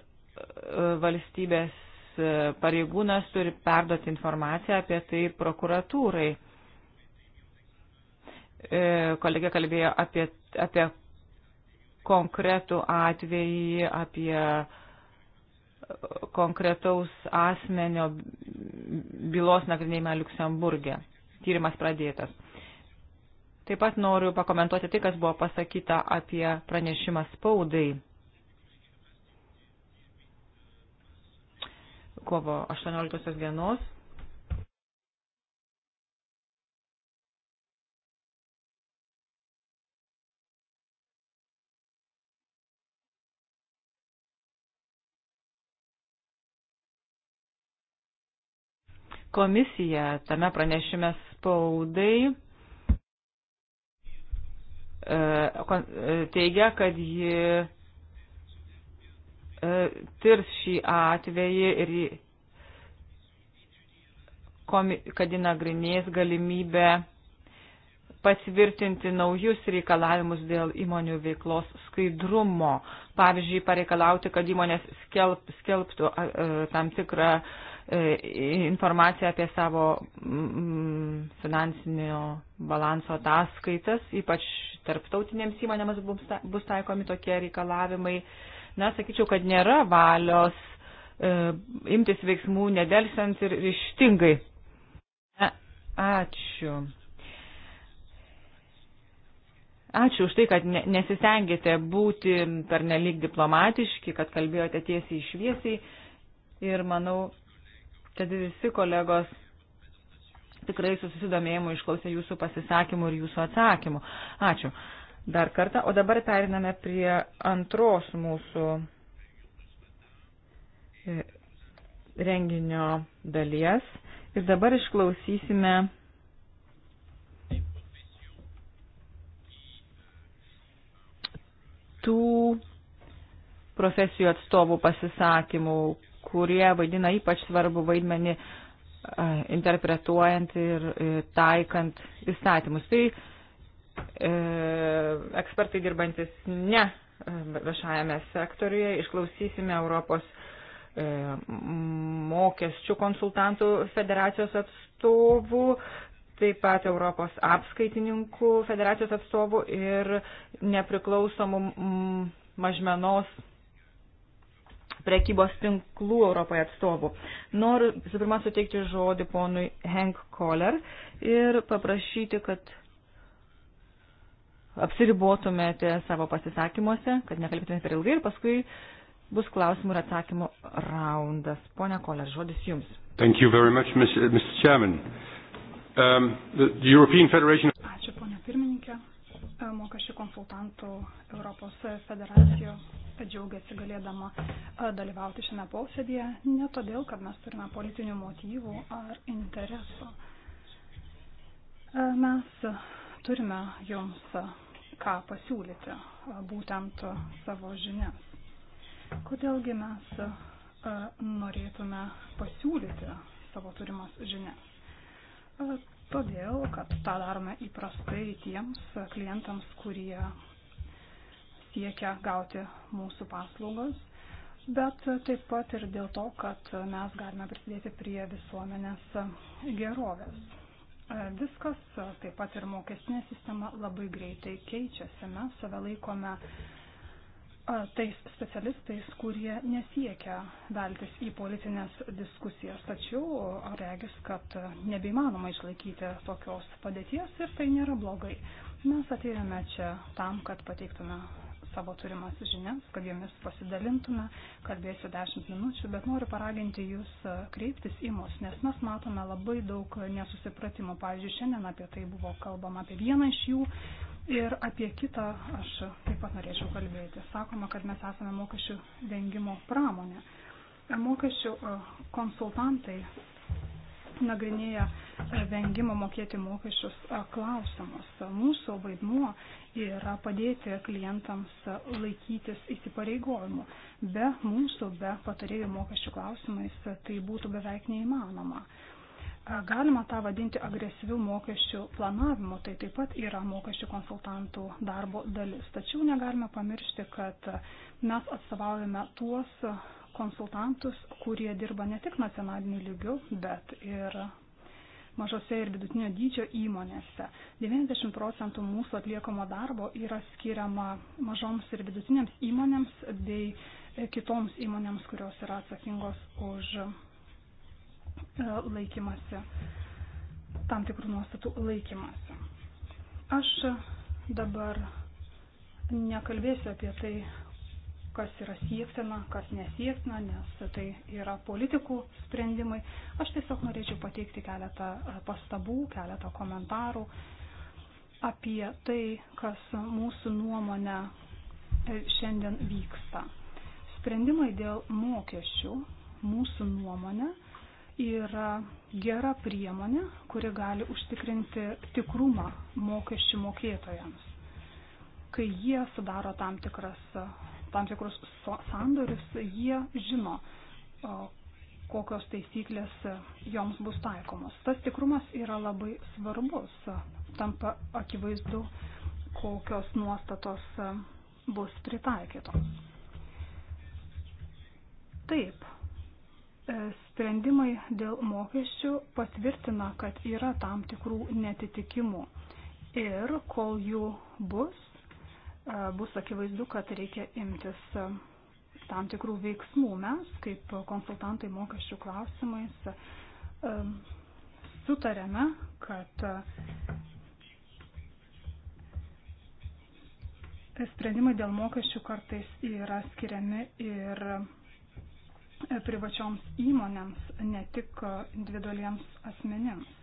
Speaker 2: valstybės e, pareigūnas turi perduoti informaciją apie tai prokuratūrai E, kolegė kalbėjo apie, apie konkretų atvejį, apie konkretaus asmenio bylos nagrinėjimą Luksemburgė. Tyrimas pradėtas. Taip pat noriu pakomentuoti tai, kas buvo pasakyta apie pranešimą spaudai. Kovo 18 dienos Komisija tame pranešime spaudai e, e, teigia, kad ji e, tirs šį atvejį ir kad ji nagrinės galimybę patvirtinti naujus reikalavimus dėl įmonių veiklos skaidrumo. Pavyzdžiui, pareikalauti, kad įmonės skelb, skelbtų tam tikrą E, informaciją apie savo mm, finansinio balanso ataskaitas, ypač tarptautinėms įmonėms bus taikomi tokie reikalavimai. Na, sakyčiau, kad nėra valios e, imtis veiksmų nedelsiant ir ryštingai. E, ačiū. Ačiū už tai, kad nesistengėte būti pernelyg diplomatiški, kad kalbėjote tiesiai išviesiai ir manau, Tad visi kolegos tikrai susidomėjimu išklausė jūsų pasisakymų ir jūsų atsakymų. Ačiū dar kartą. O dabar periname prie antros mūsų e, renginio dalies. Ir dabar išklausysime tų profesijų atstovų pasisakymų, kurie vaidina ypač svarbu vaidmenį e, interpretuojant ir e, taikant įstatymus. Tai e, ekspertai dirbantis ne viešajame sektoriuje, išklausysime Europos mokesčių konsultantų federacijos atstovų, taip pat Europos apskaitininkų federacijos atstovų ir nepriklausomų mažmenos prekybos tinklų Europoje atstovų. Noriu visų pirma suteikti žodį ponui Henk Koller ir paprašyti, kad apsiribotumėte savo pasisakymuose, kad nekalbėtumėte per ilgai ir paskui bus klausimų ir atsakymų raundas.
Speaker 3: Pone Koller, žodis jums.
Speaker 1: Thank you very much, Mr. Uh, Chairman. Um,
Speaker 3: the European Federation... Ačiū, ponia pirmininkė. Mokesčių konsultantų Europos federacijos džiaugiasi galėdama dalyvauti šiame posėdėje, ne todėl, kad mes turime politinių motyvų ar interesų. Mes turime jums ką pasiūlyti, būtent savo žinias. Kodėlgi mes norėtume pasiūlyti savo turimas žinias? Todėl, kad tą darome įprastai tiems klientams, kurie siekia gauti mūsų paslaugos, bet taip pat ir dėl to, kad mes galime prisidėti prie visuomenės gerovės. Viskas, taip pat ir mokestinė sistema labai greitai keičiasi. Mes save laikome tais specialistais, kurie nesiekia veltis į politinės diskusijas. Tačiau regis, kad nebeįmanoma išlaikyti tokios padėties ir tai nėra blogai. Mes atėjome čia tam, kad pateiktume savo turimas žinias, kad jomis pasidalintume. Kalbėsiu 10 minučių, bet noriu paraginti jūs e, kreiptis į mus, nes mes matome labai daug nesusipratimų. Pavyzdžiui, šiandien apie tai buvo kalbama apie vieną iš jų. Ir apie kitą aš taip pat norėčiau kalbėti. Sakoma, kad mes esame mokesčių vengimo pramonė. Mokesčių e, konsultantai nagrinėja e, vengimo mokėti mokesčius e, klausimus. Mūsų vaidmuo yra padėti klientams e, laikytis įsipareigojimų. Be mūsų, be patarėjų mokesčių klausimais tai būtų beveik neįmanoma. Galima tą vadinti agresyvių mokesčių planavimu, tai taip pat yra mokesčių konsultantų darbo dalis. Tačiau negalime pamiršti, kad mes atstovaujame tuos konsultantus, kurie dirba ne tik nacionaliniu lygiu, bet ir mažose ir vidutinio dydžio įmonėse. 90 procentų mūsų atliekamo darbo yra skiriama mažoms ir vidutinėms įmonėms bei kitoms įmonėms, kurios yra atsakingos už e, laikymasi, tam tikrų nuostatų laikymasi. Aš dabar nekalbėsiu apie tai, kas yra siektina, kas nesiektina, nes tai yra politikų sprendimai. Aš tiesiog norėčiau pateikti keletą e, pastabų, keletą komentarų apie tai, kas mūsų nuomonę e, šiandien vyksta. Sprendimai dėl mokesčių mūsų nuomonė yra gera priemonė, kuri gali užtikrinti tikrumą mokesčių mokėtojams kai jie sudaro tam tikras tam tikrus sandorius, jie žino, kokios taisyklės joms bus taikomos. Tas tikrumas yra labai svarbus, tampa akivaizdu, kokios nuostatos bus pritaikytos. Taip, e, sprendimai dėl mokesčių patvirtina, kad yra tam tikrų netitikimų ir kol jų bus, E, bus akivaizdu, kad reikia imtis e, tam tikrų veiksmų. Mes, kaip konsultantai mokesčių klausimais, e, sutarėme, kad sprendimai dėl mokesčių kartais yra skiriami ir privačioms įmonėms, ne tik individualiems asmenims.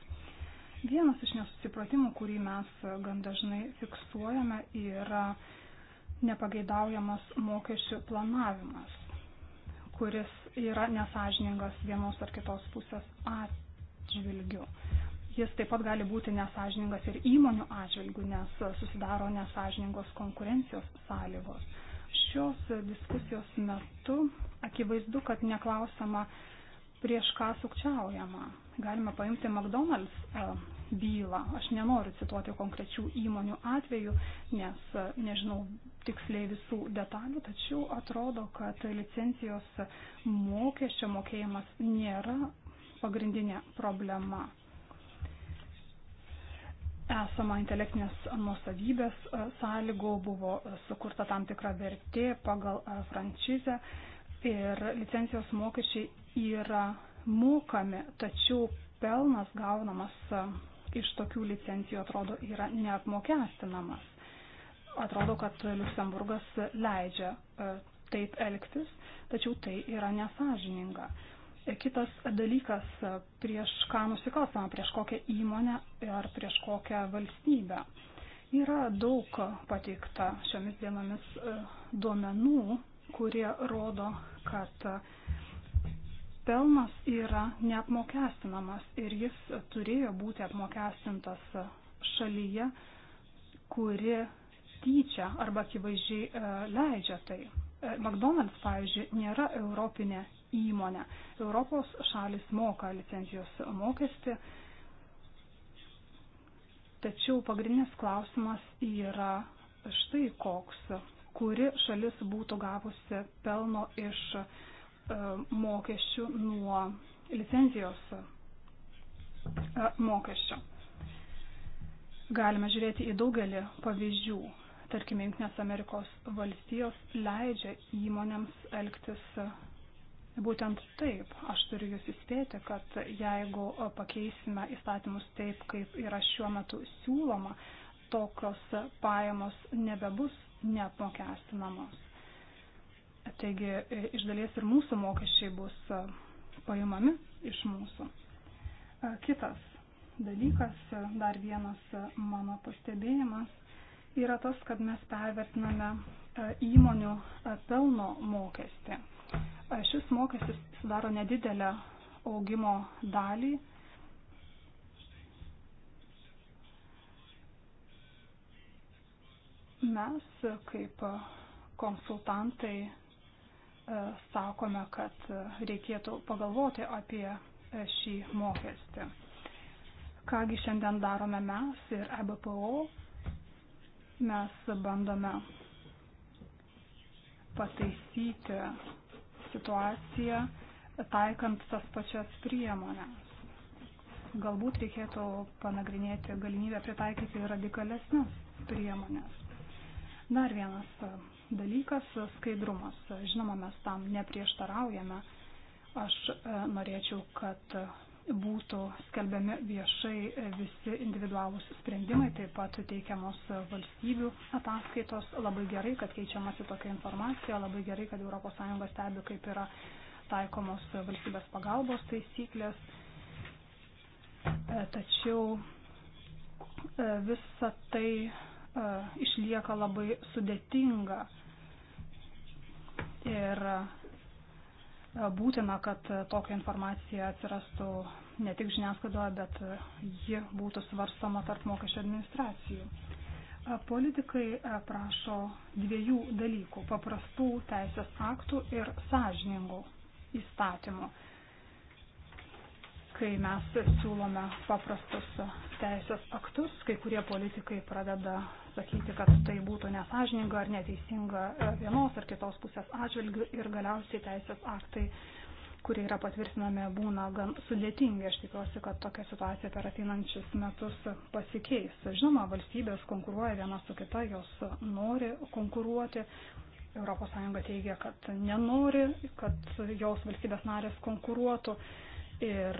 Speaker 3: Vienas iš nesusipratimų, kurį mes e, gan dažnai fiksuojame, yra nepageidaujamas mokesčių planavimas, kuris yra nesažiningas vienos ar kitos pusės atžvilgių. Jis taip pat gali būti nesažiningas ir įmonių atžvilgių, nes susidaro nesažiningos konkurencijos sąlygos. Šios diskusijos metu akivaizdu, kad neklausama prieš ką sukčiaujama. Galima paimti McDonald's e, bylą. Aš nenoriu cituoti konkrečių įmonių atvejų, nes e, nežinau tiksliai visų detalių, tačiau atrodo, kad licencijos mokesčio mokėjimas nėra pagrindinė problema. Esama intelektinės nuosavybės e, sąlygų buvo sukurta tam tikra vertė pagal frančizę ir licencijos mokesčiai yra mokami, tačiau pelnas gaunamas e, iš tokių licencijų atrodo yra neapmokestinamas. Atrodo, kad Luksemburgas leidžia e, taip elgtis, tačiau tai yra nesažininga. E, kitas dalykas, prieš ką nusikalstama, prieš kokią įmonę ar prieš kokią valstybę. Yra daug pateikta šiomis dienomis duomenų, kurie rodo, kad pelnas yra neapmokestinamas ir jis turėjo būti apmokestintas šalyje, kuri tyčia arba akivaizdžiai e, leidžia tai. E, McDonald's, pavyzdžiui, nėra europinė įmonė. Europos šalis moka licencijos mokestį, tačiau pagrindinis klausimas yra štai koks, kuri šalis būtų gavusi pelno iš uh, E, mokesčių nuo licencijos e, mokesčio. Galime žiūrėti į daugelį pavyzdžių. Tarkime, Junktinės Amerikos valstijos leidžia įmonėms elgtis e, būtent taip. Aš turiu jūs įspėti, kad jeigu pakeisime įstatymus taip, kaip yra šiuo metu siūloma, tokios pajamos nebebus neapmokestinamos. Taigi e, iš dalies ir mūsų mokesčiai bus e, paimami iš mūsų. E, kitas dalykas, dar vienas mano pastebėjimas, yra tas, kad mes pervertiname įmonių pelno mokestį. Šis mokestis sudaro nedidelę augimo dalį. Mes kaip konsultantai E, sakome, kad e, reikėtų pagalvoti apie e, šį mokestį. Kągi šiandien darome mes ir EBPO, mes bandome pataisyti situaciją, taikant tas pačias priemonės. Galbūt reikėtų panagrinėti galimybę pritaikyti radikalesnės priemonės. Dar vienas dalykas - skaidrumas. Žinoma, mes tam neprieštaraujame. Aš e, norėčiau, kad būtų skelbiami viešai visi individualūs sprendimai, taip pat teikiamos valstybių ataskaitos. Labai gerai, kad keičiamasi tokia informacija, labai gerai, kad ES stebi, kaip yra taikomos valstybės pagalbos taisyklės. E, tačiau e, visa tai išlieka labai sudėtinga Ir e, būtina, kad tokia informacija atsirastų ne tik žiniasklaidoje, bet ji būtų svarstama tarp mokesčio administracijų. E, politikai e, prašo dviejų dalykų - paprastų teisės aktų ir sąžiningų įstatymų kai mes siūlome paprastus teisės aktus, kai kurie politikai pradeda sakyti, kad tai būtų nesažininga ar neteisinga e, vienos ar kitos pusės atžvilgių ir galiausiai teisės aktai, kurie yra patvirtinami, būna gan sudėtingi. Aš tikiuosi, kad tokia situacija per ateinančius metus pasikeis. Žinoma, valstybės konkuruoja viena su kita, jos nori konkuruoti, ES teigia, kad nenori, kad jos valstybės narės konkuruotų ir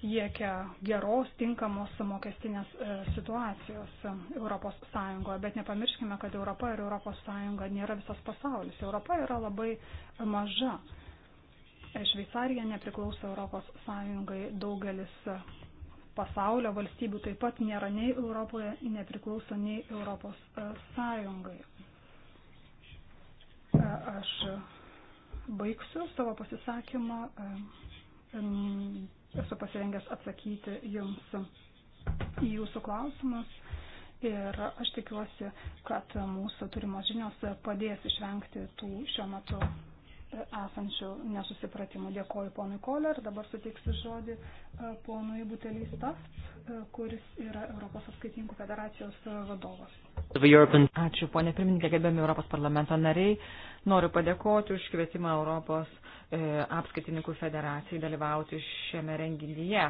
Speaker 3: siekia geros, tinkamos mokestinės e, situacijos ES. Bet nepamirškime, kad Europa ir ES nėra visas pasaulis. Europa yra labai maža. E, Šveicarija nepriklauso ES, daugelis pasaulio valstybių taip pat nėra nei Europoje, nepriklauso nei ES. E, aš baigsiu savo pasisakymą. Esu pasirengęs atsakyti jums į jūsų klausimus. Ir aš tikiuosi, kad mūsų turimos žinios padės išvengti tų šiuo metu esančių nesusipratimų. Dėkoju ponui Koler, dabar suteiksiu žodį e, ponui Butelista, e, kuris yra Europos atskaitinkų federacijos vadovas.
Speaker 2: Ačiū, ponė pirmininkė, gerbėmi Europos parlamento nariai. Noriu padėkoti už kvietimą Europos e, apskaitininkų federacijai dalyvauti šiame renginyje.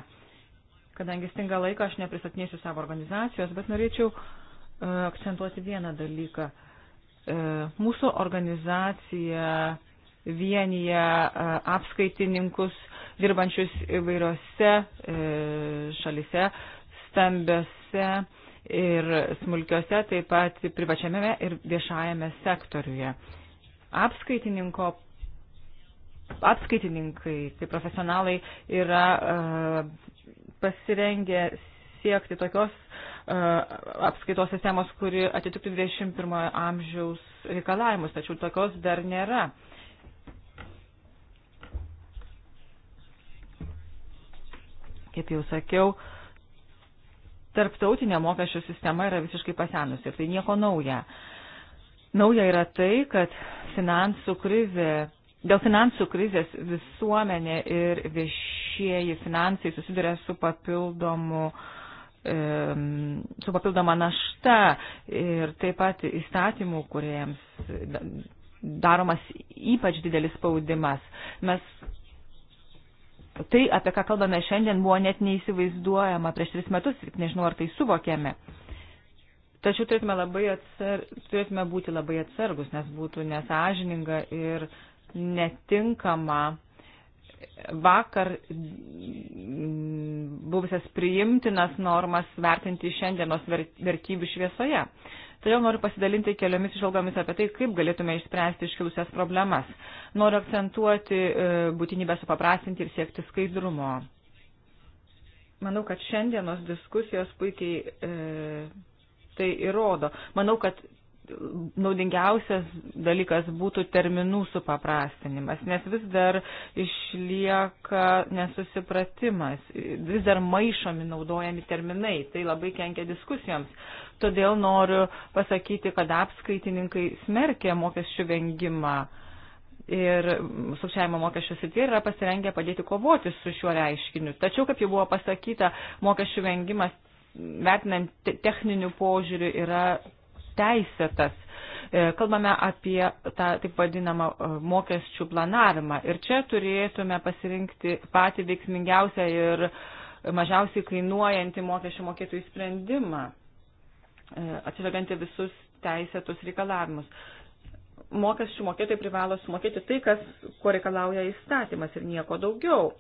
Speaker 2: Kadangi stinga laiko, aš nepristatinėsiu savo organizacijos, bet norėčiau e, akcentuoti vieną dalyką. E, mūsų organizacija vienyje e, apskaitininkus, dirbančius įvairiose e, šalise, stambiose ir smulkiose, taip pat privačiame ir viešajame sektoriuje. Apskaitininko Apskaitininkai, tai profesionalai yra uh, pasirengę siekti tokios uh, apskaitos sistemos, kuri atitiktų 21 amžiaus reikalavimus, tačiau tokios dar nėra. Uh, Kaip jau sakiau, tarptautinė mokesčių sistema yra visiškai pasenusi ir tai nieko nauja. Nauja yra tai, kad finansų krizė, dėl finansų krizės visuomenė ir viešieji finansai susiduria su papildomu e, su papildoma našta ir taip pat įstatymų, kuriems daromas ypač didelis spaudimas. Mes tai, apie ką kalbame šiandien, buvo net neįsivaizduojama prieš tris metus, nežinau, ar tai suvokėme. Tačiau turėtume, labai atsar, turėtume būti labai atsargus, nes būtų nesažininga ir netinkama vakar buvusias priimtinas normas vertinti šiandienos vertybių šviesoje. Todėl noriu pasidalinti keliomis išalgomis apie tai, kaip galėtume išspręsti iškilusias problemas. Noriu akcentuoti e, būtinybę supaprastinti ir siekti skaidrumo. Manau, kad šiandienos diskusijos puikiai e, tai įrodo. Manau, kad naudingiausias dalykas būtų terminų supaprastinimas, nes vis dar išlieka nesusipratimas, vis dar maišomi naudojami terminai, tai labai kenkia diskusijoms. Todėl noriu pasakyti, kad apskaitininkai smerkė mokesčių vengimą ir sukčiavimo mokesčių srityje yra pasirengę padėti kovoti su šiuo reiškiniu. Tačiau, kaip jau buvo pasakyta, mokesčių vengimas, vertinant techninių požiūrių, yra teisėtas. E, kalbame apie tą taip vadinamą e, mokesčių planavimą ir čia turėtume pasirinkti patį veiksmingiausią ir mažiausiai kainuojantį mokesčių mokėtojų sprendimą. E, atsižvelgianti visus teisėtus reikalavimus. Mokesčių mokėtojai privalo sumokėti tai, kas, ko reikalauja įstatymas ir nieko daugiau.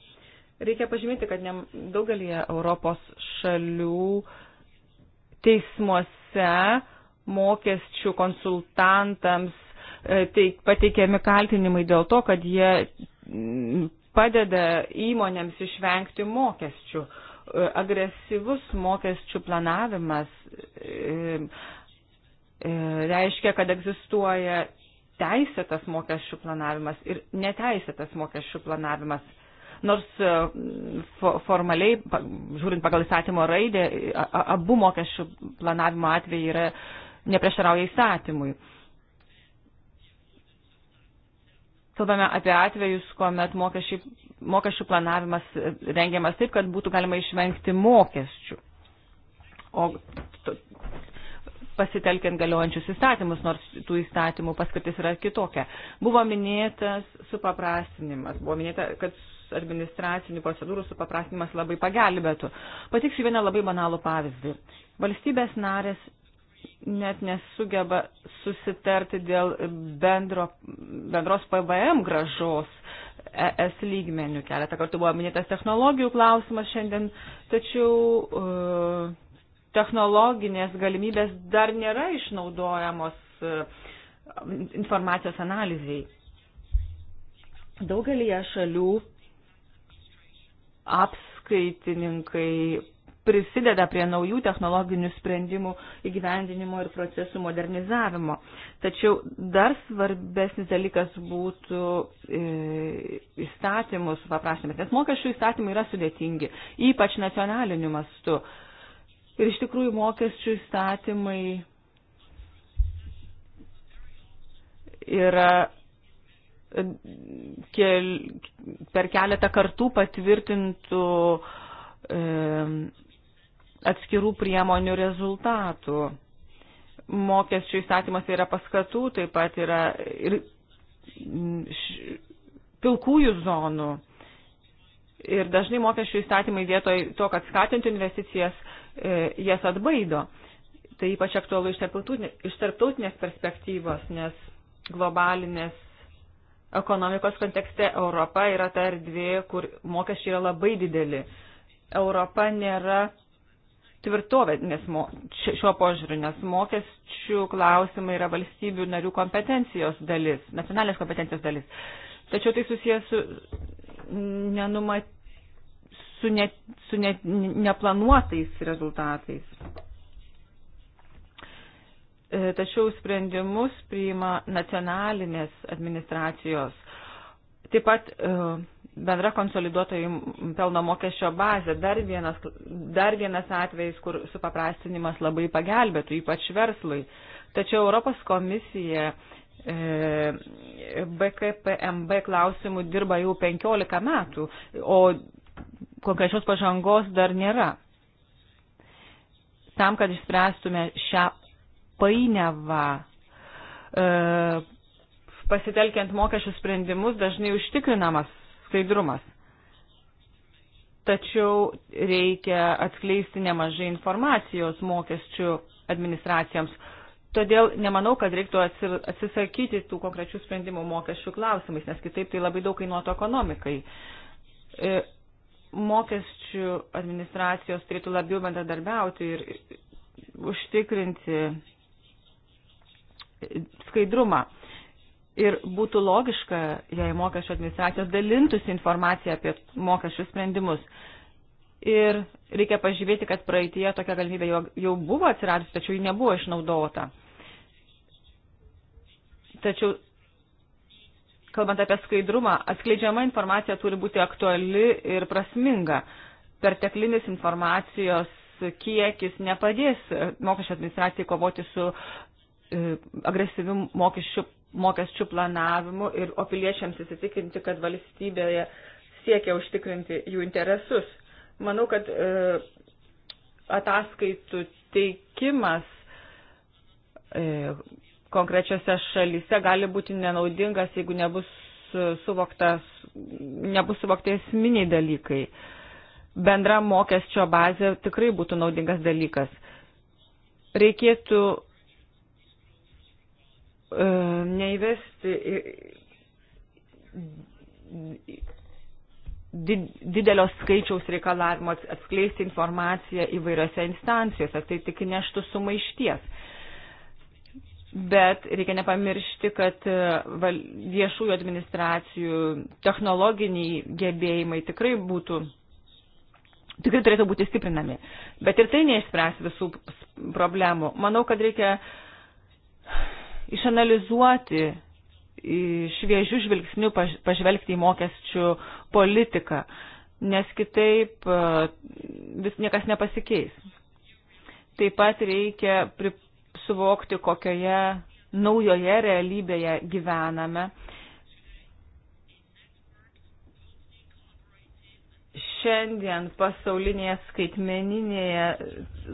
Speaker 2: Reikia pažymėti, kad ne, daugelį Europos šalių teismuose mokesčių konsultantams tai pateikiami kaltinimai dėl to, kad jie padeda įmonėms išvengti mokesčių. Uh, agresyvus mokesčių planavimas e, reiškia, kad egzistuoja teisėtas mokesčių planavimas ir neteisėtas mokesčių planavimas. Nors e, formaliai, žiūrint pagal įstatymo raidę, abu mokesčių planavimo atvejai yra neprieštarauja įstatymui. Kalbame apie atvejus, kuomet mokesčiai mokesčių planavimas e, rengiamas taip, kad būtų galima išvengti mokesčių. O pasitelkiant galiojančius įstatymus, nors tų įstatymų paskirtis yra kitokia. Buvo minėtas supaprastinimas, buvo minėta, kad administracinių procedūrų supaprastinimas labai pagelbėtų. Patiksiu vieną labai banalų pavyzdį. Valstybės narės net nesugeba susitarti dėl bendro, bendros PVM gražos ES lygmenių. Keletą kartų buvo minėtas technologijų klausimas šiandien, tačiau e, technologinės galimybės dar nėra išnaudojamos e, informacijos analizai. Daugelį šalių apskaitininkai prisideda prie naujų technologinių sprendimų įgyvendinimo ir procesų modernizavimo. Tačiau dar svarbesnis dalykas būtų e, įstatymų supaprašymas, nes mokesčių įstatymai yra sudėtingi, ypač nacionaliniu mastu. Ir iš tikrųjų mokesčių įstatymai yra e, kel, per keletą kartų patvirtintų e, atskirų priemonių rezultatų. Mokesčių įstatymas tai yra paskatų, taip pat yra ir š, pilkųjų zonų. Ir dažnai mokesčių įstatymai vietoj to, kad skatintų investicijas, e, jas atbaido. Tai ypač aktualu iš tarptautinės perspektyvos, nes globalinės ekonomikos kontekste Europa yra ta erdvė, kur mokesčiai yra labai dideli. Europa nėra tvirtovę nes mo, šiuo požiūriu, nes mokesčių klausimai yra valstybių narių kompetencijos dalis, nacionalinės kompetencijos dalis. Tačiau tai susijęs su, nenumat, su, ne, su ne, neplanuotais rezultatais. E, tačiau sprendimus priima nacionalinės administracijos. Taip pat uh, bendra konsoliduotojų pelno mokesčio bazė. Dar vienas, dar vienas atvejis, kur supaprastinimas labai pagelbėtų, ypač verslui. Tačiau Europos komisija e, BKPMB klausimų dirba jau 15 metų, o konkrečios pažangos dar nėra. Tam, kad išspręstume šią painiavą, e, pasitelkiant mokesčių sprendimus dažnai užtikrinamas skaidrumas. Tačiau reikia atskleisti nemažai informacijos mokesčių administracijoms. Todėl nemanau, kad reiktų atsisakyti tų konkrečių sprendimų mokesčių klausimais, nes kitaip tai labai daug kainuotų ekonomikai. E, mokesčių administracijos turėtų labiau bendradarbiauti ir užtikrinti skaidrumą. Ir būtų logiška, jei mokesčio administracijos dalintųsi informaciją apie mokesčių sprendimus. Ir reikia pažymėti, kad praeitie tokia galimybė jau, jau buvo atsiradusi, tačiau ji nebuvo išnaudota. Tačiau, kalbant apie skaidrumą, atskleidžiama informacija turi būti aktuali ir prasminga. Perteklinis informacijos kiekis nepadės mokesčio administracijai kovoti su e, agresyviu mokesčių mokesčių planavimu, ir, o piliečiams įsitikinti, kad valstybėje siekia užtikrinti jų interesus. Manau, kad e, ataskaitų teikimas e, konkrečiose šalyse gali būti nenaudingas, jeigu nebus, suvoktas, nebus suvokti esminiai dalykai. Bendra mokesčio bazė tikrai būtų naudingas dalykas. Reikėtų E, neįvesti didelio skaičiaus reikalavimo atskleisti informaciją įvairiose instancijose, tai tik neštų sumaišties. Bet reikia nepamiršti, kad e, viešųjų administracijų technologiniai gebėjimai tikrai būtų tikrai turėtų būti stiprinami. Bet ir tai neišspręs visų problemų. Manau, kad reikia išanalizuoti šviežių žvilgsnių pažvelgti į mokesčių politiką, nes kitaip e, vis niekas nepasikeis. Taip pat reikia suvokti, kokioje naujoje realybėje gyvename. Šiandien pasaulinėje skaitmeninėje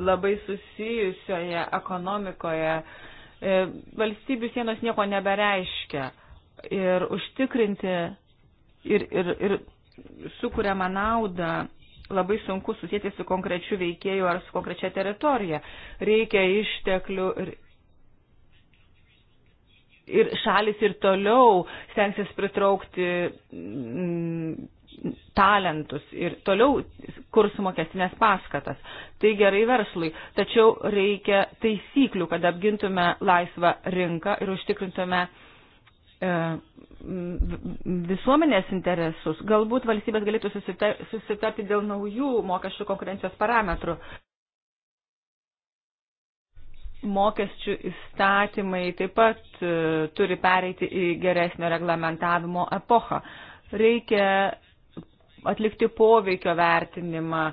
Speaker 2: labai susijusioje ekonomikoje uh, E, valstybių sienos nieko nebereiškia ir užtikrinti ir, ir, ir sukūriamą naudą labai sunku susijęti su konkrečiu veikėju ar su konkrečia teritorija. Reikia išteklių ir, ir šalis ir toliau stengsis pritraukti talentus ir toliau kurs mokestinės paskatas. Tai gerai verslui, tačiau reikia taisyklių, kad apgintume laisvą rinką ir užtikrintume e, visuomenės interesus. Galbūt valstybės galėtų susitarti dėl naujų mokesčių konkurencijos parametrų mokesčių įstatymai taip pat e, turi pereiti į geresnio reglamentavimo epochą. Reikia atlikti poveikio vertinimą,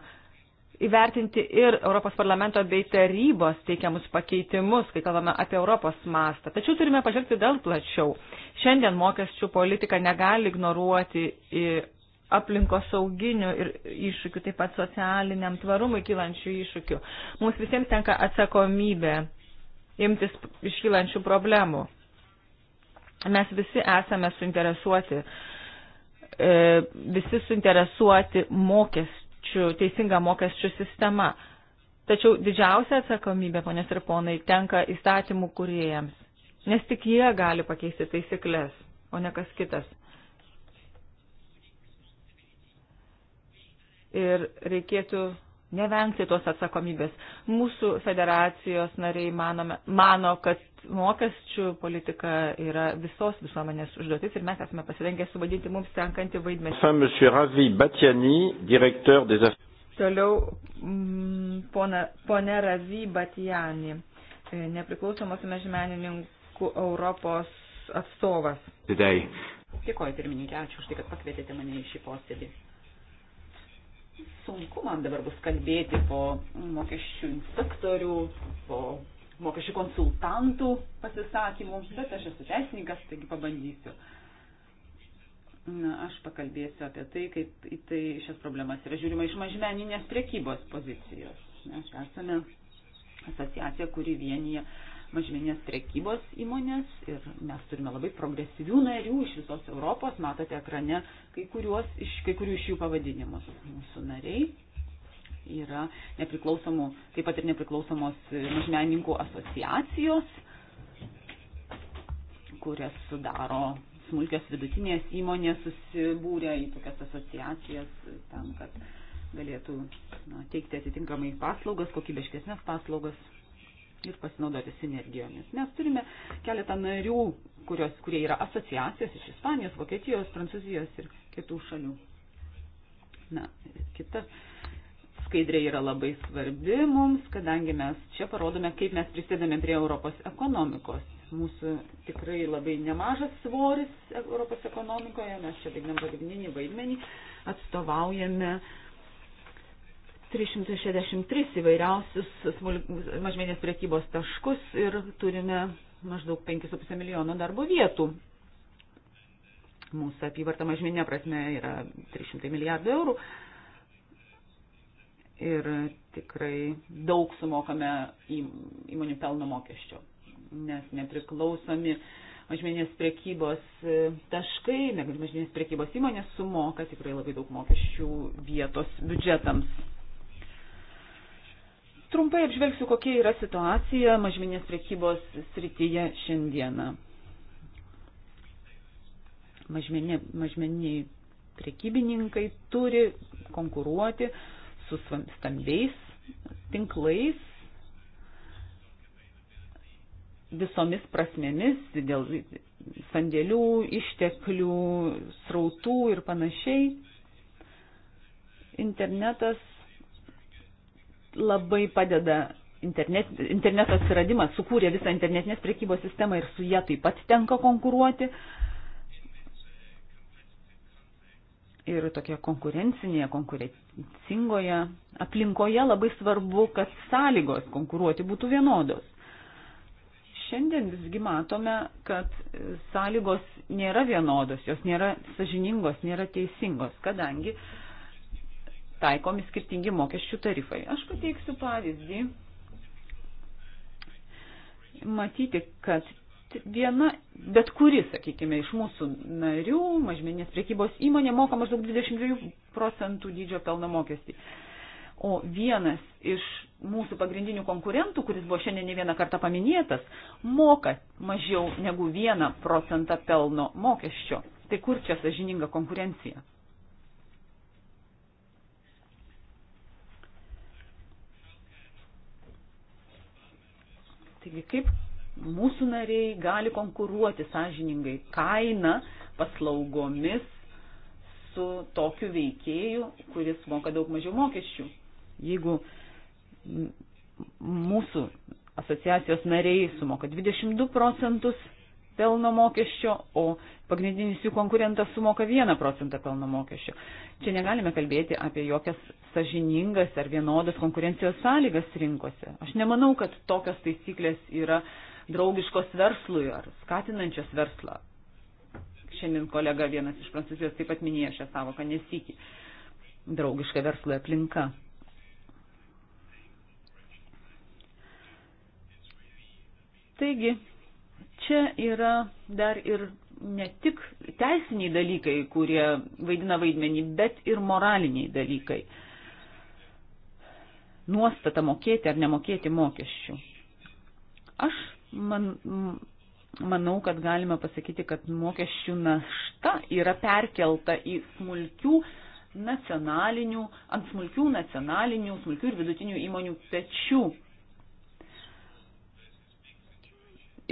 Speaker 2: įvertinti ir Europos parlamento bei tarybos teikiamus pakeitimus, kai kalbame apie Europos mastą. Tačiau turime pažvelgti dar plačiau. Šiandien mokesčių politika negali ignoruoti aplinkos sauginių ir iššūkių, taip pat socialiniam tvarumui kylančių iššūkių. Mums visiems tenka atsakomybė imtis iškylančių problemų. Mes visi esame suinteresuoti uh, E, visi suinteresuoti mokesčių, teisinga mokesčių sistema. Tačiau didžiausia atsakomybė, ponės ir ponai, tenka įstatymų kuriejams, nes tik jie gali pakeisti taisyklės, o ne kas kitas. Ir reikėtų nevengti tos atsakomybės. Mūsų federacijos nariai manome, mano, kad mokesčių politika yra visos visuomenės užduotis ir mes esame pasirengę suvadinti mums tenkantį vaidmenį. Toliau mm, pona, pone Razy Batjani, e, nepriklausomos mežmenininkų Europos atstovas. Today. Dėkoju, pirmininkė, ačiū už tai, kad pakvietėte mane į šį posėdį. Sunku man dabar bus kalbėti po mokesčių inspektorių, po mokesčių konsultantų pasisakymų, bet aš esu teisininkas, taigi pabandysiu. Na, aš pakalbėsiu apie tai, kaip į tai šias problemas yra žiūrima iš mažmeninės priekybos pozicijos. Mes esame asociacija, kuri vienyje mažmeninės priekybos įmonės ir mes turime labai progresyvių narių iš visos Europos, matote ekrane kai, kuriuos, iš, kai kurių iš jų pavadinimus mūsų nariai yra nepriklausomų, taip pat ir nepriklausomos mažmenininkų asociacijos, kurias sudaro smulkios vidutinės įmonės susibūrę į tokias asociacijas tam, kad galėtų na, teikti atitinkamai paslaugas, kokybiškesnės paslaugas ir pasinaudoti sinergijomis. Mes turime keletą narių, kurios, kurie yra asociacijos iš Ispanijos, Vokietijos, Prancūzijos ir kitų šalių. Na, kita skaidrė yra labai svarbi mums, kadangi mes čia parodome, kaip mes prisėdame prie Europos ekonomikos. Mūsų tikrai labai nemažas svoris Europos ekonomikoje, mes čia vykdėm pagrindinį vaidmenį, atstovaujame 363 įvairiausius mažmenės priekybos taškus ir turime maždaug 5,5 milijono darbo vietų. Mūsų apyvarta mažmenė prasme yra 300 milijardų eurų ir tikrai daug sumokame įmonių pelno mokesčio, nes nepriklausomi mažmenės prekybos e, taškai, mažmenės prekybos įmonės sumoka tikrai labai daug mokesčių vietos biudžetams. Trumpai apžvelgsiu, kokia yra situacija mažmenės prekybos srityje šiandieną. Mažmenė, mažmeniai prekybininkai turi konkuruoti uh, su stambiais tinklais visomis prasmėmis, dėl sandėlių, išteklių, srautų ir panašiai. Internetas labai padeda, internet, interneto atsiradimas sukūrė visą internetinės priekybos sistemą ir su ją taip pat tenka konkuruoti. Uh, ir tokia konkurencinėje, konkurencingoje aplinkoje labai svarbu, kad sąlygos konkuruoti būtų vienodos. Šiandien visgi matome, kad sąlygos nėra vienodos, jos nėra sažiningos, nėra teisingos, kadangi taikomi skirtingi mokesčių tarifai. Aš pateiksiu pavyzdį. Matyti, kad bet viena, bet kuri, sakykime, iš mūsų narių mažmeninės priekybos įmonė moka maždaug 22 procentų dydžio pelno mokestį. O vienas iš mūsų pagrindinių konkurentų, kuris buvo šiandien ne vieną kartą paminėtas, moka mažiau negu 1 procentą pelno mokesčio. Tai kur čia sažininga konkurencija? Taigi kaip mūsų nariai gali konkuruoti sąžiningai kainą paslaugomis su tokiu veikėju, kuris moka daug mažiau mokesčių. Jeigu mūsų asociacijos nariai sumoka 22 procentus pelno mokesčio, o pagrindinis jų konkurentas sumoka 1 procentą pelno mokesčio. Čia negalime kalbėti apie jokias sažiningas ar vienodas konkurencijos sąlygas rinkose. Aš nemanau, kad tokios taisyklės yra uh, draugiškos verslui ar skatinančios verslą. Šiandien kolega vienas iš prancūzijos taip pat minėjo šią savoką nesikį. Draugiška verslui aplinka. Taigi, čia yra dar ir ne tik teisiniai dalykai, kurie vaidina vaidmenį, bet ir moraliniai dalykai. Nuostata mokėti ar nemokėti mokesčių. Aš Man, manau, kad galime pasakyti, kad mokesčių našta yra perkelta į smulkių nacionalinių, ant smulkių nacionalinių, smulkių ir vidutinių įmonių pečių.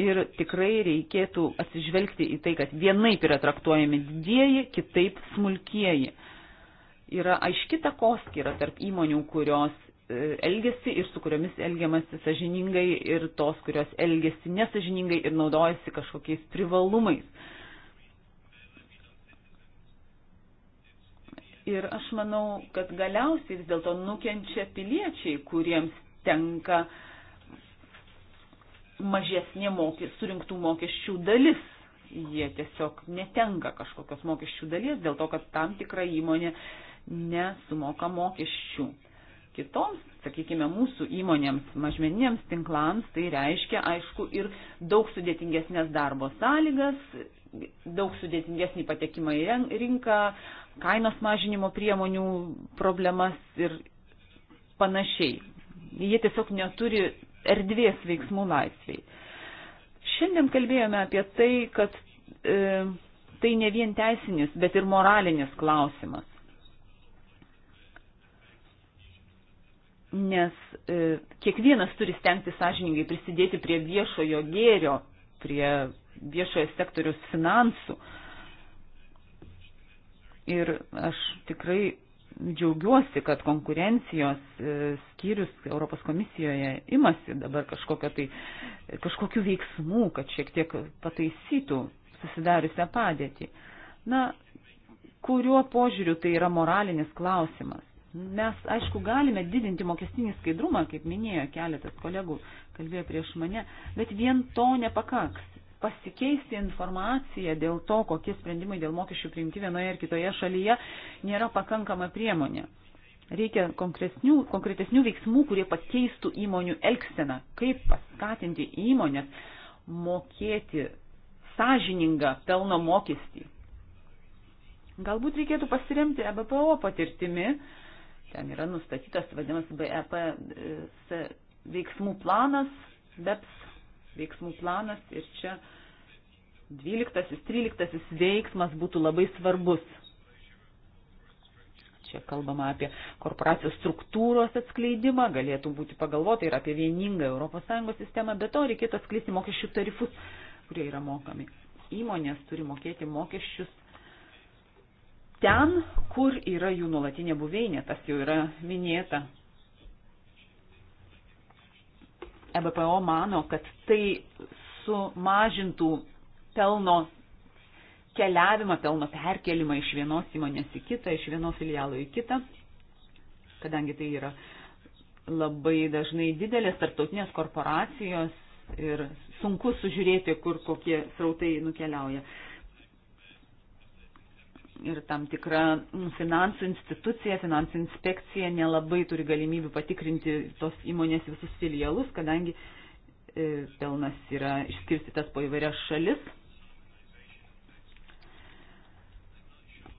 Speaker 2: Ir tikrai reikėtų atsižvelgti į tai, kad vienaip yra traktuojami didieji, kitaip smulkieji. Yra aiški takoskira tarp įmonių, kurios E, elgesi ir su kuriomis elgiamasi sažiningai ir tos, kurios elgesi nesažiningai ir naudojasi kažkokiais privalumais. Ir aš manau, kad galiausiai vis dėlto nukenčia piliečiai, kuriems tenka mažesnė mokės, surinktų mokesčių dalis. Jie tiesiog netenka kažkokios mokesčių dalies dėl to, kad tam tikra įmonė nesumoka mokesčių kitoms, sakykime, mūsų įmonėms, mažmeniniams tinklams, tai reiškia, aišku, ir daug sudėtingesnės darbo sąlygas, daug sudėtingesnį patekimą į rinką, kainos mažinimo priemonių problemas ir panašiai. Jie tiesiog neturi erdvės veiksmų laisviai. Šiandien kalbėjome apie tai, kad e, tai ne vien teisinis, bet ir moralinis klausimas nes e, kiekvienas turi stengti sąžiningai prisidėti prie viešojo gėrio, prie viešojo sektoriaus finansų. Ir aš tikrai džiaugiuosi, kad konkurencijos e, skyrius Europos komisijoje imasi dabar kažkokio tai, kažkokių veiksmų, kad šiek tiek pataisytų susidariusią padėtį. Na, kuriuo požiūriu tai yra moralinis klausimas Mes, aišku, galime didinti mokestinį skaidrumą, kaip minėjo keletas kolegų, kalbėjo prieš mane, bet vien to nepakaks. Pasikeisti informaciją dėl to, kokie sprendimai dėl mokesčių priimti vienoje ar kitoje šalyje, nėra pakankama priemonė. Reikia konkretesnių veiksmų, kurie pakeistų įmonių elgseną. Kaip paskatinti įmonės mokėti sąžiningą pelno mokestį. Galbūt reikėtų pasiremti EBPO patirtimi, Ten yra nustatytas vadinamas BEPS e, veiksmų planas, BEPS veiksmų planas ir čia 12-13 veiksmas būtų labai svarbus. Čia kalbama apie korporacijos struktūros atskleidimą, galėtų būti pagalvota ir apie vieningą ES sistemą, bet to reikėtų atskleisti mokesčių tarifus, kurie yra mokami. Įmonės turi mokėti mokesčius ten, kur yra jų nuolatinė buveinė, tas jau yra minėta. EBPO mano, kad tai sumažintų pelno keliavimą, pelno perkelimą iš vienos įmonės į kitą, iš vieno filialo į kitą, kadangi tai yra labai dažnai didelės tarptautinės korporacijos ir sunku sužiūrėti, kur kokie srautai nukeliauja. Uh, ir tam tikra nu, finansų institucija, finansų inspekcija nelabai turi galimybių patikrinti tos įmonės visus filialus, kadangi e, pelnas yra išskirstytas po įvairias šalis.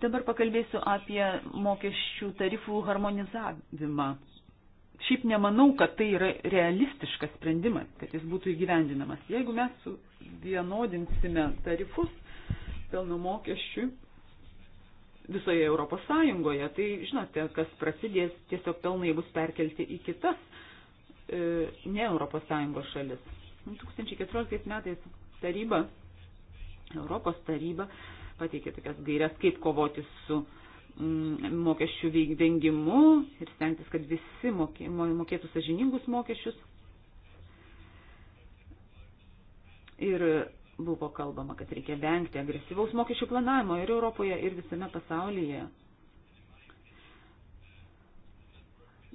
Speaker 2: Dabar pakalbėsiu apie mokesčių tarifų harmonizavimą. Šiaip nemanau, kad tai yra realistiškas sprendimas, kad jis būtų įgyvendinamas. Jeigu mes vienodinsime tarifus pelno mokesčiui, visoje Europos Sąjungoje, tai žinote, kas prasidės, tiesiog pelnai bus perkelti į kitas e, ne Europos Sąjungos šalis. 2014 metais taryba, Europos taryba pateikė tokias gairias, kaip kovoti su mm, mokesčių vengimu ir stengtis, kad visi mokėtų sažiningus mokesčius. Ir Buvo kalbama, kad reikia vengti agresyvaus mokesčių planavimo ir Europoje, ir visame pasaulyje.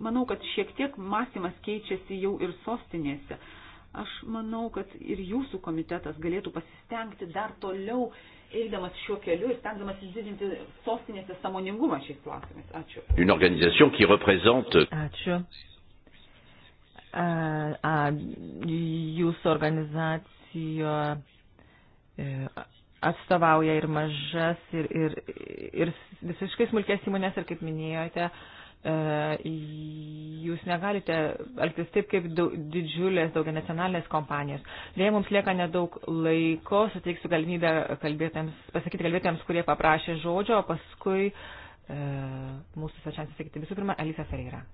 Speaker 2: Manau, kad šiek tiek mąstymas keičiasi jau ir sostinėse. Aš manau, kad ir jūsų komitetas galėtų pasistengti dar toliau, eidamas šiuo keliu ir stengdamas didinti sostinėse samoningumą šiais klausimais. Ačiū.
Speaker 1: Représente...
Speaker 2: Ačiū. A, a, jūsų organizacijoje E, atstovauja ir mažas, ir, ir, ir visiškai smulkės įmonės, ir kaip minėjote, e, jūs negalite elgtis taip, kaip daug, didžiulės daugia nacionalinės kompanijos. Dėja, mums lieka nedaug laiko, suteiksiu galimybę kalbėtėms, pasakyti kalbėtėms, kurie paprašė žodžio, o paskui e, mūsų svečiams sakyti visų pirma Elisa Ferreira.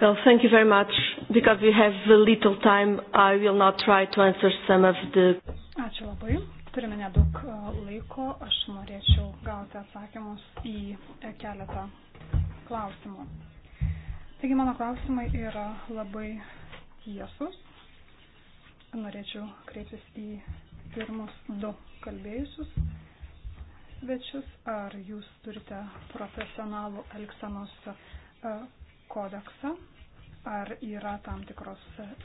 Speaker 2: Well, thank you very much. Because we have little time, I will not try to answer some of the.
Speaker 3: Ačiū labai. Turime nedaug e, laiko. Aš norėčiau gauti atsakymus į e, keletą klausimų. Taigi mano klausimai yra labai tiesus. Norėčiau kreiptis į pirmus du kalbėjusius svečius. Ar jūs turite profesionalų elgsenos e, kodeksą, ar yra tam tikros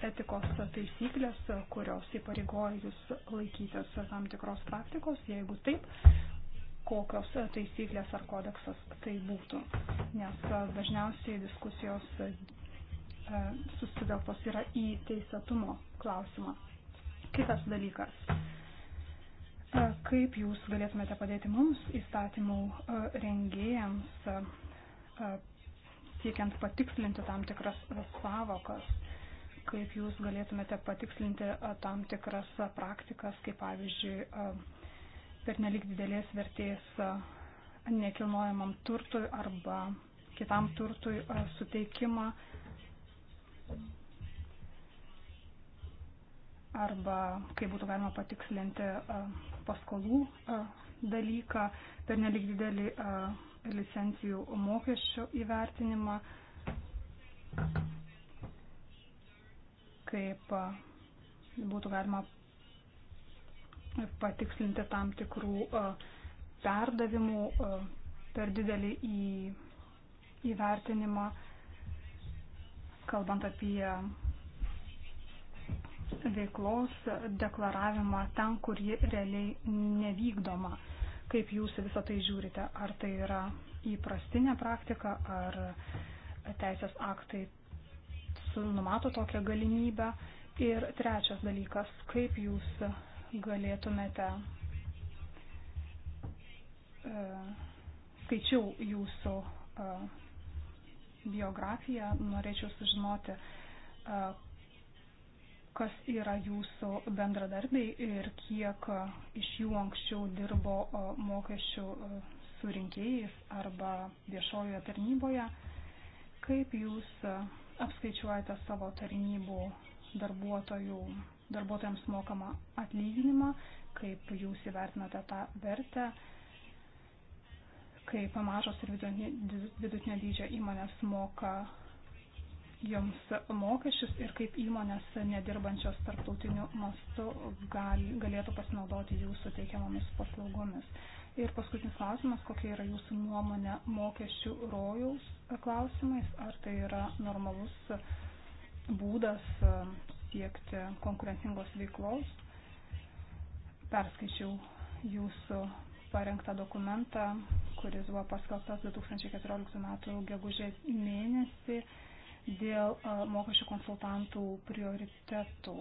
Speaker 3: etikos taisyklės, kurios įpareigoja jūs laikytis tam tikros praktikos, jeigu taip, kokios taisyklės ar kodeksas tai būtų. Nes dažniausiai diskusijos e, susideltos yra į teisėtumo klausimą. Kitas dalykas. E, kaip jūs galėtumėte padėti mums, įstatymų e, rengėjams, siekiant patikslinti tam tikras savokas, kaip jūs galėtumėte patikslinti tam tikras praktikas, kaip pavyzdžiui, per nelik didelės vertės nekilnojamam turtui arba kitam turtui suteikimą arba kaip būtų galima patikslinti paskolų dalyką per nelik didelį licencijų mokesčio įvertinimą kaip būtų galima patikslinti tam tikrų perdavimų per didelį į, įvertinimą, kalbant apie veiklos deklaravimą ten, kur ji realiai nevykdoma kaip jūs visą tai žiūrite, ar tai yra įprastinė praktika, ar teisės aktai numato tokią galimybę. Ir trečias dalykas, kaip jūs galėtumėte, e, skaičiau jūsų e, biografiją, norėčiau sužinoti, e, kas yra jūsų bendradarbiai ir kiek iš jų anksčiau dirbo mokesčių surinkėjais arba viešojoje tarnyboje, kaip jūs apskaičiuojate savo tarnybų darbuotojų, darbuotojams mokamą atlyginimą, kaip jūs įvertinate tą vertę, kaip mažos ir vidutinio dydžio įmonės moka joms mokesčius ir kaip įmonės nedirbančios tarptautiniu mastu gal, galėtų pasinaudoti jūsų teikiamomis paslaugomis. Ir paskutinis klausimas, kokia yra jūsų nuomonė mokesčių rojaus klausimais, ar tai yra normalus būdas e, siekti konkurencingos veiklos. Perskaičiau jūsų parengtą dokumentą, kuris buvo paskelbtas 2014 m. gegužės mėnesį dėl mokesčių konsultantų prioritetų.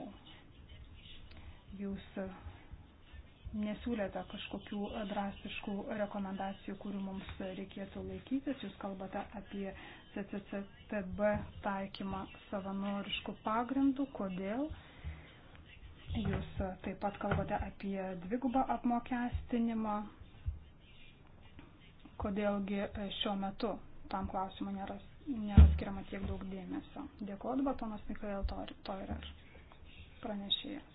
Speaker 3: Jūs nesiūlėte kažkokių drastiškų rekomendacijų, kurių mums reikėtų laikytis. Jūs kalbate apie CCCTB taikymą savanoriškų pagrindų. Kodėl? Jūs taip pat kalbate apie dvigubą apmokestinimą. Kodėlgi šiuo metu tam klausimu nėra nėra skiriama tiek daug dėmesio. Dėkodama, panas Mikael Toirer, pranešėjas.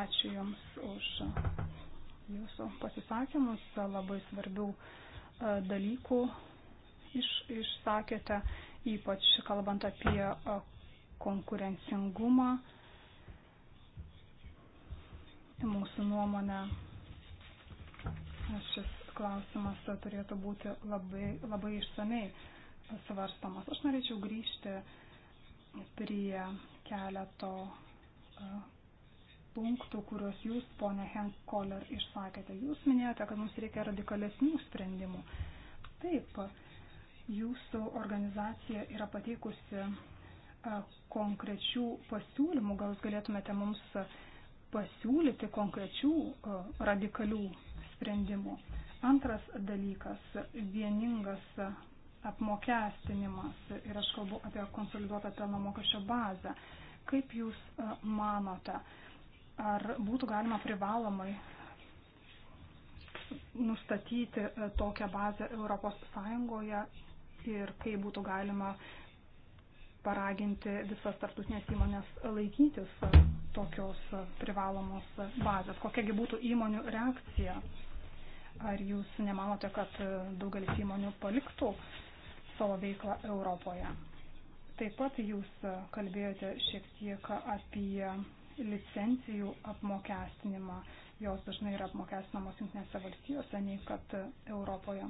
Speaker 3: Ačiū Jums už Jūsų pasisakymus, labai svarbių e, dalykų iš, išsakėte, ypač kalbant apie e, konkurencingumą. Mūsų nuomonė šis klausimas turėtų būti labai, labai išsamei svarstomas. Aš norėčiau grįžti prie keleto e, punktų, kuriuos jūs, ponė Henkoller, išsakėte. Jūs minėjote, kad mums reikia radikalesnių sprendimų. Taip, jūsų organizacija yra pateikusi e, konkrečių pasiūlymų, gal jūs galėtumėte mums pasiūlyti konkrečių e, radikalių sprendimų. Antras dalykas - vieningas apmokestinimas ir aš kalbu apie konsoliduotą pelno mokesčio bazę. Kaip Jūs e, manote, ar būtų galima privalomai nustatyti e, tokią bazę ES ir kaip būtų galima paraginti visas tarptautinės įmonės laikytis e, tokios privalomos bazės. Kokiagi būtų įmonių reakcija? Ar jūs nemanote, kad daugelis įmonių paliktų uh, savo veiklą Europoje. Taip pat jūs kalbėjote šiek tiek apie licencijų apmokestinimą. Jos dažnai yra apmokestinamos Junktinėse valstijose, nei kad Europoje.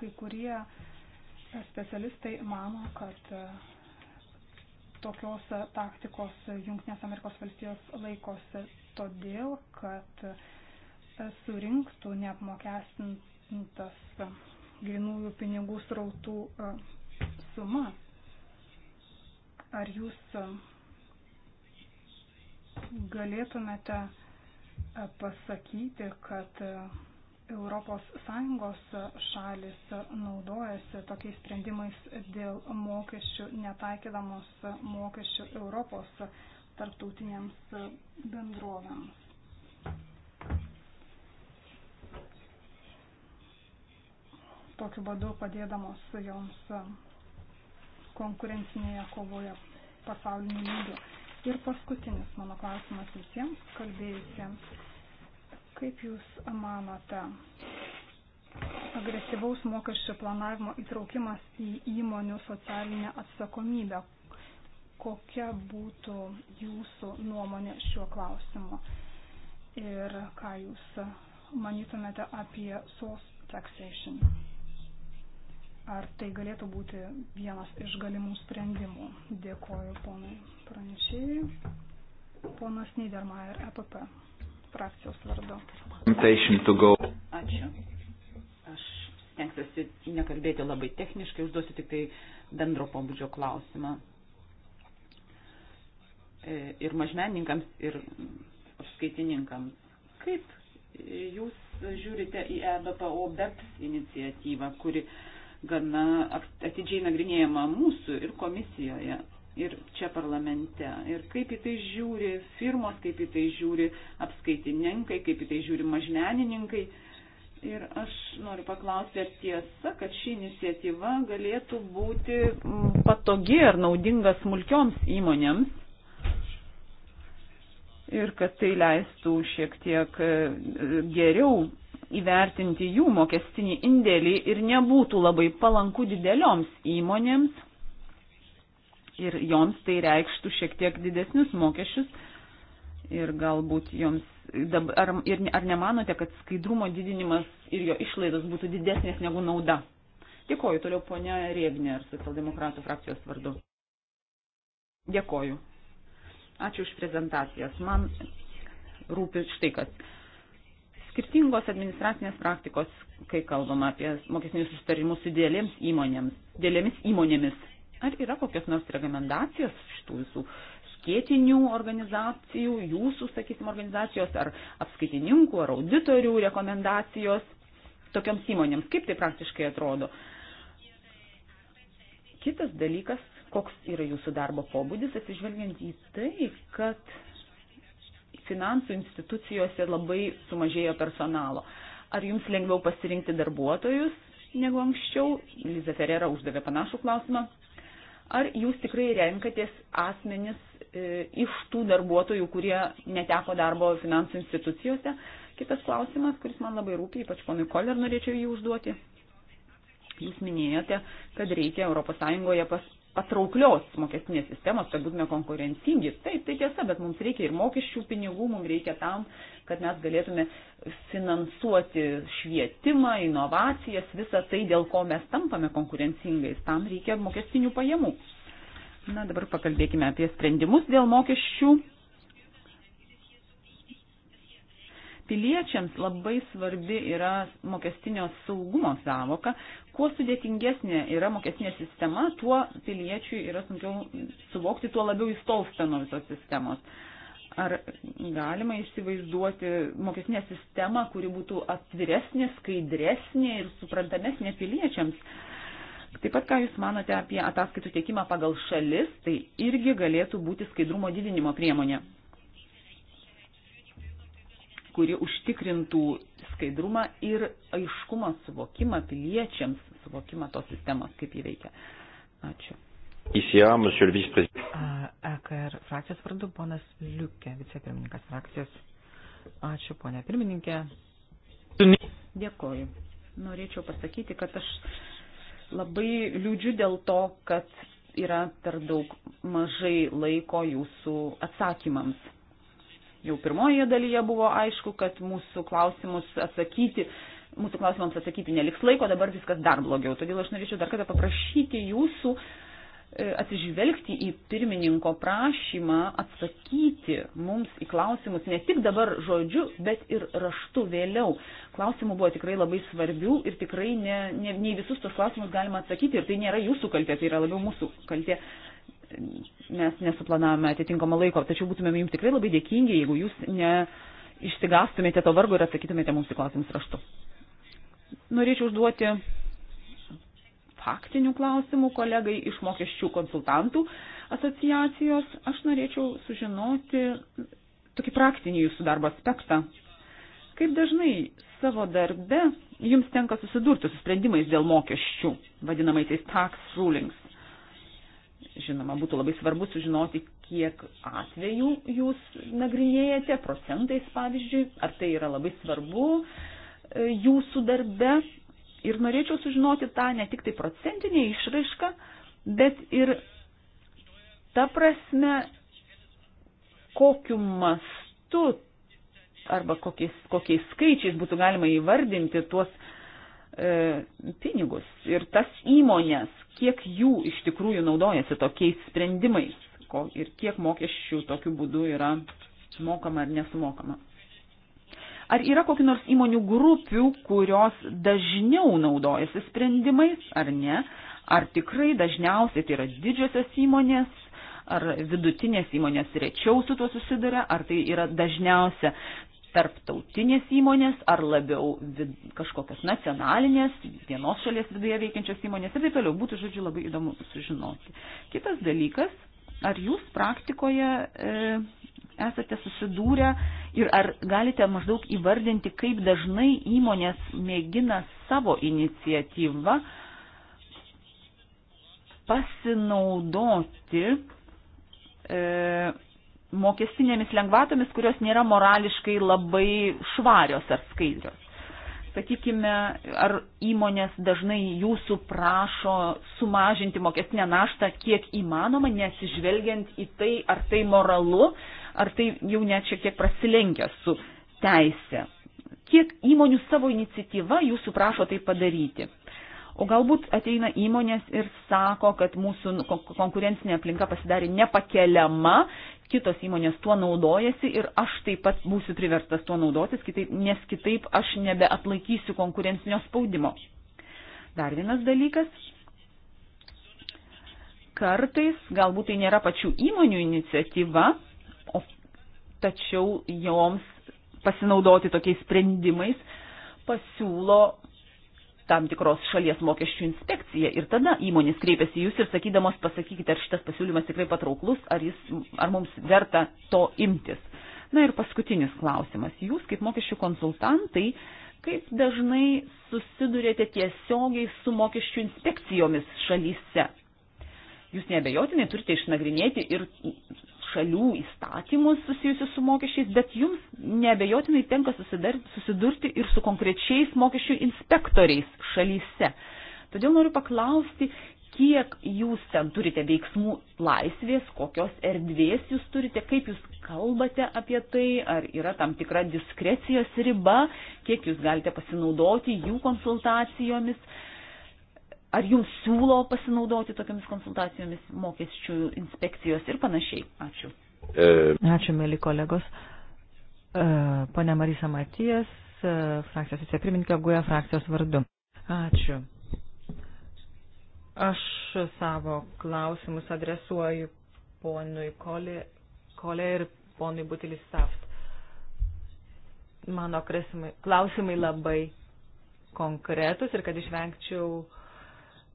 Speaker 3: Kai kurie specialistai mano, kad tokios taktikos Junktinės Amerikos valstijos laikosi todėl, kad surinktų neapmokestintas grinųjų pinigų srautų suma. Ar jūs galėtumėte pasakyti, kad ES šalis naudojasi tokiais sprendimais dėl mokesčių, netaikydamos mokesčių Europos tarptautiniams bendrovėms. tokiu būdu padėdamos joms konkurencinėje kovoje pasauliniu lygiu. Ir paskutinis mano klausimas visiems kalbėjusiems. Kaip Jūs manote, agresyvaus mokesčio planavimo įtraukimas į įmonių socialinę atsakomybę, kokia būtų Jūsų nuomonė šiuo klausimu? Ir ką Jūs manytumėte apie source taxation? Ar tai galėtų būti vienas iš galimų sprendimų? Dėkoju ponui pranešėjai. Ponas Niedermayer, EPP, frakcijos vardu. Ačiū.
Speaker 2: Aš stengsiuosi nekalbėti labai techniškai, užduosiu tik tai bendro pobūdžio klausimą. E, ir mažmenininkams, ir apskaitininkams. Kaip jūs žiūrite į EBPO BEPS iniciatyvą, kuri uh, gana atidžiai nagrinėjama mūsų ir komisijoje, ir čia parlamente. Ir kaip į tai žiūri firmos, kaip į tai žiūri apskaitininkai, kaip į tai žiūri mažmenininkai. Ir aš noriu paklausti, ar tiesa, kad ši iniciatyva galėtų būti patogi ir naudinga smulkioms įmonėms ir kad tai leistų šiek tiek e, geriau įvertinti jų mokestinį indėlį ir nebūtų labai palanku didelioms įmonėms ir joms tai reikštų šiek tiek didesnius mokesčius ir galbūt joms dabar, ar, ir, ar nemanote, kad skaidrumo didinimas ir jo išlaidos būtų didesnės negu nauda? Dėkoju toliau ponia Rėgnė ir socialdemokratų frakcijos vardu. Dėkoju. Ačiū už prezentacijas. Man rūpi štai kas skirtingos administracinės praktikos, kai kalbama apie mokesnius sustarimus su dėlėms įmonėms, dėlėmis įmonėmis. Ar yra kokios nors rekomendacijos šitų visų skėtinių organizacijų, jūsų, sakysim, organizacijos, ar apskaitininkų, ar auditorių rekomendacijos tokioms įmonėms? Kaip tai praktiškai atrodo? Kitas dalykas, koks yra jūsų darbo pobūdis, atsižvelgiant į tai, kad finansų institucijose labai sumažėjo personalo. Ar jums lengviau pasirinkti darbuotojus negu anksčiau? Liza Ferrera uždavė panašų klausimą. Ar jūs tikrai renkatės asmenis e, iš tų darbuotojų, kurie neteko darbo finansų institucijose? Kitas klausimas, kuris man labai rūpi, ypač ponui Koller norėčiau jį užduoti. Jūs minėjote, kad reikia ES pas, patrauklios mokestinės sistemos, kad būtume konkurencingi. Taip, tai tiesa, bet mums reikia ir mokesčių pinigų, mums reikia tam, kad mes galėtume finansuoti švietimą, inovacijas, visą tai, dėl ko mes tampame konkurencingais. Tam reikia mokestinių pajamų. Na, dabar pakalbėkime apie sprendimus dėl mokesčių piliečiams labai svarbi yra mokestinio saugumo savoka. Kuo sudėtingesnė yra mokestinė sistema, tuo piliečiui yra sunkiau suvokti, tuo labiau jis tolsta nuo visos sistemos. Ar galima įsivaizduoti mokestinę sistemą, kuri būtų atviresnė, skaidresnė ir suprantamesnė piliečiams? Taip pat, ką Jūs manote apie ataskaitų tiekimą pagal šalis, tai irgi galėtų būti skaidrumo didinimo priemonė kuri užtikrintų skaidrumą ir aiškumą suvokimą piliečiams, suvokimą tos sistemos, kaip jį veikia. Ačiū.
Speaker 1: ICA, monsieur le vice-président.
Speaker 2: EKR frakcijos vardu, ponas Liukė, vicepirmininkas frakcijos. Ačiū, ponė pirmininkė. Dėkoju. Norėčiau pasakyti, kad aš labai liūdžiu dėl to, kad yra per daug mažai laiko jūsų atsakymams Jau pirmoje dalyje buvo aišku, kad mūsų klausimus atsakyti mūsų klausimams atsakyti neliks laiko, dabar viskas dar blogiau. Todėl aš norėčiau dar kartą paprašyti jūsų e, atsižvelgti į pirmininko prašymą atsakyti mums į klausimus ne tik dabar žodžiu, bet ir raštu vėliau. Klausimų buvo tikrai labai svarbių ir tikrai ne, ne, ne visus tos klausimus galima atsakyti ir tai nėra jūsų kaltė, tai yra labiau mūsų kaltė mes nesuplanavome atitinkamo laiko, tačiau būtumėm jums tikrai labai dėkingi, jeigu jūs neišsigastumėte to vargo ir atsakytumėte mums į klausimus raštu. Norėčiau užduoti faktinių klausimų kolegai iš mokesčių konsultantų asociacijos. Aš norėčiau sužinoti tokį praktinį jūsų darbo aspektą. Kaip dažnai savo darbe jums tenka susidurti su sprendimais dėl mokesčių, vadinamaisiais tax rulings? Žinoma, būtų labai svarbu sužinoti, kiek atvejų jūs nagrinėjate, procentais pavyzdžiui, ar tai yra labai svarbu e, jūsų darbe. Ir norėčiau sužinoti tą ne tik tai procentinę išraišką, bet ir ta prasme, kokiu mastu arba kokiais, kokiais skaičiais būtų galima įvardinti tuos uh, e, pinigus ir tas įmonės, kiek jų iš tikrųjų naudojasi tokiais sprendimais ko, ir kiek mokesčių tokiu būdu yra mokama ar nesumokama. Ar yra kokių nors įmonių grupių, kurios dažniau naudojasi sprendimais ar ne? Ar tikrai dažniausiai tai yra didžiosios įmonės, ar vidutinės įmonės rečiau su tuo susiduria, ar tai yra dažniausia tarptautinės įmonės, ar labiau vid, kažkokios nacionalinės, vienos šalies viduje veikiančios įmonės ir taip toliau. Būtų, žodžiu, labai įdomu sužinoti. Kitas dalykas, ar jūs praktikoje e, esate susidūrę ir ar galite maždaug įvardinti, kaip dažnai įmonės mėgina savo iniciatyvą pasinaudoti e, mokestinėmis lengvatomis, kurios nėra morališkai labai švarios ar skaidrios. Sakykime, ar įmonės dažnai jūsų prašo sumažinti mokestinę naštą kiek įmanoma, nesižvelgiant į tai, ar tai moralu, ar tai jau net šiek tiek prasilenkia su teisė. Kiek įmonių savo iniciatyva jūsų prašo tai padaryti? O galbūt ateina įmonės ir sako, kad mūsų nu, konkurencinė aplinka pasidarė nepakeliama kitos įmonės tuo naudojasi ir aš taip pat būsiu priverstas tuo naudotis, kitaip, nes kitaip aš nebeatlaikysiu konkurencinio spaudimo. Dar vienas dalykas. Kartais galbūt tai nėra pačių įmonių iniciatyva, o, tačiau joms pasinaudoti tokiais sprendimais pasiūlo tam tikros šalies mokesčių inspekcija ir tada įmonės kreipiasi į jūs ir sakydamos pasakykite, ar šitas pasiūlymas tikrai patrauklus, ar, jis, ar mums verta to imtis. Na ir paskutinis klausimas. Jūs kaip mokesčių konsultantai, kaip dažnai susidurėte tiesiogiai su mokesčių inspekcijomis šalyse? Jūs nebejotinai turite išnagrinėti ir šalių įstatymus susijusius su mokesčiais, bet jums nebejotinai tenka susidurti ir su konkrečiais mokesčių inspektoriais šalyse. Todėl noriu paklausti, kiek jūs ten turite veiksmų laisvės, kokios erdvės jūs turite, kaip jūs kalbate apie tai, ar yra tam tikra diskrecijos riba, kiek jūs galite pasinaudoti jų konsultacijomis ar jums siūlo pasinaudoti tokiamis konsultacijomis mokesčių inspekcijos ir panašiai? Ačiū. E, Ačiū, mėly kolegos. Pane Marisa Matijas, e, frakcijos vicepirmininkė, guoja frakcijos vardu. Ačiū. Aš savo klausimus adresuoju ponui Kolė, Kolė ir ponui Butilis Saft. Mano klausimai labai konkretus ir kad išvengčiau uh,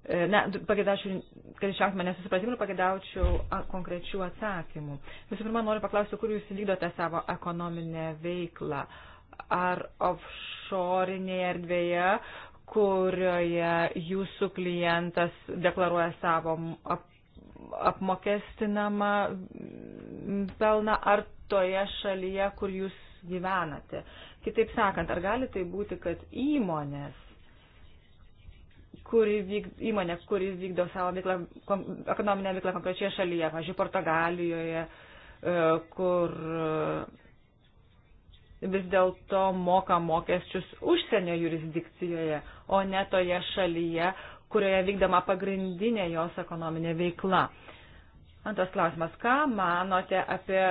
Speaker 2: E, Na, pagėdaučiau, kad išvengtume nesusipratimų ir pagėdaučiau konkrečių atsakymų. Visų pirma, noriu paklausti, kur jūs vykdote savo ekonominę veiklą. Ar offshore'inėje erdvėje, kurioje jūsų klientas deklaruoja savo ap apmokestinamą pelną, ar toje šalyje, kur jūs gyvenate. Kitaip sakant, ar gali tai būti, kad įmonės kuri vyk, įmonė, kuri vykdo savo veiklą, kom, ekonominę veiklą konkrečioje šalyje, pavyzdžiui, Portugalijoje, e, kur e, vis dėlto moka mokesčius užsienio jurisdikcijoje, o ne toje šalyje, kurioje vykdoma pagrindinė jos ekonominė veikla. Antras klausimas, ką manote apie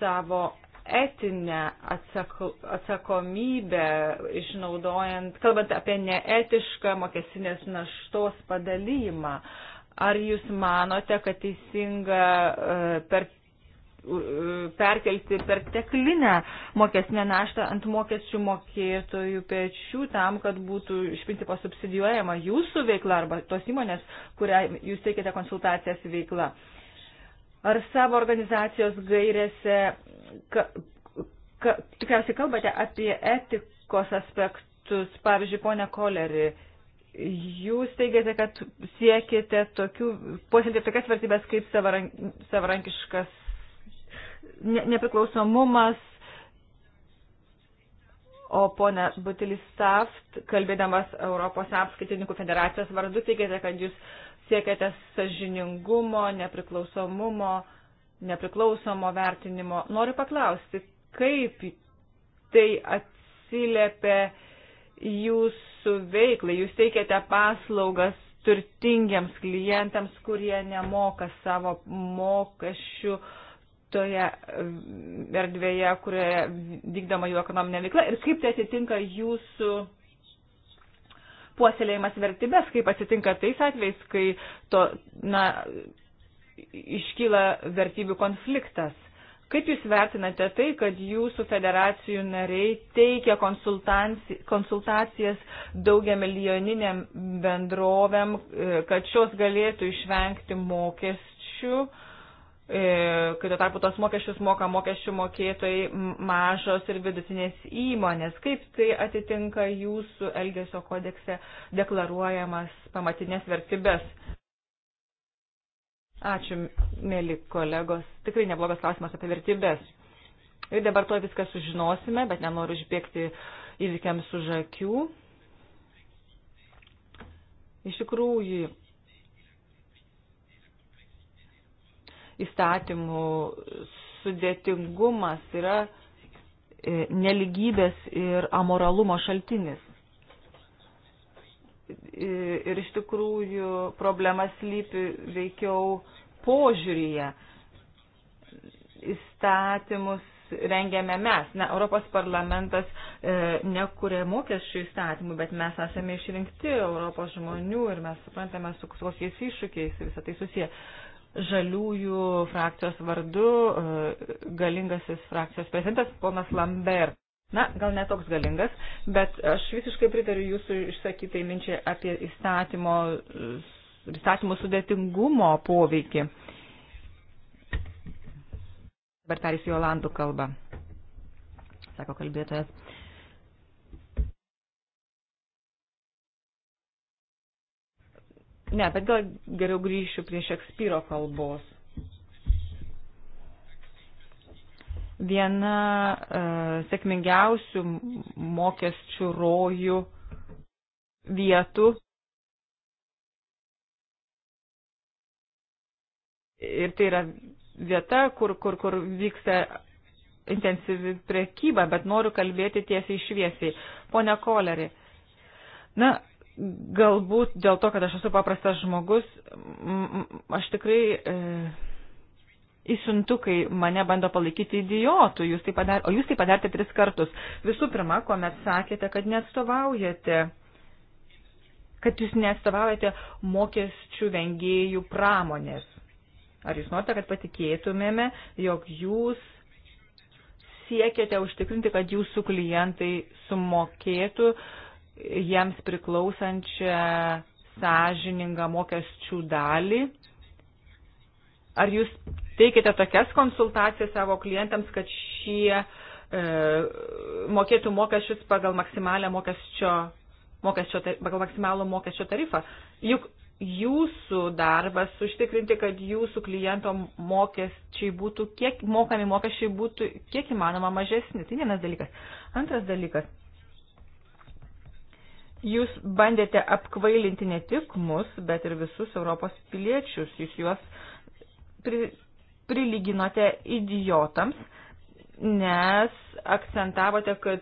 Speaker 2: savo etinę atsako, atsakomybę, išnaudojant, kalbant apie neetišką mokesinės naštos padalymą. Ar jūs manote, kad teisinga e, per, perkelti perteklinę mokesnę naštą ant mokesčių mokėtojų pečių tam, kad būtų iš principo subsidijuojama jūsų veikla arba tos įmonės, kurią jūs teikiate konsultacijas veikla? Ar savo organizacijos gairėse ka, ka, tikriausiai kalbate apie etikos aspektus, pavyzdžiui, ponia Kolerį. Jūs teigiate, kad siekite tokių, puoselėti tokias vertybės kaip savarank, savarankiškas ne, nepriklausomumas, o ponia Butilis Saft, kalbėdamas Europos apskaitininkų federacijos vardu, teigiate, kad jūs siekiate sažiningumo, nepriklausomumo. Uh, nepriklausomo vertinimo. Noriu paklausti, kaip tai atsiliepia jūsų veiklai? Jūs teikiate paslaugas turtingiams klientams, kurie nemoka savo mokesčių toje mm, erdvėje, kurioje vykdoma jų ekonominė veikla ir kaip tai atitinka jūsų puoselėjimas vertybės, kaip atsitinka tais atvejais, kai to, na, iškyla vertybių konfliktas. Kaip Jūs vertinate tai, kad Jūsų federacijų nariai teikia konsultacijas daugia milijoniniam bendrovėm, e, kad šios galėtų išvengti mokesčių, e, kai tuo tarpu tos mokesčius moka mokesčių mokėtojai mažos ir vidutinės įmonės. Kaip tai atitinka Jūsų Elgesio kodekse deklaruojamas pamatinės vertybės? Ačiū, mėly kolegos. Tikrai neblogas klausimas apie vertybės. Ir dabar to viską sužinosime, bet nenoriu išbėgti įvykiams už akių. Iš tikrųjų, įstatymų sudėtingumas yra e, neligybės ir amoralumo šaltinis ir iš tikrųjų problemas lypi veikiau požiūryje. Įstatymus rengiame mes. Na, Europos parlamentas e, nekuria mokesčių įstatymų, bet mes esame išrinkti Europos žmonių ir mes suprantame, su kokiais iššūkiais visą tai susiję. Žaliųjų frakcijos vardu e, galingasis frakcijos prezidentas ponas Lambert Na, gal netoks galingas, bet aš visiškai pritariu jūsų išsakytai minčiai apie įstatymo, įstatymo sudėtingumo poveikį. Dabar tarys į Olandų kalbą, sako kalbėtojas. Ne, bet gal geriau grįšiu prie Šekspyro kalbos. viena e, sėkmingiausių mokesčių rojų vietų. Ir tai yra vieta, kur, kur, kur vyksta intensyvi prekyba, bet noriu kalbėti tiesiai šviesiai. Pone Koleri, na, galbūt dėl to, kad aš esu paprastas žmogus, aš tikrai. E, įsiuntukai mane bando palaikyti idiotų, jūs tai padar, o jūs tai padarėte tris kartus. Visų pirma, kuomet sakėte, kad neatstovaujate kad jūs neatstovaujate mokesčių vengėjų pramonės. Ar jūs norite, kad patikėtumėme, jog jūs siekiate užtikrinti, kad jūsų klientai sumokėtų jiems priklausančią sąžiningą mokesčių dalį Ar jūs teikite tokias konsultacijas savo klientams, kad šie e, mokėtų mokesčius pagal maksimalę mokesčio, mokesčio, pagal maksimalų mokesčio tarifą? Juk jūsų darbas užtikrinti, kad jūsų kliento mokesčiai būtų, kiek mokami mokesčiai būtų, kiek įmanoma mažesni. Tai vienas dalykas. Antras dalykas. Jūs bandėte apkvailinti ne tik mus, bet ir visus Europos piliečius. Jūs juos uh, pri, prilyginote idiotams, nes akcentavote, kad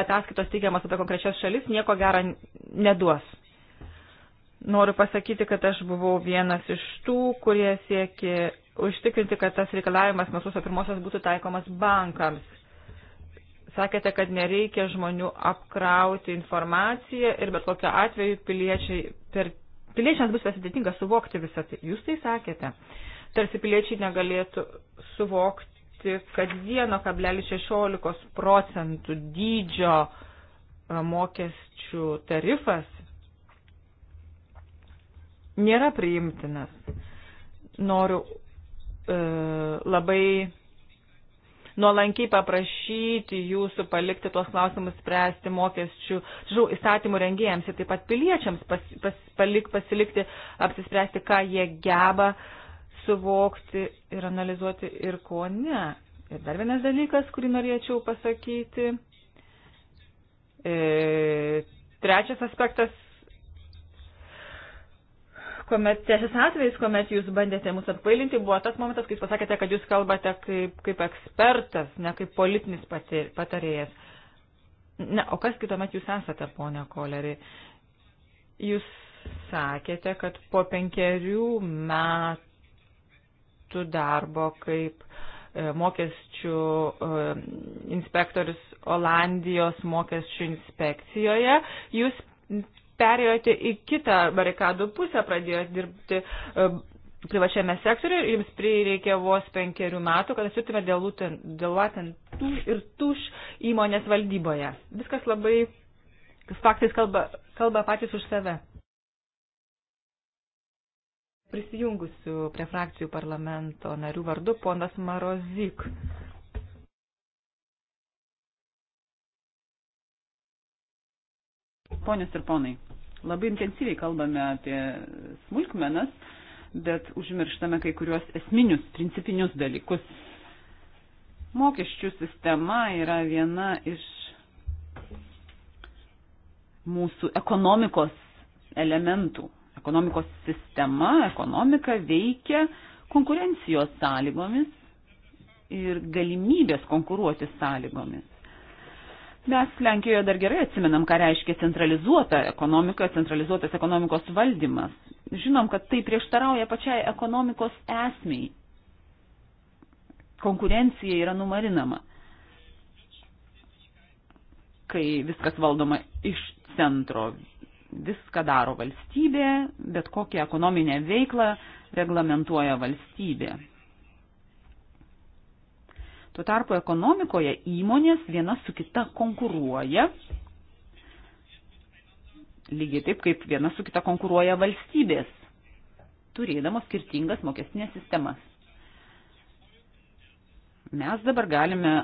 Speaker 2: ataskaitos teikiamas apie konkrečias šalis nieko gero neduos. Noriu pasakyti, kad aš buvau vienas iš tų, kurie siekė užtikrinti, kad tas reikalavimas nuo sausio pirmosios būtų taikomas bankams. Sakėte, kad nereikia žmonių apkrauti informaciją ir bet kokiu atveju piliečiai per piliečiams bus pasidėtinga suvokti visą tai. Jūs tai sakėte. Uh, tarsi piliečiai negalėtų suvokti, kad 1,16 procentų dydžio e, mokesčių tarifas nėra priimtinas. Noriu e, labai nuolankiai paprašyti jūsų palikti tuos klausimus spręsti mokesčių, žinau, įstatymų rengėjams ir taip pat piliečiams pas, pas, palik, pasilikti, apsispręsti, ką jie geba, e, suvokti ir analizuoti ir ko ne. Ir dar vienas dalykas, kurį norėčiau pasakyti. E, trečias aspektas, kuomet trečias atvejis, kuomet jūs bandėte mus atpailinti, buvo tas momentas, kai jūs pasakėte, kad jūs kalbate kaip, kaip ekspertas, ne kaip politinis patarėjas. Na, o kas kitomet jūs esate, ponia Koleri? Jūs sakėte, kad po penkerių metų metu darbo kaip e, mokesčių e, inspektorius Olandijos mokesčių inspekcijoje. Jūs perėjote į kitą barikadų pusę, pradėjote dirbti e, privačiame sektoriuje ir jums prireikė vos penkerių metų, kad atsidurtumėte dėl Latent ir Tuš įmonės valdyboje. Viskas labai, faktais kalba, kalba patys už save prisijungusių prie frakcijų parlamento narių vardu ponas Marozik. Ponios ir ponai, labai intensyviai kalbame apie smulkmenas, bet užmirštame kai kuriuos esminius, principinius dalykus. Mokesčių sistema yra viena iš mūsų ekonomikos elementų ekonomikos sistema, ekonomika veikia konkurencijos sąlygomis ir galimybės konkuruoti sąlygomis. Mes Lenkijoje dar gerai atsimenam, ką reiškia centralizuota ekonomika, centralizuotas ekonomikos valdymas. Žinom, kad tai prieštarauja pačiai ekonomikos esmiai. Konkurencija yra numarinama, kai viskas valdoma iš centro, viską daro valstybė, bet kokią ekonominę veiklą reglamentuoja valstybė. Tuo tarpu ekonomikoje įmonės viena su kita konkuruoja, lygiai taip kaip viena su kita konkuruoja valstybės, turėdamos skirtingas mokestinės sistemas. Mes dabar galime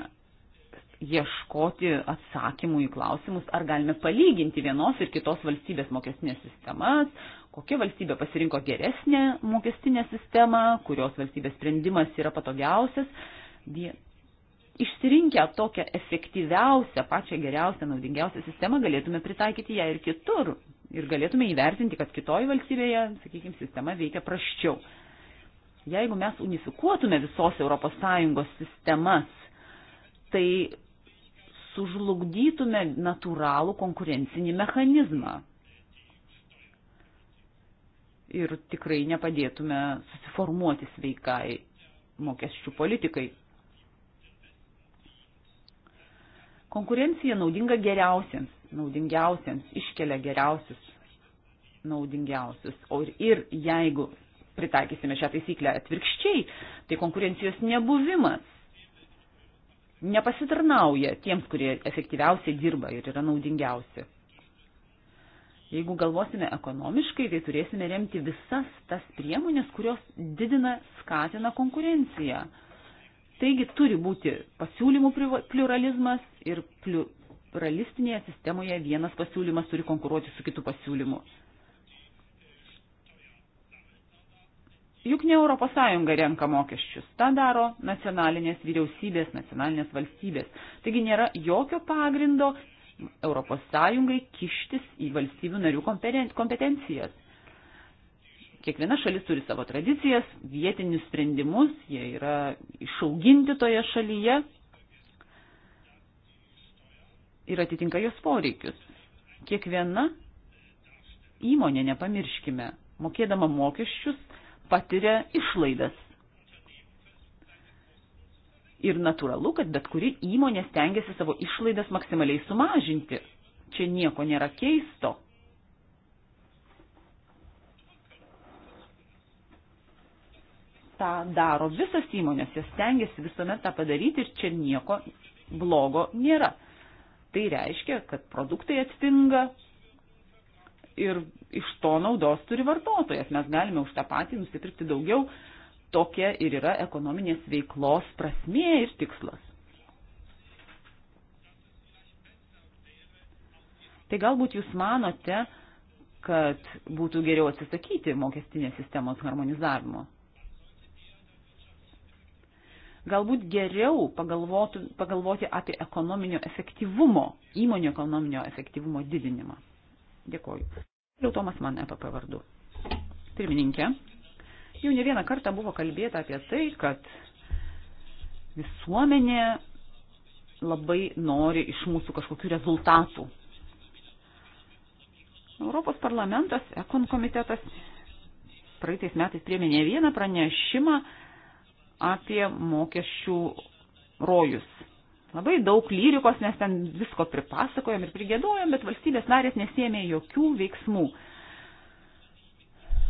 Speaker 2: ieškoti atsakymų į klausimus, ar galime palyginti vienos ir kitos valstybės mokestinės sistemas, kokia valstybė pasirinko geresnę mokestinę sistemą, kurios valstybės sprendimas yra patogiausias. Išsirinkę tokią efektyviausią, pačią geriausią, naudingiausią sistemą galėtume pritaikyti ją ir kitur ir galėtume įvertinti, kad kitoje valstybėje, sakykime, sistema veikia praščiau. Jeigu mes unifikuotume visos ES sistemas, tai sužlugdytume natūralų konkurencinį mechanizmą. Ir tikrai nepadėtume susiformuoti sveikai mokesčių politikai. Konkurencija naudinga geriausiems, naudingiausiems, iškelia geriausius, naudingiausius. O ir, ir jeigu pritaikysime šią taisyklę atvirkščiai, tai konkurencijos nebuvimas nepasitarnauja tiems, kurie efektyviausiai dirba ir yra naudingiausi. Jeigu galvosime ekonomiškai, tai turėsime remti visas tas priemonės, kurios didina, skatina konkurenciją. Taigi turi būti pasiūlymų pluralizmas ir pluralistinėje sistemoje vienas pasiūlymas turi konkuruoti su kitu pasiūlymu. Juk ne ES renka mokesčius, tą daro nacionalinės vyriausybės, nacionalinės valstybės. Taigi nėra jokio pagrindo ES kištis į valstybių narių kompetencijas. Kiekviena šalis turi savo tradicijas, vietinius sprendimus, jie yra išauginti toje šalyje ir atitinka jos poreikius. Kiekviena įmonė, nepamirškime, mokėdama mokesčius, patiria išlaidas. Ir natūralu, kad bet kuri įmonė stengiasi savo išlaidas maksimaliai sumažinti. Čia nieko nėra keisto. tą daro visas įmonės, jos stengiasi visuomet tą padaryti ir čia nieko blogo nėra. Tai reiškia, kad produktai atpinga ir iš to naudos turi vartotojas. Mes galime už tą patį nusipirkti daugiau. Tokia ir yra ekonominės veiklos prasmė ir tikslas. Tai galbūt jūs manote, kad būtų geriau atsisakyti mokestinės sistemos harmonizavimo. Galbūt geriau pagalvoti apie ekonominio efektyvumo, įmonių ekonominio efektyvumo didinimą. Dėkoju. Jau Tomas man EPP vardu. Pirmininkė, jau ne vieną kartą buvo kalbėta apie tai, kad visuomenė labai nori iš mūsų kažkokių rezultatų. Europos parlamentas, Ekon komitetas praeitais metais priemė ne vieną pranešimą apie mokesčių rojus labai daug lyrikos, nes ten visko pripasakojom ir prigėdojom, bet valstybės narės nesėmė jokių veiksmų.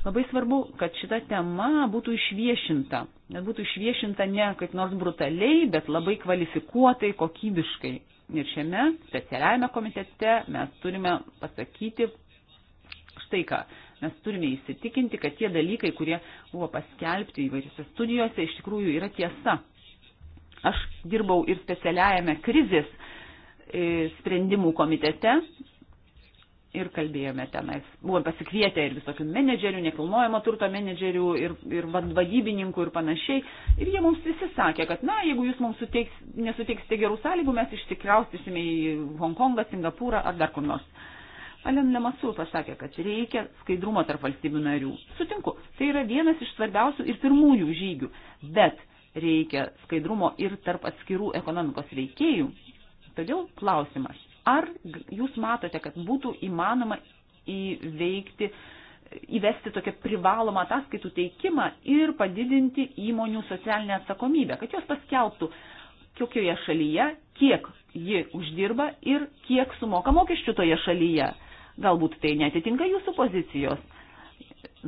Speaker 2: Labai svarbu, kad šita tema būtų išviešinta. Net būtų išviešinta ne kaip nors brutaliai, bet labai kvalifikuotai, kokybiškai. Ir šiame specialiajame komitete mes turime pasakyti štai ką. Mes turime įsitikinti, kad tie dalykai, kurie buvo paskelbti įvairiose studijose, iš tikrųjų yra tiesa. Aš dirbau ir specialiajame krizės e, sprendimų komitete ir kalbėjome tenais. Buvome pasikvietę ir visokių menedžerių, nekilnojamo turto menedžerių ir, ir vadybininkų ir panašiai. Ir jie mums visi sakė, kad na, jeigu jūs mums suteiks, nesuteiksite gerų sąlygų, mes išsikraustysime į Hongkongą, Singapūrą ar dar kur nors. Alen Lemasu pasakė, kad reikia skaidrumo tarp valstybių narių. Sutinku, tai yra vienas iš svarbiausių ir pirmųjų žygių. Bet reikia skaidrumo ir tarp atskirų ekonomikos veikėjų. Todėl klausimas, ar jūs matote, kad būtų įmanoma įveikti, įvesti tokią privalomą ataskaitų teikimą ir padidinti įmonių socialinę atsakomybę, kad jos paskelbtų, kokioje šalyje, kiek ji uždirba ir kiek sumoka mokesčių toje šalyje. Galbūt tai netitinka jūsų pozicijos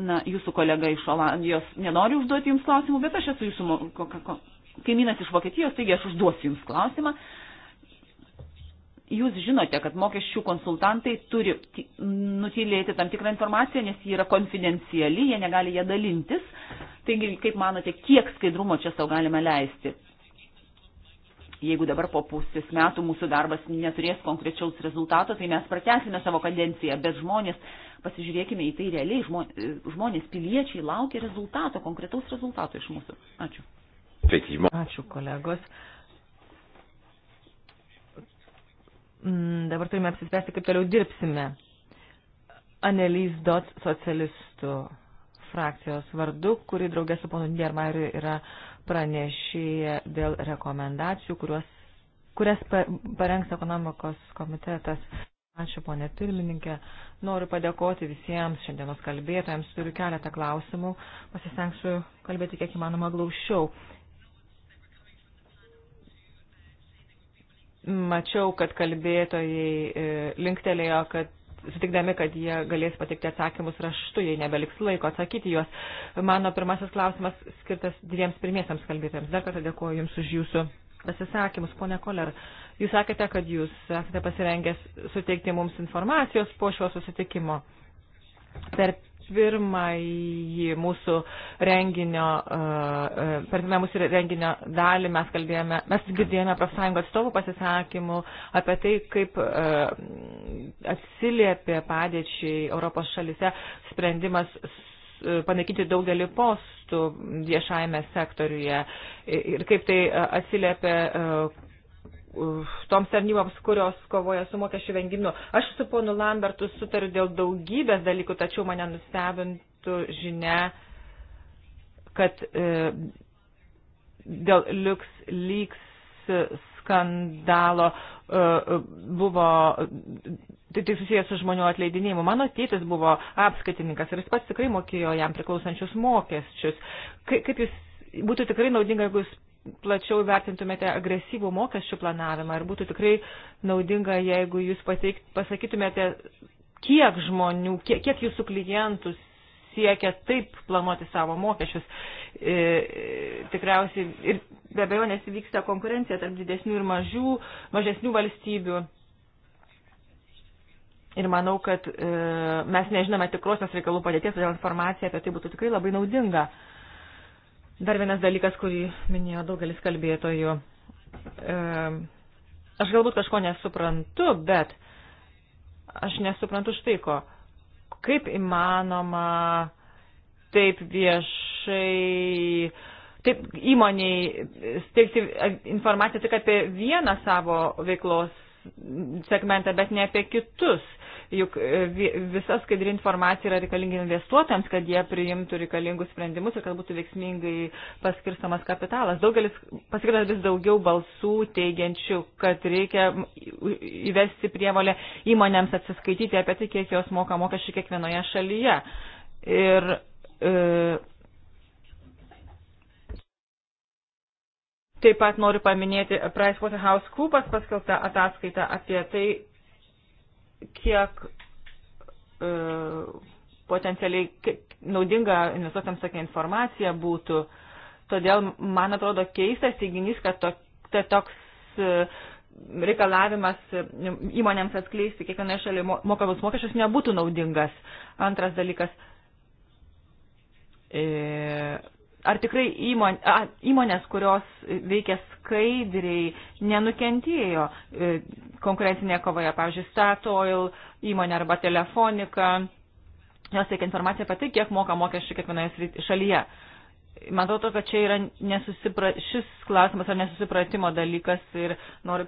Speaker 2: na, jūsų kolega iš Olandijos nenori užduoti jums klausimų, bet aš esu jūsų kaimynas iš Vokietijos, taigi aš užduosiu jums klausimą. Jūs žinote, kad mokesčių konsultantai turi nutilėti tam tikrą informaciją, nes ji yra konfidenciali, jie negali ją dalintis. Taigi, kaip manote, kiek skaidrumo čia savo galime leisti? jeigu dabar po pusės metų mūsų darbas neturės konkrečiaus rezultato, tai mes pratęsime savo kadenciją, bet žmonės, pasižiūrėkime į tai realiai, žmonės, piliečiai laukia rezultato, konkretaus rezultato iš mūsų. Ačiū. Ačiū, kolegos. Mm, dabar turime apsispręsti, kaip toliau dirbsime. Anelys Dot socialistų frakcijos vardu, kuri draugė su ponu Diermariu yra pranešėja dėl rekomendacijų, kuriuos, kurias parengs ekonomikos komitetas. Ačiū, ponė pirmininkė. Noriu padėkoti visiems šiandienos kalbėtojams. Turiu keletą klausimų. Pasistengsiu kalbėti kiek įmanoma glaušiau. Mačiau, kad kalbėtojai e, linktelėjo, kad sutikdami, kad jie galės patikti atsakymus raštu, jei nebeliks laiko atsakyti juos. Mano pirmasis klausimas skirtas dviems pirmiesiams kalbėtėms. Dar kartą dėkuoju Jums už Jūsų pasisakymus, ponė Koler. Jūs sakėte, kad Jūs esate pasirengęs suteikti mums informacijos po šio susitikimo. Per pirmąjį mūsų renginio, e, e, per pirmąją mūsų renginio dalį mes kalbėjome, mes girdėjome profsąjungo atstovų pasisakymų apie tai, kaip e, atsiliepė padėčiai Europos šalise sprendimas panaikinti daugelį postų viešajame sektoriuje ir kaip tai atsiliepia Uh, toms tarnyboms, kurios kovoja su mokesčių vengimu. Aš su ponu Lambertu sutariu dėl daugybės dalykų, tačiau mane nustebintų žinia, kad e, dėl liuks lygs skandalo e, buvo. Tai, tai susijęs su žmonių atleidinėjimu. Mano tėtis buvo apskaitininkas ir jis pats tikrai mokėjo jam priklausančius mokesčius. Ka, kaip jūs būtų tikrai naudinga, jeigu jūs plačiau vertintumėte agresyvų mokesčių planavimą ir būtų tikrai naudinga, jeigu jūs pateik, pasakytumėte, kiek žmonių, kiek, kiek jūsų klientų siekia taip planuoti savo mokesčius. E, e tikriausiai ir be abejo nesivyksta konkurencija tarp didesnių ir mažių, mažesnių valstybių. Ir manau, kad e, mes nežinome tikrosios reikalų padėties, todėl informacija apie tai būtų tikrai labai naudinga. E, Dar vienas dalykas, kurį minėjo daugelis kalbėtojų. E, aš galbūt kažko nesuprantu, bet aš nesuprantu štai ko. Kaip įmanoma taip viešai, taip įmoniai steigti informaciją tik apie vieną savo veiklos segmentą, bet ne apie kitus. Juk e, visa skaidri informacija yra reikalinga investuotams, kad jie priimtų reikalingus sprendimus ir kad būtų veiksmingai paskirstamas kapitalas. Daugelis pasigirda vis daugiau balsų teigiančių, kad reikia įvesti prievalę įmonėms atsiskaityti apie tai, kiek jos moka mokesčių kiekvienoje šalyje. Ir, e, Taip pat noriu paminėti PricewaterhouseCoopers paskelbtą ataskaitą apie tai, kiek e, potencialiai kiek naudinga investuotams tokia informacija būtų. Todėl, man atrodo, keistas teiginys, kad to, tai toks e, reikalavimas įmonėms atskleisti kiekvienai šaliai mokamus mokesčius nebūtų naudingas. Antras dalykas, e, ar tikrai įmon, a, įmonės, kurios veikia skaidriai, nenukentėjo e, konkurencinėje kovoje, pavyzdžiui, Statoil įmonė arba Telefonika, jos teikia informaciją apie tai, kiek moka mokesčių kiekvienoje šalyje. Man atrodo, kad čia yra nesusipra... šis klausimas ar nesusipratimo dalykas ir noriu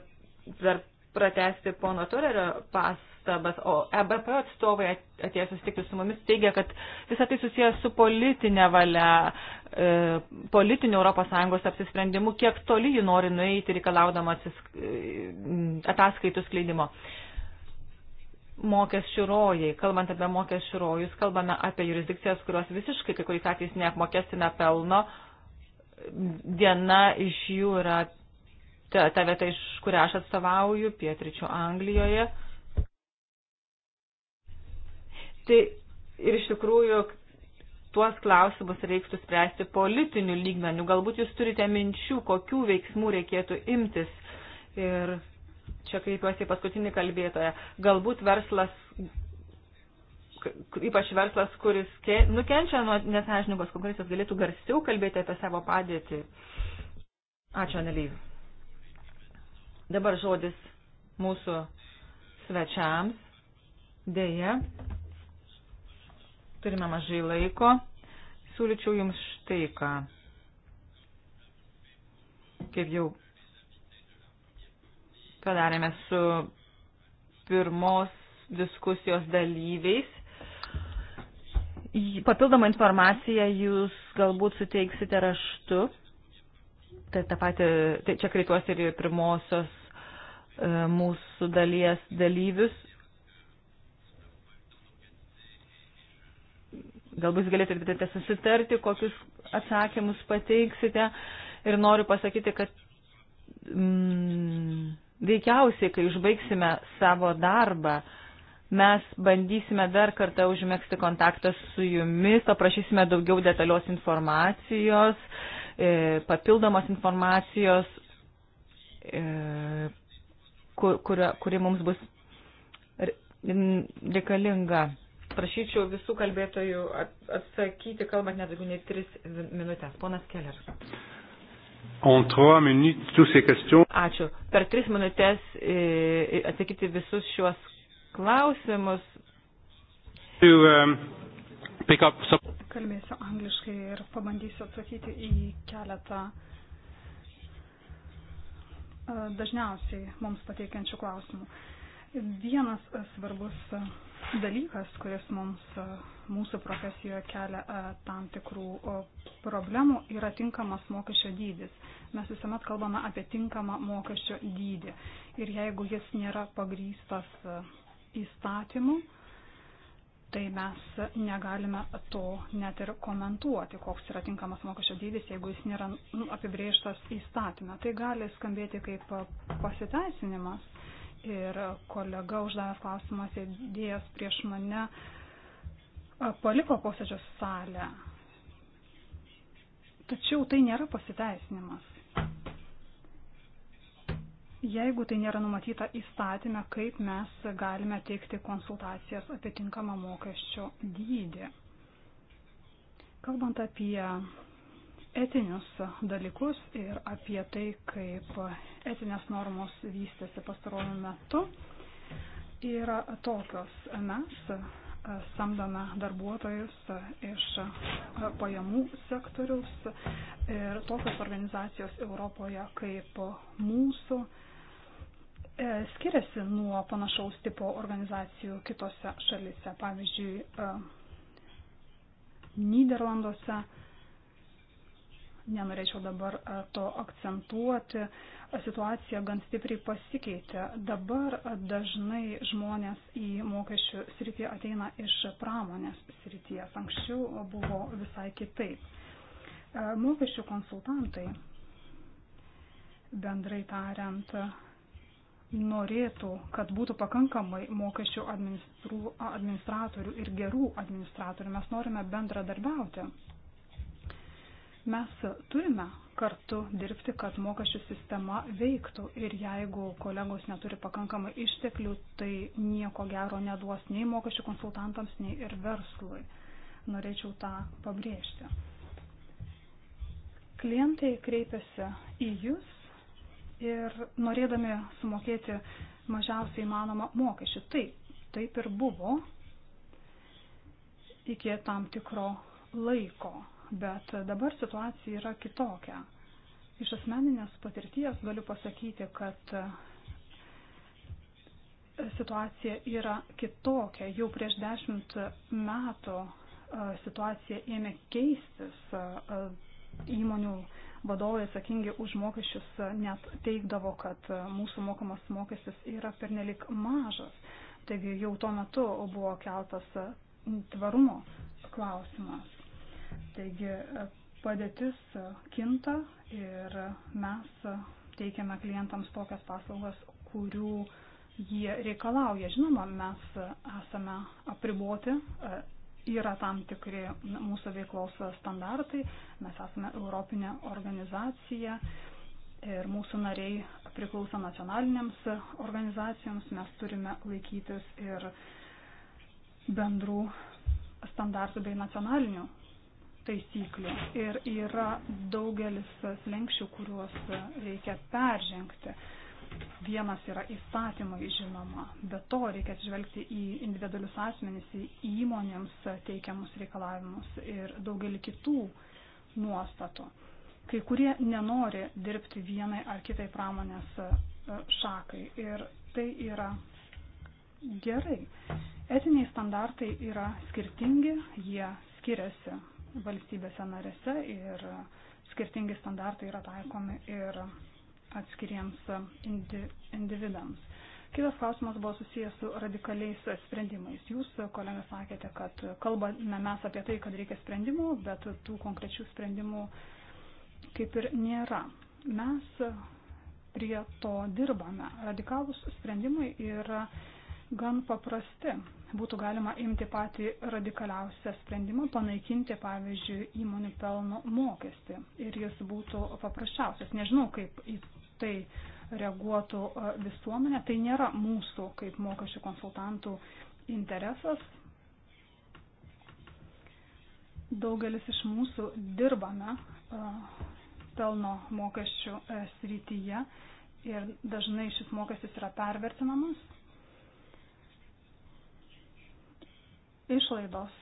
Speaker 2: dar pratesti pono Turerio pastabas, o EBP atstovai atėjo susitikti su mumis, teigia, kad visą tai susijęs su politinė valia, e, politiniu ES apsisprendimu, kiek toli ji nori nueiti reikalaudama atsisk... E, ataskaitų skleidimo. Mokesčių rojai. Kalbant apie mokesčių rojus, kalbame apie jurisdikcijas, kurios visiškai kai kuriais atvejais neapmokestina pelno. Diena iš jų yra ta, ta vieta, iš kurią aš atstovauju, pietričio Anglijoje. Tai ir iš tikrųjų tuos klausimus reiktų spręsti politiniu lygmeniu. Galbūt jūs turite minčių, kokių veiksmų reikėtų imtis. Ir čia kreipiuosi į paskutinį kalbėtoją. Galbūt verslas, ypač verslas, kuris nukenčia nuo nesažininkos konkurencijos, galėtų garsiau kalbėti apie savo padėtį. Ačiū, Anelyv. Dabar žodis mūsų svečiams. Deja, turime mažai laiko. Siūlyčiau jums štai ką. Kaip jau padarėme su pirmos diskusijos dalyviais. Papildomą informaciją jūs galbūt suteiksite raštu Ta, ta pati, tai čia kreipiuosi ir pirmosios e, mūsų dalies dalyvius. Galbūt galėtumėte susitarti, kokius atsakymus pateiksite. Ir noriu pasakyti, kad mm, veikiausiai, kai užbaigsime savo darbą, mes bandysime dar kartą užmėgsti kontaktą su jumis, paprašysime daugiau detalios informacijos. E, E, papildomos informacijos, e, kuri, kuri mums bus reikalinga. Prašyčiau visų kalbėtojų atsakyti, kalbant net daugiau nei tris minutės. Ponas Keller. Ačiū. Per tris minutės e, atsakyti visus šiuos klausimus.
Speaker 1: To, um pick up some...
Speaker 3: Kalbėsiu angliškai ir pabandysiu atsakyti į keletą e, dažniausiai mums pateikiančių klausimų. Vienas svarbus dalykas, kuris mums e, mūsų profesijoje kelia e, tam tikrų problemų, yra tinkamas mokesčio dydis. Mes visuomet kalbame apie tinkamą mokesčio dydį. Ir jeigu jis nėra pagrystas įstatymu, tai mes negalime to net ir komentuoti, koks yra tinkamas mokesčio dydis, jeigu jis nėra nu, apibrėžtas įstatymę. Tai gali skambėti kaip pasiteisinimas. Ir kolega uždavęs klausimą sėdėjęs prieš mane paliko posėdžio salę. Tačiau tai nėra pasiteisinimas. Jeigu tai nėra numatyta įstatymę, kaip mes galime teikti konsultacijas apie tinkamą mokesčio dydį. Kalbant apie etinius dalykus ir apie tai, kaip etinės normos vystėsi pastarojų metu, yra tokios. Mes samdome darbuotojus iš pajamų sektoriaus ir tokios organizacijos Europoje kaip mūsų E, skiriasi nuo panašaus tipo organizacijų kitose šalise. Pavyzdžiui, e, Niderlanduose, nenorėčiau dabar e, to akcentuoti, situacija gan stipriai pasikeitė. Dabar dažnai žmonės į mokesčių sritį ateina iš pramonės srities. Anksčiau buvo visai kitaip. Mokesčių konsultantai, bendrai tariant, norėtų, kad būtų pakankamai mokesčių administratorių ir gerų administratorių. Mes norime bendradarbiauti. Mes turime kartu dirbti, kad mokesčių sistema veiktų ir jeigu kolegos neturi pakankamai išteklių, tai nieko gero neduos nei mokesčių konsultantams, nei ir verslui. Norėčiau tą pabrėžti. Klientai kreipiasi į Jūs ir norėdami sumokėti mažiausiai įmanomą mokesčių. Taip, taip ir buvo iki tam tikro laiko, bet dabar situacija yra kitokia. Iš asmeninės patirties galiu pasakyti, kad situacija yra kitokia. Jau prieš dešimt metų situacija ėmė keistis įmonių vadovai atsakingi už mokesčius net teikdavo, kad mūsų mokamas mokestis yra pernelik mažas. Taigi jau tuo metu buvo keltas tvarumo klausimas. Taigi e, padėtis kinta ir mes teikiame klientams tokias paslaugas, kurių jie reikalauja. Žinoma, mes esame apriboti e, yra tam tikri mūsų veiklos standartai, mes esame Europinė organizacija ir mūsų nariai priklauso nacionalinėms organizacijoms, mes turime laikytis ir bendrų standartų bei nacionalinių taisyklių. Ir yra daugelis lenkščių, kuriuos reikia peržengti. Vienas yra įstatymai žinoma, bet to reikia atsižvelgti į individualius asmenys, į įmonėms teikiamus reikalavimus ir daugelį kitų nuostatų. Kai kurie nenori dirbti vienai ar kitai pramonės e, šakai ir tai yra gerai. Etiniai standartai yra skirtingi, jie skiriasi valstybėse narėse ir skirtingi standartai yra taikomi ir atskiriems indi, individams. Kitas klausimas buvo susijęs su radikaliais sprendimais. Jūs, kolega, sakėte, kad kalbame mes apie tai, kad reikia sprendimų, bet tų konkrečių sprendimų kaip ir nėra. Mes prie to dirbame. Radikalus sprendimai yra gan paprasti. Būtų galima imti patį radikaliausią sprendimą, panaikinti, pavyzdžiui, įmonių pelno mokestį. Ir jis būtų paprasčiausias. Nežinau, kaip į tai reaguotų visuomenė. Tai nėra mūsų kaip mokesčių konsultantų interesas. Daugelis iš mūsų dirbame pelno mokesčių e, srityje ir dažnai šis mokestis yra pervertinamas. Išlaidos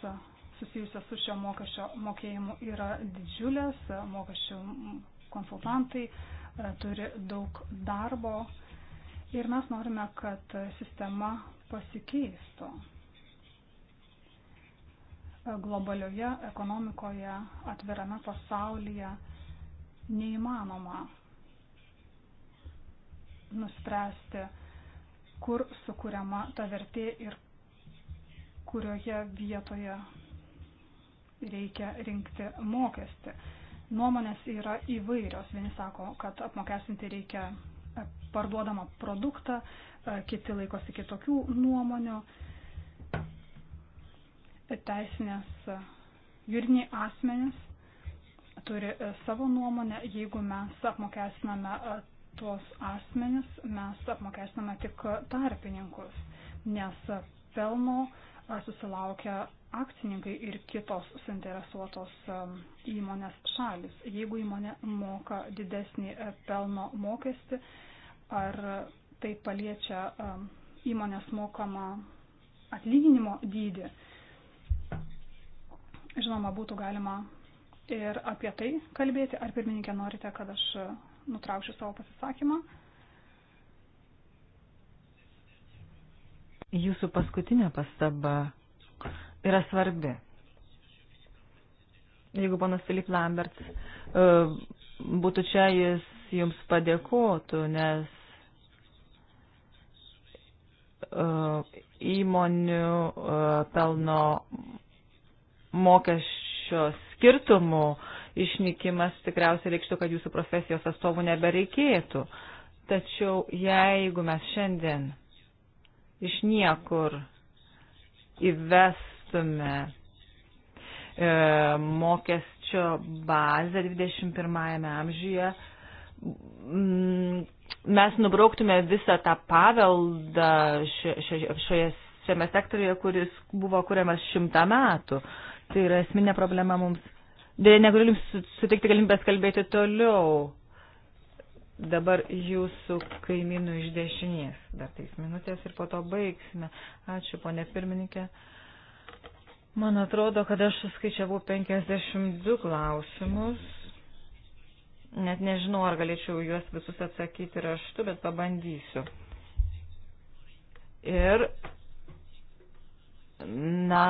Speaker 3: susijusios su šio mokesčio mokėjimu yra didžiulės, mokesčių konsultantai E, turi daug darbo ir mes norime, kad sistema pasikeistų. E, globalioje ekonomikoje, atvirame pasaulyje neįmanoma nuspręsti, kur sukūriama ta vertė ir kurioje vietoje reikia rinkti mokestį. Nuomonės yra įvairios. Vieni sako, kad apmokestinti reikia e, parduodamą produktą, e, kiti laikosi kitokių nuomonių. Teisinės e, juridiniai asmenys turi savo nuomonę. Jeigu mes apmokestiname tuos asmenis, mes apmokestiname tik tarpininkus, nes pelno susilaukia akcininkai ir kitos suinteresuotos įmonės šalis. Jeigu įmonė moka didesnį e, pelno mokestį, ar tai paliečia įmonės mokamą atlyginimo dydį, žinoma, būtų galima ir apie tai kalbėti. Ar pirmininkė norite, kad aš e, nutraukčiau savo pasisakymą?
Speaker 2: Jūsų paskutinė pastaba yra svarbi. Jeigu ponas Filip Lambert e, būtų čia, jis jums padėkotų, nes e, įmonių e, pelno mokesčio skirtumų išnykimas tikriausiai reikštų, kad jūsų profesijos atstovų nebereikėtų. Tačiau jeigu mes šiandien iš niekur įvestume e, mokesčio bazę 21 amžiuje, mm, mes nubrauktume visą tą paveldą šioje, šiame sektoriuje, kuris buvo kuriamas šimtą metų. Tai yra esminė problema mums. Dėja, negaliu jums suteikti galimybės kalbėti toliau. Dabar jūsų kaimynų iš dešinės. Dar tais minutės ir po to baigsime. Ačiū, ponė pirmininkė. Man atrodo, kad aš suskaičiavau 52 klausimus. Net nežinau, ar galėčiau juos visus atsakyti raštu, bet pabandysiu. Ir, na,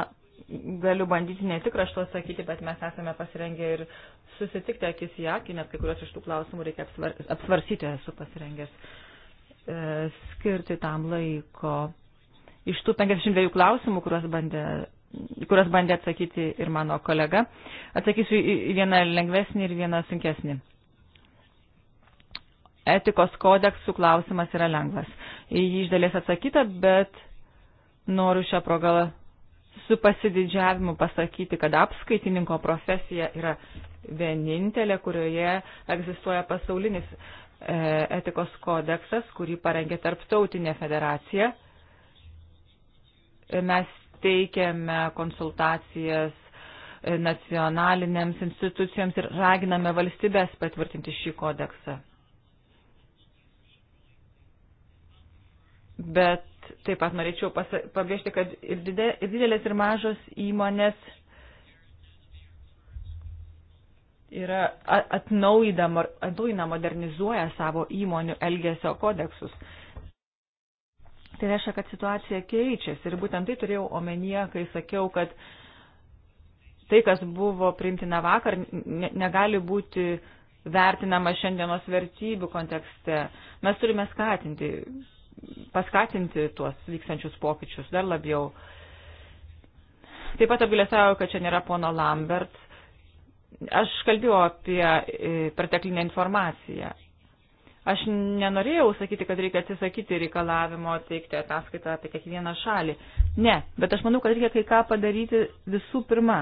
Speaker 2: galiu bandyti ne tik raštu atsakyti, bet mes esame pasirengę ir susitikti akis į akį, nes kai kurios iš tų klausimų reikia apsvar, apsvarsyti, esu pasirengęs e, skirti tam laiko. Iš tų 52 klausimų, kuriuos bandė, kuriuos bandė atsakyti ir mano kolega, atsakysiu į vieną lengvesnį ir vieną sunkesnį. Etikos kodeksų klausimas yra lengvas. Į jį iš dalies atsakyta, bet noriu šią progą su pasididžiavimu pasakyti, kad apskaitininko profesija yra vienintelė, kurioje egzistuoja pasaulinis e, etikos kodeksas, kurį parengė Tarptautinė federacija. E, mes teikiame konsultacijas e, nacionalinėms institucijoms ir raginame valstybės patvirtinti šį kodeksą. bet taip pat norėčiau pabrėžti, kad ir didelės ir mažos įmonės yra atnaujina, modernizuoja savo įmonių elgesio kodeksus. Tai reiškia, kad situacija keičiasi ir būtent tai turėjau omenyje, kai sakiau, kad tai, kas buvo priimtina vakar, negali būti vertinama šiandienos vertybių kontekste. Mes turime skatinti paskatinti tuos vykstančius pokyčius dar labiau. Taip pat apgailestauju, kad čia nėra pono Lambert. Aš kalbėjau apie e, perteklinę informaciją. Aš nenorėjau sakyti, kad reikia atsisakyti reikalavimo teikti ataskaitą apie kiekvieną šalį. Ne, bet aš manau, kad reikia kai ką padaryti visų pirma.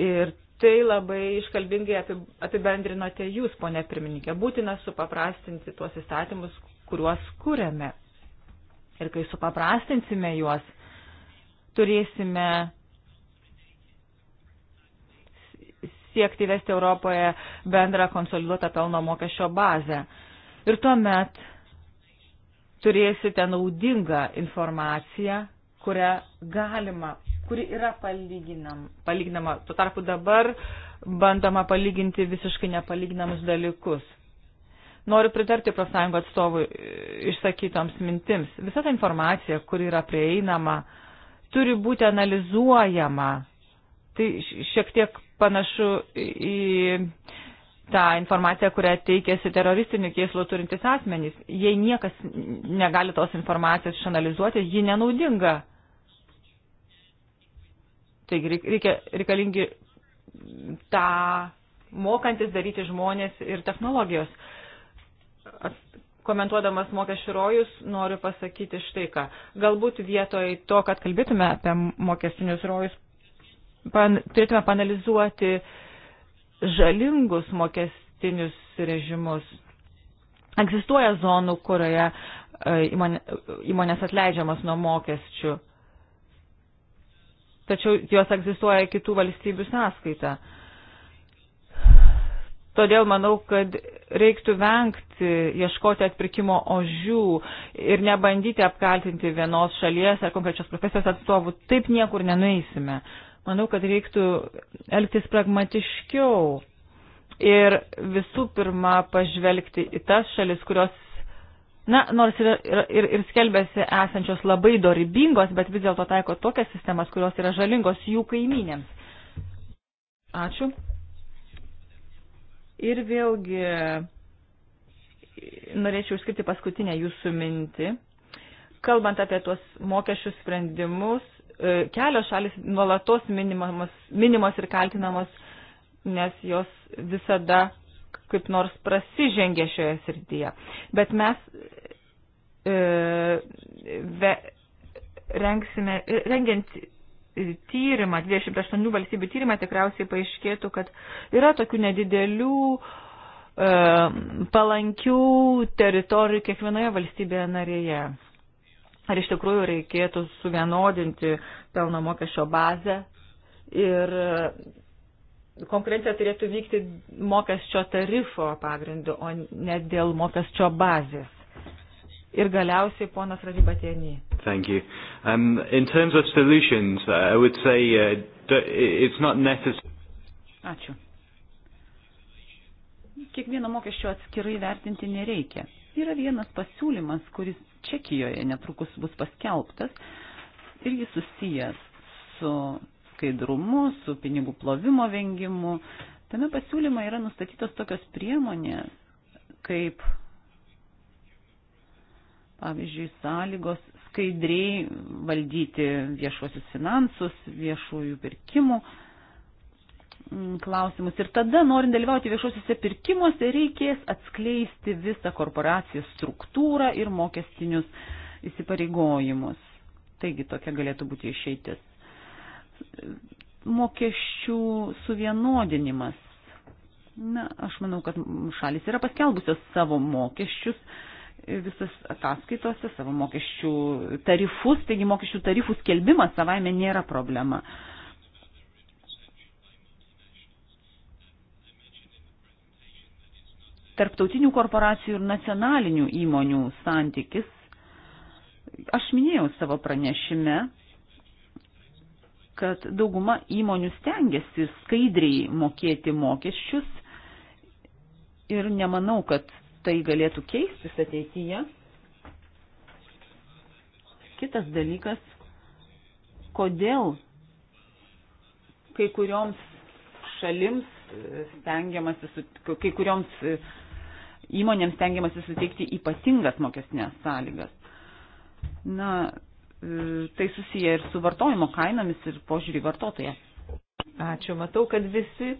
Speaker 2: Ir Tai labai iškalbingai apibendrinote jūs, ponė pirmininkė. Būtina supaprastinti tuos įstatymus, kuriuos kūrėme. Ir kai supaprastinsime juos, turėsime siekti įvesti Europoje bendrą konsoliduotą pelno mokesčio bazę. Ir tuomet turėsite naudingą informaciją kurią galima, kuri yra palyginam, palyginama. Tuo tarpu dabar bandoma palyginti visiškai nepalyginamus dalykus. Noriu pritarti profsąjungo atstovui e, išsakytoms mintims. Visa ta informacija, kuri yra prieinama, turi būti analizuojama. Tai šiek tiek panašu į tą informaciją, kurią teikėsi teroristinių kėslų turintys asmenys. Jei niekas negali tos informacijos išanalizuoti, ji nenaudinga. Taigi reikia, reikalingi tą mokantis daryti žmonės ir technologijos. Komentuodamas mokesčių rojus noriu pasakyti štai ką. Galbūt vietoj to, kad kalbėtume apie mokestinius rojus, pan, turėtume panalizuoti žalingus mokestinius režimus. Egzistuoja zonų, kurioje e, įmonės atleidžiamas nuo mokesčių tačiau jos egzistuoja kitų valstybių sąskaita. Todėl manau, kad reiktų vengti ieškoti atpirkimo ožių ir nebandyti apkaltinti vienos šalies ar konkrečios profesijos atstovų. Taip niekur nenueisime. Manau, kad reiktų elgtis pragmatiškiau ir visų pirma pažvelgti į tas šalis, kurios Na, nors ir, ir, ir skelbiasi esančios labai dorybingos, bet vis dėlto taiko tokias sistemas, kurios yra žalingos jų kaiminėms. Ačiū. Ir vėlgi norėčiau išskirti paskutinę jūsų mintį. Kalbant apie tuos mokesčių sprendimus, e, kelios šalis nuolatos minimos, minimos ir kaltinamos, nes jos visada kaip nors prasižengė šioje srityje. Bet mes e, ve, rengsime, rengiant tyrimą, 28 valstybių tyrimą tikriausiai paaiškėtų, kad yra tokių nedidelių e, palankių teritorijų kiekvienoje valstybėje narėje. Ar iš tikrųjų reikėtų suvienodinti pelno mokesčio bazę ir konkurencija turėtų vykti mokesčio tarifo pagrindu, o ne dėl mokesčio bazės. Ir galiausiai ponas Radibatienį.
Speaker 1: Thank you. Um, in terms of solutions, uh, I would say uh, it's not necessary.
Speaker 2: Ačiū. Kiekvieno mokesčio atskirai vertinti nereikia. Yra vienas pasiūlymas, kuris Čekijoje netrukus bus paskelbtas ir jis susijęs su skaidrumu, su pinigų plovimo vengimu. Tame pasiūlyme yra nustatytos tokios priemonės, kaip, pavyzdžiui, sąlygos skaidriai valdyti viešuosius finansus, viešųjų pirkimų mm, klausimus. Ir tada, norint dalyvauti viešuosiuose pirkimuose, reikės atskleisti visą korporacijos struktūrą ir mokestinius įsipareigojimus. Taigi tokia galėtų būti išeitis mokesčių suvienodinimas. Na, aš manau, kad šalis yra paskelbusios savo mokesčius visas ataskaitose, savo mokesčių tarifus, taigi mokesčių tarifų skelbimas savaime nėra problema. Tarptautinių korporacijų ir nacionalinių įmonių santykis, aš minėjau savo pranešime, kad dauguma įmonių stengiasi skaidriai mokėti mokesčius ir nemanau, kad tai galėtų keistis ateityje. Kitas dalykas, kodėl kai kurioms šalims stengiamasi, kai kurioms įmonėms stengiamasi suteikti ypatingas mokesnės sąlygas. Na, E, tai susiję ir su vartojimo kainomis ir požiūrį vartotoje. Ačiū, matau, kad visi.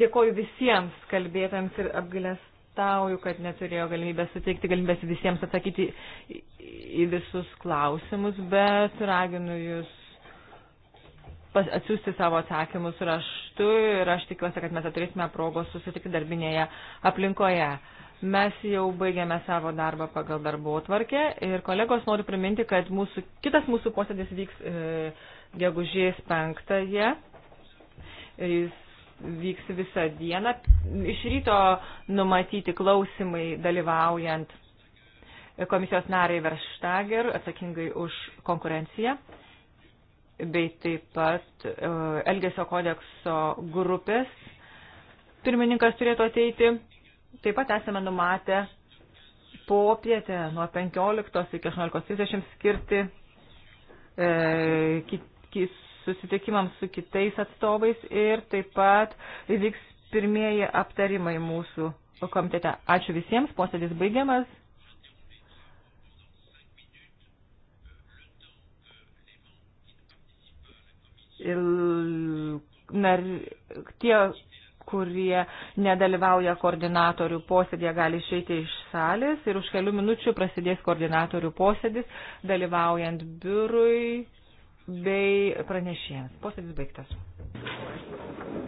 Speaker 2: Dėkoju visiems kalbėtams ir apgailestauju, kad neturėjau galimybės suteikti galimybės visiems atsakyti į, į visus klausimus, bet raginu jūs pas, atsiųsti savo atsakymus raštu ir aš tikiuosi, kad mes turėsime progos susitikti darbinėje aplinkoje. Mes jau baigėme savo darbą pagal darbo atvarkę ir kolegos noriu priminti, kad mūsų, kitas mūsų posėdis vyks e, gegužės penktąją. Jis vyks visą dieną. Iš ryto numatyti klausimai dalyvaujant komisijos nariai Verštager, atsakingai už konkurenciją, bei taip pat e, Elgesio kodekso grupės pirmininkas turėtų ateiti Taip pat esame numatę popietę nuo 15 iki 18.30 skirti e, ki, ki, susitikimams su kitais atstovais ir taip pat vyks pirmieji aptarimai mūsų komitete. Ačiū visiems, posėdis baigiamas. Ir nar, tie kurie nedalyvauja koordinatorių posėdėje, gali išeiti iš salės ir už kelių minučių prasidės koordinatorių posėdis, dalyvaujant biurui bei pranešėjams. Posėdis baigtas.